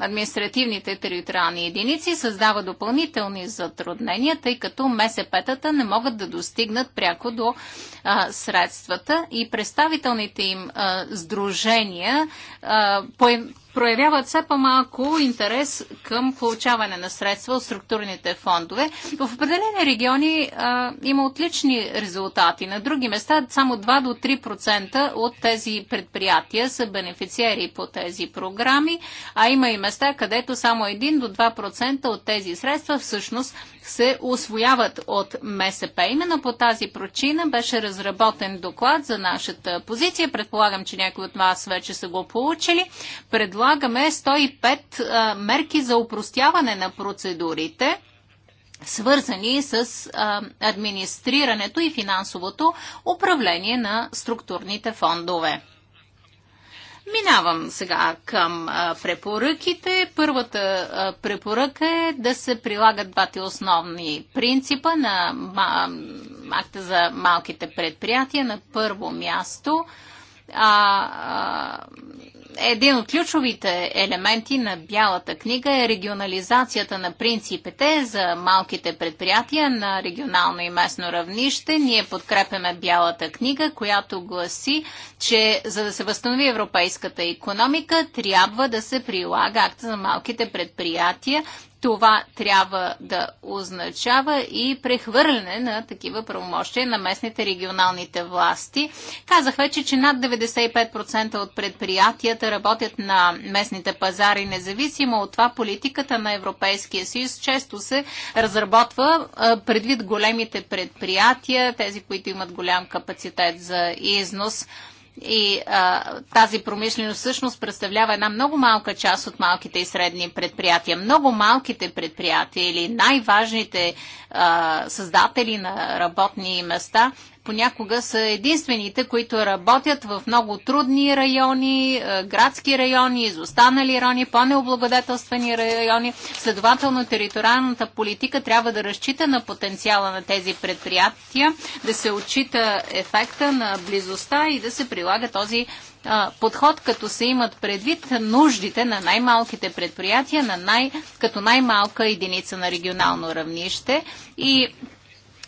административните териториални единици създава допълнителни затруднения, тъй като МСП-тата не могат да достигнат пряко до а, средствата и представителните им а, сдружения а, по проявяват все по-малко интерес към получаване на средства от структурните фондове. В определени региони а, има отлични резултати. На други места само 2 до 3% от тези предприятия са бенефициери по тези програми, а има и места, където само 1 до 2% от тези средства всъщност се освояват от МСП. Именно по тази причина беше разработен доклад за нашата позиция. Предполагам, че някои от вас вече са го получили. Предлагаме 105 мерки за упростяване на процедурите свързани с а, администрирането и финансовото управление на структурните фондове. Минавам сега към а, препоръките. Първата а, препоръка е да се прилагат двата основни принципа на ма, акта за малките предприятия. На първо място а, а, един от ключовите елементи на Бялата книга е регионализацията на принципите за малките предприятия на регионално и местно равнище. Ние подкрепяме Бялата книга, която гласи, че за да се възстанови европейската економика, трябва да се прилага акта за малките предприятия това трябва да означава и прехвърляне на такива правомощия на местните регионалните власти. Казах вече, че над 95% от предприятията работят на местните пазари. Независимо от това, политиката на Европейския съюз често се разработва предвид големите предприятия, тези, които имат голям капацитет за износ. И а, тази промишленост всъщност представлява една много малка част от малките и средни предприятия. Много малките предприятия или най-важните създатели на работни места понякога са единствените, които работят в много трудни райони, е, градски райони, изостанали райони, по-необлагодетелствени райони. Следователно, териториалната политика трябва да разчита на потенциала на тези предприятия, да се отчита ефекта на близостта и да се прилага този подход, като се имат предвид нуждите на най-малките предприятия, на най, като най-малка единица на регионално равнище. И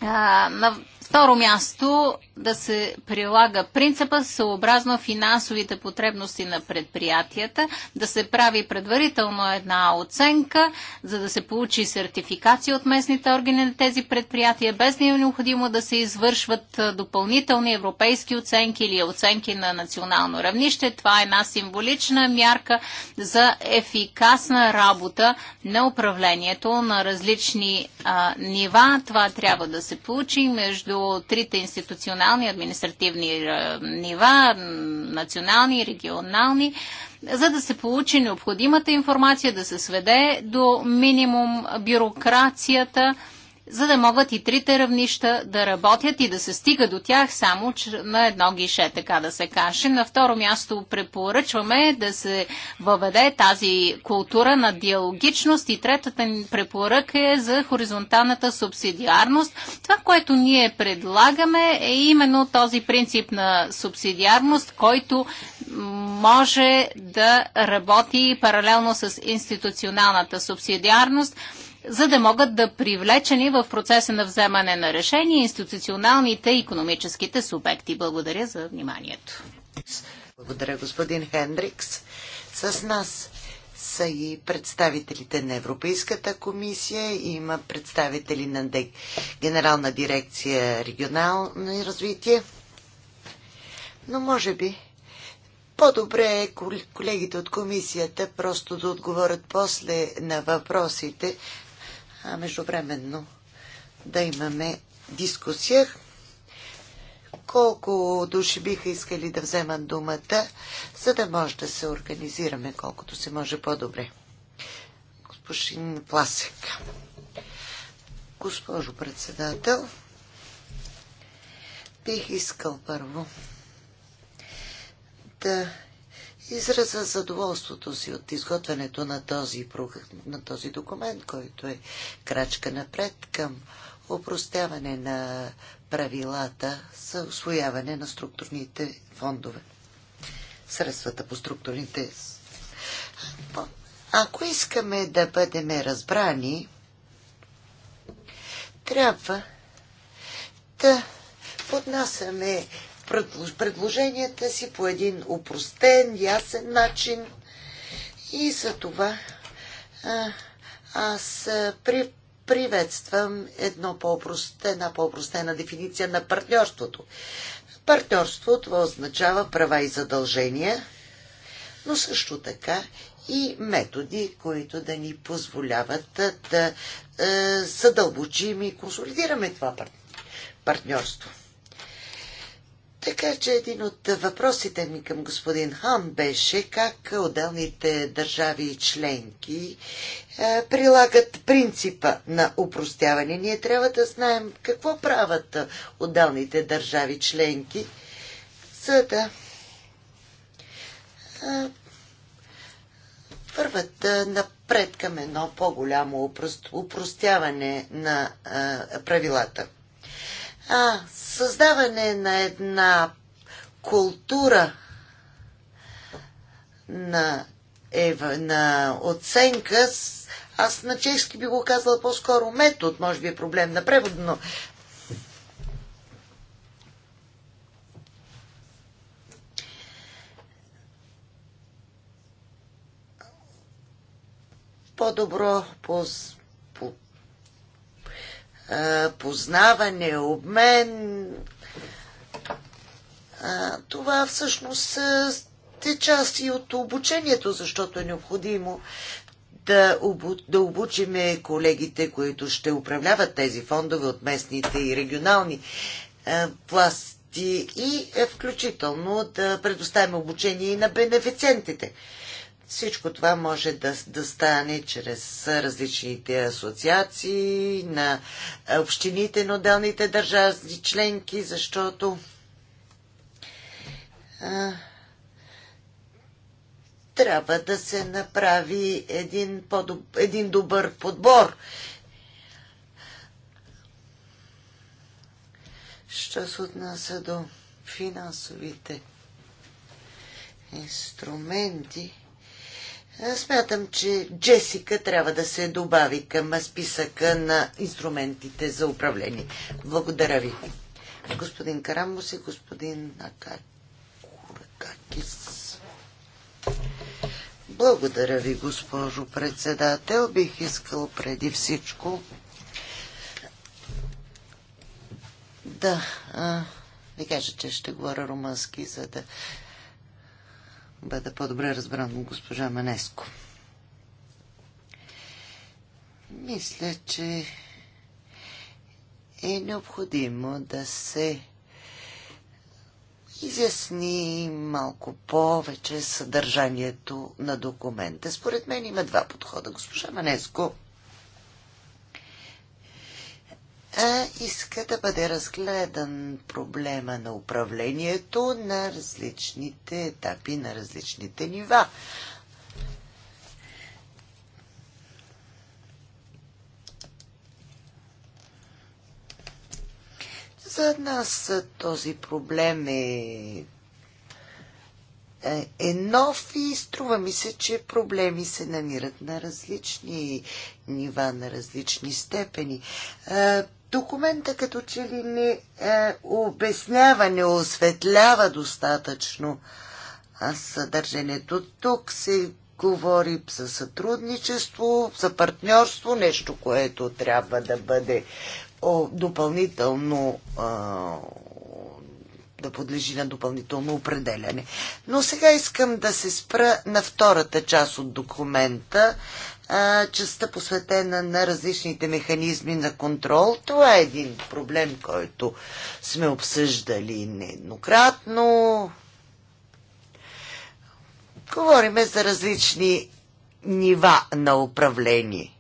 а, на второ място да се прилага принципа съобразно финансовите потребности на предприятията, да се прави предварително една оценка, за да се получи сертификация от местните органи на тези предприятия, без да е необходимо да се извършват допълнителни европейски оценки или оценки на национално равнище. Това е една символична мярка за ефикасна работа на управлението на различни а, нива. Това трябва да се получи между трите институционални административни е, нива, национални и регионални, за да се получи необходимата информация, да се сведе до минимум бюрокрацията, за да могат и трите равнища да работят и да се стига до тях само на едно гише, така да се каже. На второ място препоръчваме да се въведе тази култура на диалогичност и третата ни препоръка е за хоризонталната субсидиарност. Това, което ние предлагаме е именно този принцип на субсидиарност, който може да работи паралелно с институционалната субсидиарност – за да могат да привлечени в процеса на вземане на решение институционалните и економическите субекти. Благодаря за вниманието. Благодаря, господин Хендрикс. С нас са и представителите на Европейската комисия, има представители на Генерална дирекция регионално развитие. Но може би по-добре е колегите от комисията просто да отговорят после на въпросите, а междувременно да имаме дискусия. Колко души биха искали да вземат думата, за да може да се организираме колкото се може по-добре. Господин Пласек. Госпожо председател, бих искал първо да израза задоволството си от изготвянето на този, на този документ, който е крачка напред към опростяване на правилата за освояване на структурните фондове. Средствата по структурните. Ако искаме да бъдем разбрани, трябва да поднасяме предложенията си по един упростен, ясен начин. И за това аз при, приветствам едно по една по-простена дефиниция на партньорството. Партньорство това означава права и задължения, но също така и методи, които да ни позволяват да е, съдълбочим и консолидираме това партньорство. Така че един от въпросите ми към господин Хан беше как отделните държави и членки е, прилагат принципа на упростяване. Ние трябва да знаем какво правят отделните държави членки, за да е, върват е, напред към едно по-голямо упростяване на е, правилата. А, създаване на една култура на, ева, на оценка, аз на чешки би го казала по-скоро метод, може би е проблем на превод, но по-добро, по, -добро, по познаване, обмен. Това всъщност е част и от обучението, защото е необходимо да, обу, да обучиме колегите, които ще управляват тези фондове от местните и регионални власти и е, включително да предоставим обучение и на бенефициентите. Всичко това може да, да стане чрез различните асоциации на общините на отделните държави членки, защото а, трябва да се направи един, един добър подбор. Що се отнася до финансовите инструменти, е, смятам, че Джесика трябва да се добави към списъка на инструментите за управление. Благодаря ви. Господин Карамбус и господин Акакис. Благодаря ви, госпожо председател. Бих искал преди всичко да а, ви кажа, че ще говоря румънски, за да бъда по-добре разбран от госпожа Манеско. Мисля, че е необходимо да се изясни малко повече съдържанието на документа. Според мен има два подхода. Госпожа Менеско. а, иска да бъде разгледан проблема на управлението на различните етапи, на различните нива. За нас този проблем е е, е нов и струва ми се, че проблеми се намират на различни нива, на различни степени документа като че ли не е, обяснява, не осветлява достатъчно съдържанието. Тук се говори за сътрудничество, за партньорство, нещо, което трябва да бъде о, допълнително а, да подлежи на допълнително определяне. Но сега искам да се спра на втората част от документа, частта посветена на различните механизми на контрол. Това е един проблем, който сме обсъждали нееднократно. Говориме за различни нива на управление.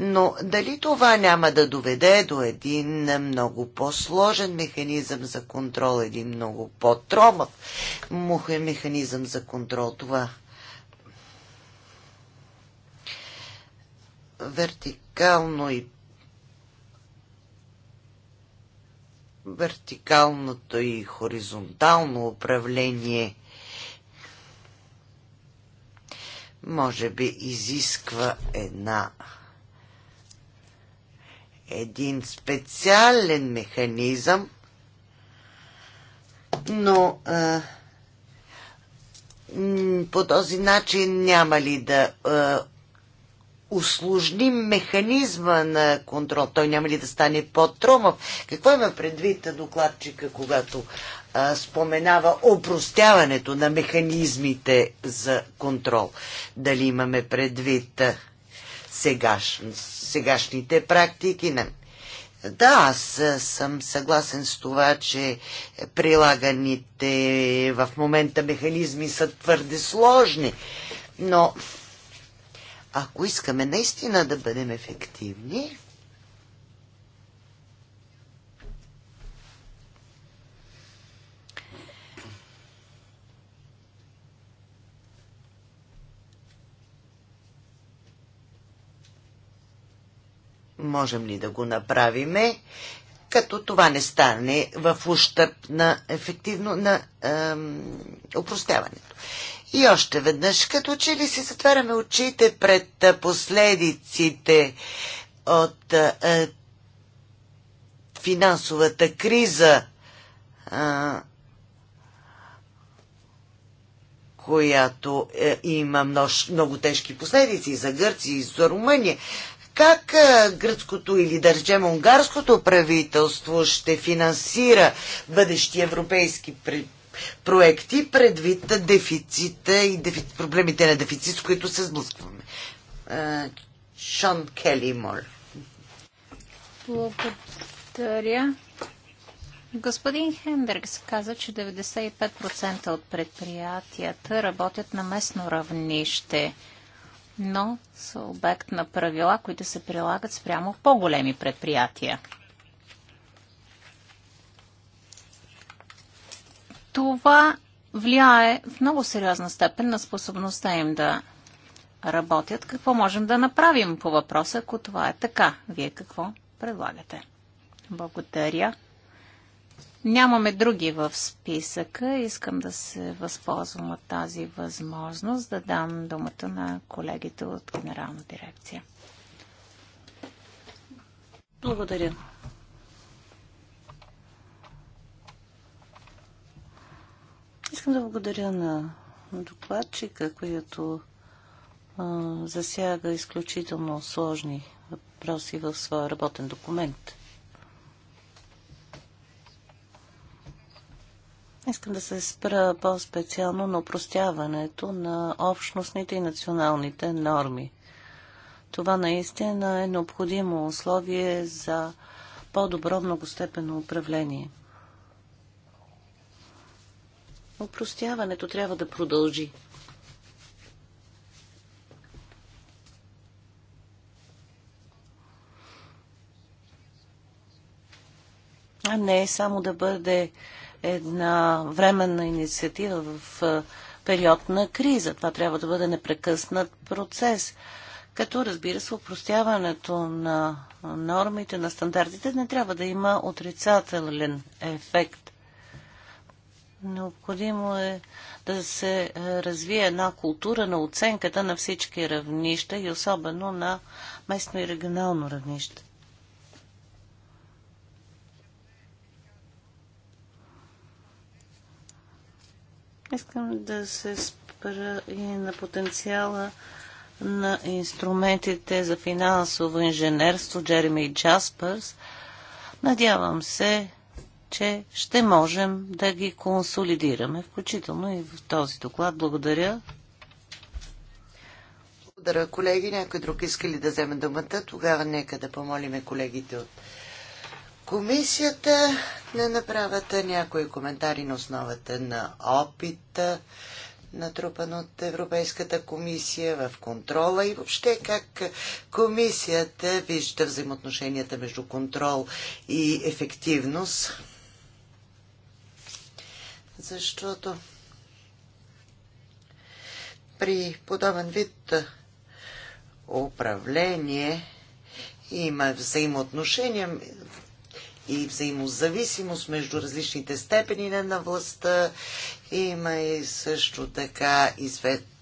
Но дали това няма да доведе до един много по-сложен механизъм за контрол, един много по-тромав механизъм за контрол, това вертикално и вертикалното и хоризонтално управление може би изисква една един специален механизъм, но а, по този начин няма ли да а, усложним механизма на контрол. Той няма ли да стане по-тромав? Какво има предвид докладчика, когато а, споменава опростяването на механизмите за контрол? Дали имаме предвид а, сегаш, сегашните практики? Не. Да, аз съм съгласен с това, че прилаганите в момента механизми са твърде сложни, но ако искаме наистина да бъдем ефективни, можем ли да го направиме, като това не стане в ущърп на ефективно на ем, опростяването. И още веднъж, като че ли си затваряме очите пред последиците от а, финансовата криза, а, която е, има много, много тежки последици за Гърция и за Румъния. Как гръцкото или да речем унгарското правителство ще финансира бъдещи европейски проекти, предвид дефицита и дефицит, проблемите на дефицит, с които се сблъскваме. Шон Кели, моля. Благодаря. Господин Хендеркс каза, че 95% от предприятията работят на местно равнище, но са обект на правила, които се прилагат спрямо в по-големи предприятия. това влияе в много сериозна степен на способността им да работят. Какво можем да направим по въпроса, ако това е така? Вие какво предлагате? Благодаря. Нямаме други в списъка. Искам да се възползвам от тази възможност да дам думата на колегите от Генерална дирекция. Благодаря. Искам да благодаря на докладчика, която а, засяга изключително сложни въпроси в своя работен документ. Искам да се спра по-специално на упростяването на общностните и националните норми. Това наистина е необходимо условие за по-добро многостепенно управление – Опростяването трябва да продължи. А не само да бъде една временна инициатива в период на криза. Това трябва да бъде непрекъснат процес. Като разбира се, упростяването на нормите, на стандартите не трябва да има отрицателен ефект. Необходимо е да се е, развие една култура на оценката на всички равнища и особено на местно и регионално равнище. Искам да се спра и на потенциала на инструментите за финансово инженерство Джереми и Джаспърс. Надявам се, че ще можем да ги консолидираме, включително и в този доклад. Благодаря. Благодаря, колеги. Някой друг иска ли да вземе думата? Тогава нека да помолиме колегите от комисията да направят някои коментари на основата на опита, натрупан от Европейската комисия в контрола и въобще как комисията вижда взаимоотношенията между контрол и ефективност защото при подобен вид управление има взаимоотношения и взаимозависимост между различните степени на властта. Има и също така и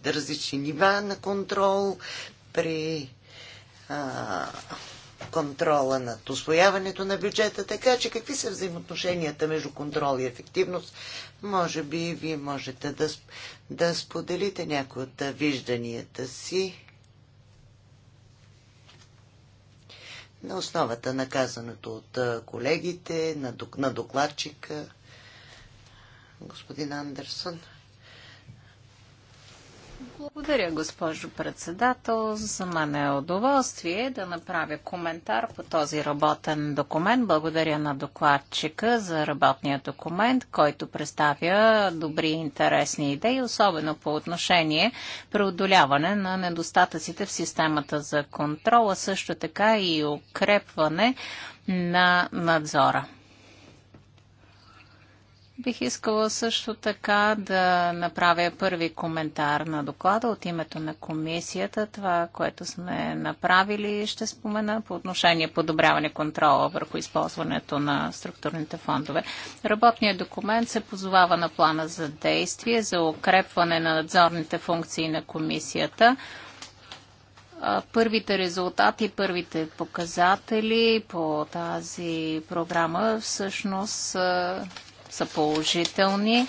различни нива на контрол при а, контрола над освояването на бюджета. Така че какви са взаимоотношенията между контрол и ефективност? Може би вие можете да, да споделите някои от вижданията си на основата на казаното от колегите, на, на докладчика, господин Андерсон. Благодаря, госпожо председател. За мен е удоволствие да направя коментар по този работен документ. Благодаря на докладчика за работния документ, който представя добри и интересни идеи, особено по отношение преодоляване на недостатъците в системата за контрола, също така и укрепване на надзора. Бих искала също така да направя първи коментар на доклада от името на комисията. Това, което сме направили, ще спомена по отношение подобряване контрола върху използването на структурните фондове. Работният документ се позовава на плана за действие за укрепване на надзорните функции на комисията първите резултати, първите показатели по тази програма всъщност са положителни.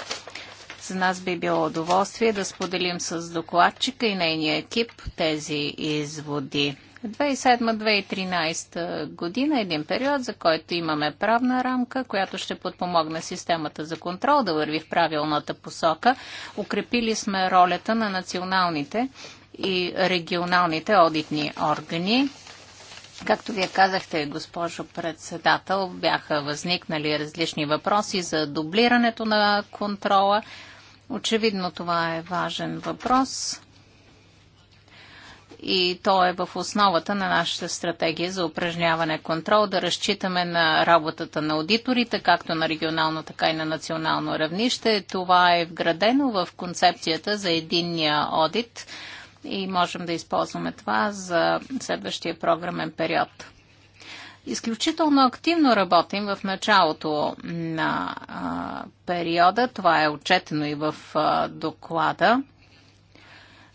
За нас би било удоволствие да споделим с докладчика и нейния екип тези изводи. 2007-2013 година е един период, за който имаме правна рамка, която ще подпомогне системата за контрол да върви в правилната посока. Укрепили сме ролята на националните и регионалните одитни органи. Както вие казахте, госпожо председател, бяха възникнали различни въпроси за дублирането на контрола. Очевидно това е важен въпрос и то е в основата на нашата стратегия за упражняване контрол, да разчитаме на работата на аудиторите, както на регионално, така и на национално равнище. Това е вградено в концепцията за единния одит – и можем да използваме това за следващия програмен период. Изключително активно работим в началото на а, периода. Това е отчетено и в а, доклада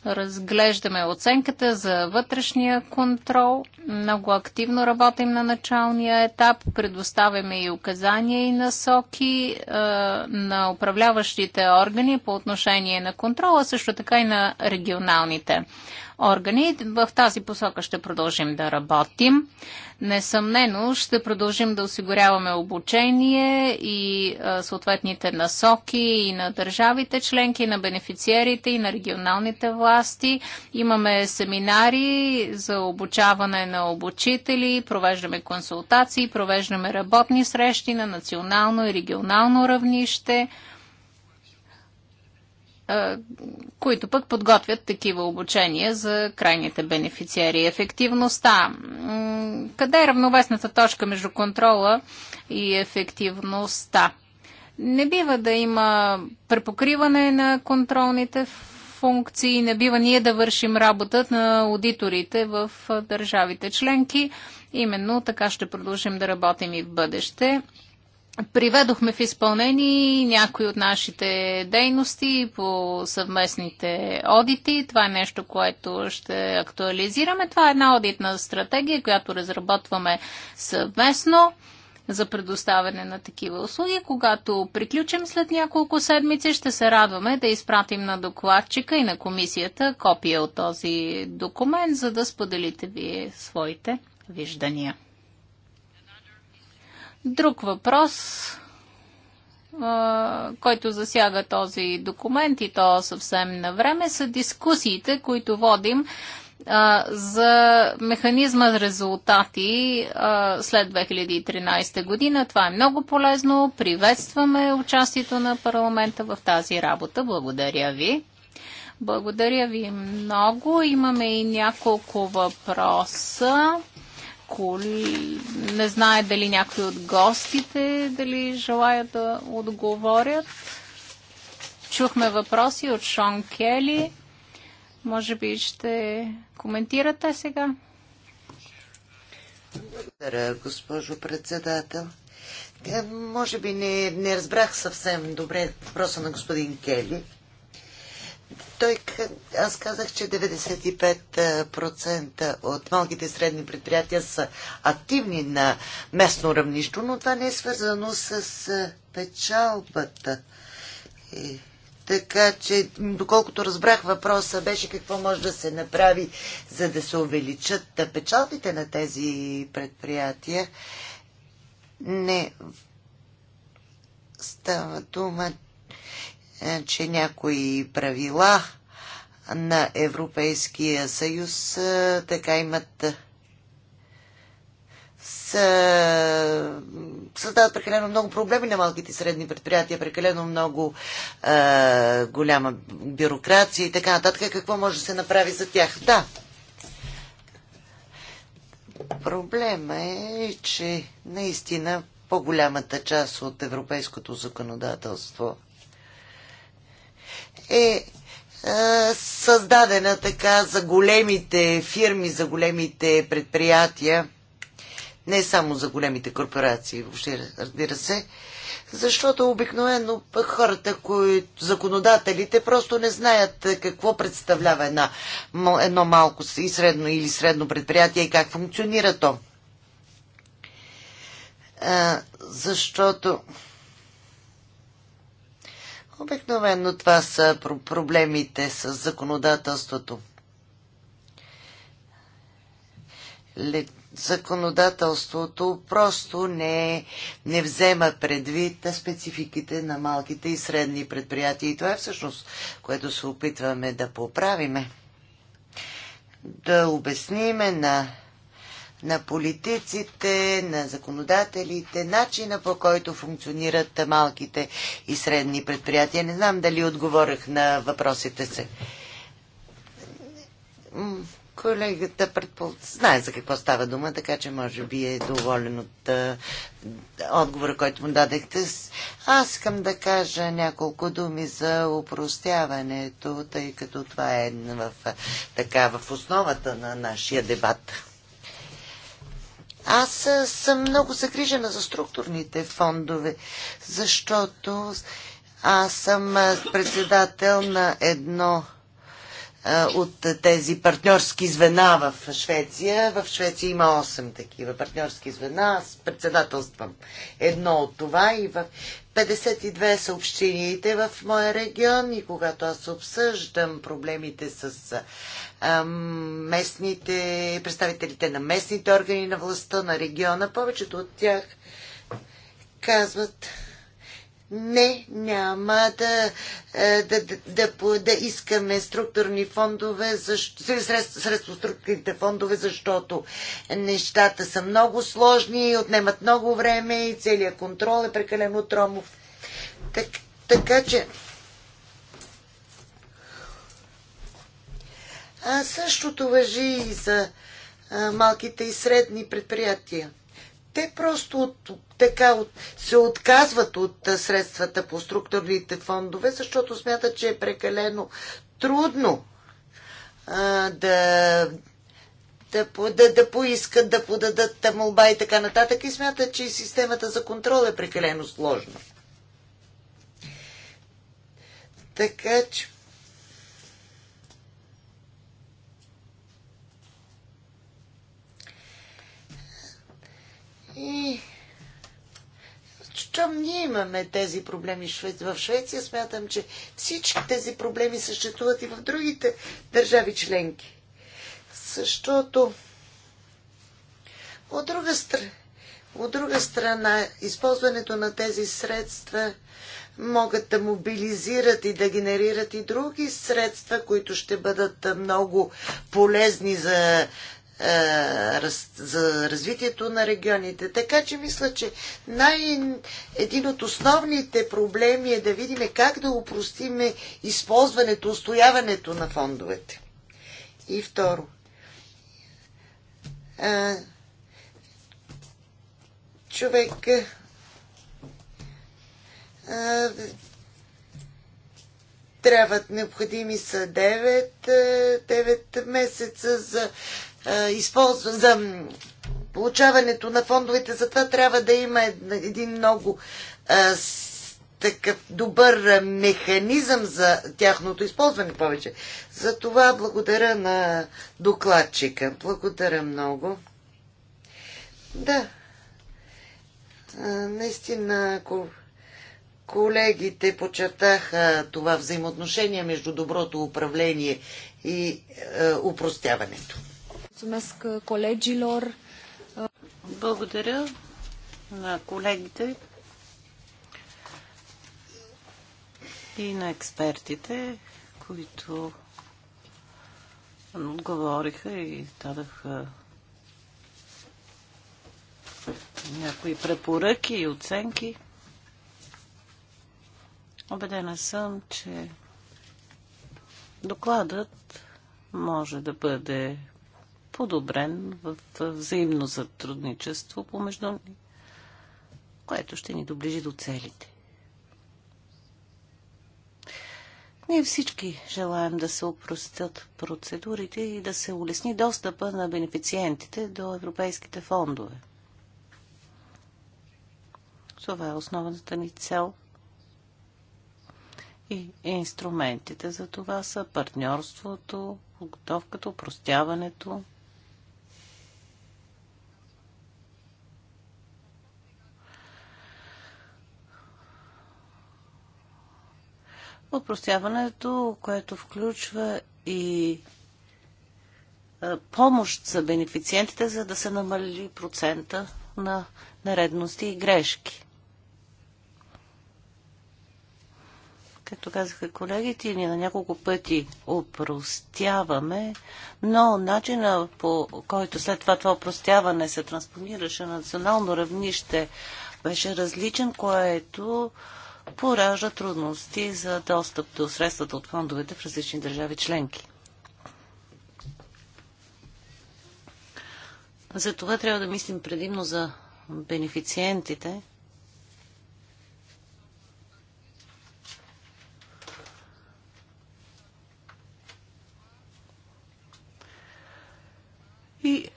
разглеждаме оценката за вътрешния контрол. Много активно работим на началния етап. Предоставяме и указания и насоки е, на управляващите органи по отношение на контрола, също така и на регионалните органи. В тази посока ще продължим да работим. Несъмнено ще продължим да осигуряваме обучение и съответните насоки и на държавите членки, и на бенефициерите, и на регионалните власти. Имаме семинари за обучаване на обучители, провеждаме консултации, провеждаме работни срещи на национално и регионално равнище които пък подготвят такива обучения за крайните бенефициари. Ефективността. Къде е равновесната точка между контрола и ефективността? Не бива да има препокриване на контролните функции, не бива ние да вършим работа на аудиторите в държавите членки. Именно така ще продължим да работим и в бъдеще. Приведохме в изпълнение някои от нашите дейности по съвместните одити. Това е нещо, което ще актуализираме. Това е една одитна стратегия, която разработваме съвместно за предоставяне на такива услуги. Когато приключим след няколко седмици, ще се радваме да изпратим на докладчика и на комисията копия от този документ, за да споделите вие своите виждания. Друг въпрос, който засяга този документ и то съвсем на време, са дискусиите, които водим за механизма резултати след 2013 година. Това е много полезно. Приветстваме участието на парламента в тази работа. Благодаря ви. Благодаря ви много. Имаме и няколко въпроса коли. Не знае дали някой от гостите, дали желаят да отговорят. Чухме въпроси от Шон Кели. Може би ще коментирате сега. Благодаря, госпожо председател. Е, може би не, не разбрах съвсем добре въпроса на господин Кели той, аз казах, че 95% от малките и средни предприятия са активни на местно равнище, но това не е свързано с печалбата. И, така че, доколкото разбрах, въпроса беше какво може да се направи, за да се увеличат печалбите на тези предприятия. Не става дума, е, че някои правила на Европейския съюз е, така имат е, създават прекалено много проблеми на малките и средни предприятия, прекалено много е, голяма бюрокрация и така нататък. Какво може да се направи за тях? Да. Проблема е, че наистина по-голямата част от европейското законодателство е, е създадена така за големите фирми, за големите предприятия, не само за големите корпорации, въобще разбира се, защото обикновено хората, които, законодателите, просто не знаят какво представлява една, едно малко и средно или средно предприятие и как функционира то. А, защото Обикновено това са проблемите с законодателството. Законодателството просто не, не взема предвид спецификите на малките и средни предприятия. И това е всъщност, което се опитваме да поправиме. Да обясниме на на политиците, на законодателите, начина по който функционират малките и средни предприятия. Не знам дали отговорих на въпросите се. Колегата предпол... знае за какво става дума, така че може би е доволен от а, отговора, който му дадехте. Аз искам да кажа няколко думи за упростяването, тъй като това е в, така, в основата на нашия дебат. Аз съм много загрижена за структурните фондове, защото аз съм председател на едно от тези партньорски звена в Швеция. В Швеция има 8 такива партньорски звена. Аз председателствам едно от това и в 52 са общините в моя регион и когато аз обсъждам проблемите с местните, представителите на местните органи на властта, на региона. Повечето от тях казват, не, няма да, е, да, да, да, да искаме структурни фондове, защо, средства, средства структурните фондове, защото нещата са много сложни, отнемат много време и целият контрол е прекалено тромов. Так, така че А същото въжи и за а, малките и средни предприятия. Те просто от, така от, се отказват от а, средствата по структурните фондове, защото смятат, че е прекалено трудно а, да, да, да, да поискат, да подадат молба и така нататък и смятат, че и системата за контрол е прекалено сложна. Така че И щом ние имаме тези проблеми в Швеция, смятам, че всички тези проблеми съществуват и в другите държави членки. Защото от друга, стр... от друга страна, използването на тези средства могат да мобилизират и да генерират и други средства, които ще бъдат много полезни за е, за развитието на регионите. Така че мисля, че най- един от основните проблеми е да видим как да упростиме използването, устояването на фондовете. И второ. А, е, човек а, е, трябват необходими са 9, 9 месеца за използва, за получаването на фондовете. Затова трябва да има един много а, такъв добър механизъм за тяхното използване повече. За това благодаря на докладчика. Благодаря много. Да. А, наистина, ако колегите почертаха това взаимоотношение между доброто управление и е, упростяването. Mulțumesc uh, colegilor. Uh, Благодаря на колегите и на експертите, които отговориха и дадаха някои препоръки и оценки. Обедена съм, че докладът може да бъде подобрен в взаимно затрудничество помежду ни, което ще ни доближи до целите. Ние всички желаем да се упростят процедурите и да се улесни достъпа на бенефициентите до европейските фондове. Това е основната ни цел. И инструментите за това са партньорството, подготовката, упростяването, Опростяването, което включва и помощ за бенефициентите, за да се намали процента на нередности и грешки. Както казаха колегите, ние на няколко пъти опростяваме, но начина по който след това това опростяване се транспонираше на национално равнище беше различен, което поражда трудности за достъп до средствата от фондовете в различни държави членки. Затова трябва да мислим предимно за бенефициентите, И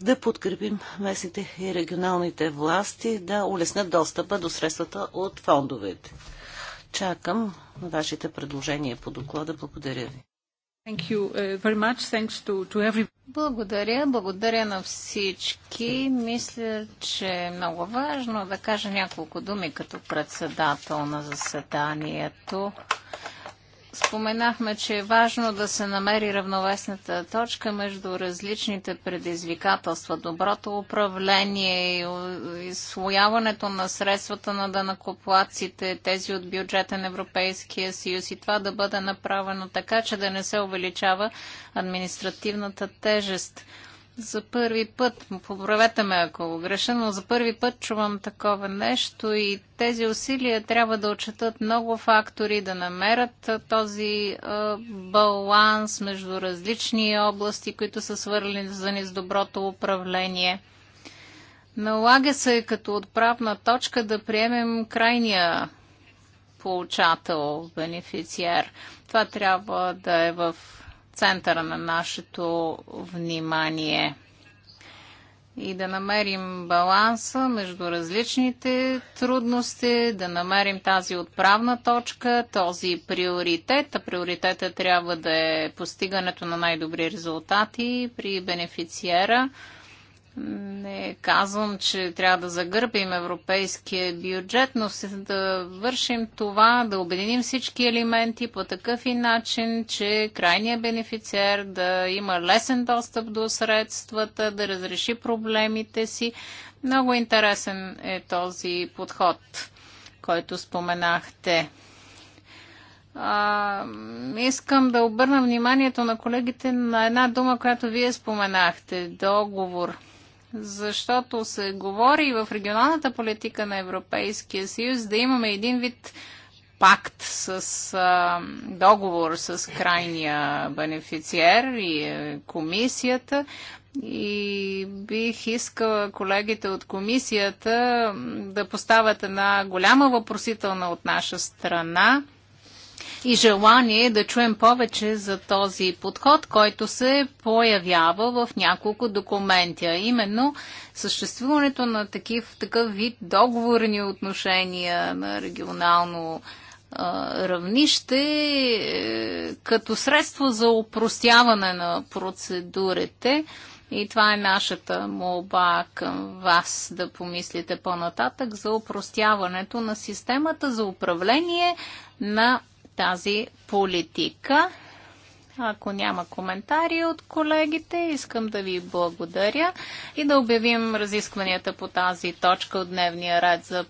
да подкрепим местните и регионалните власти да улеснят достъпа до средствата от фондовете. Чакам вашите предложения по доклада. Благодаря ви. Uh, to, to благодаря, благодаря на всички. Мисля, че е много важно да кажа няколко думи като председател на заседанието. Споменахме, че е важно да се намери равновесната точка между различните предизвикателства, доброто управление, изслояването на средствата на данакоплаците, тези от бюджета на Европейския съюз и това да бъде направено така, че да не се увеличава административната тежест за първи път, поправете ме ако греша, но за първи път чувам такова нещо и тези усилия трябва да отчетат много фактори, да намерят този а, баланс между различни области, които са свързани с доброто управление. Налага се като отправна точка да приемем крайния получател, бенефициер. Това трябва да е в центъра на нашето внимание и да намерим баланса между различните трудности, да намерим тази отправна точка, този приоритет. А приоритета трябва да е постигането на най-добри резултати при бенефициера – не казвам, че трябва да загърбим европейския бюджет, но да вършим това, да обединим всички елементи по такъв и начин, че крайният бенефициер да има лесен достъп до средствата, да разреши проблемите си. Много интересен е този подход, който споменахте. А, искам да обърна вниманието на колегите на една дума, която вие споменахте договор защото се говори в регионалната политика на Европейския съюз да имаме един вид пакт с а, договор с крайния бенефициер и е, комисията. И бих искала колегите от комисията да поставят една голяма въпросителна от наша страна и желание да чуем повече за този подход, който се появява в няколко документи, а именно съществуването на такив, такъв вид договорни отношения на регионално равнище е, като средство за упростяване на процедурите. И това е нашата молба към вас да помислите по-нататък за упростяването на системата за управление на тази политика. Ако няма коментари от колегите, искам да ви благодаря и да обявим разискванията по тази точка от дневния ред за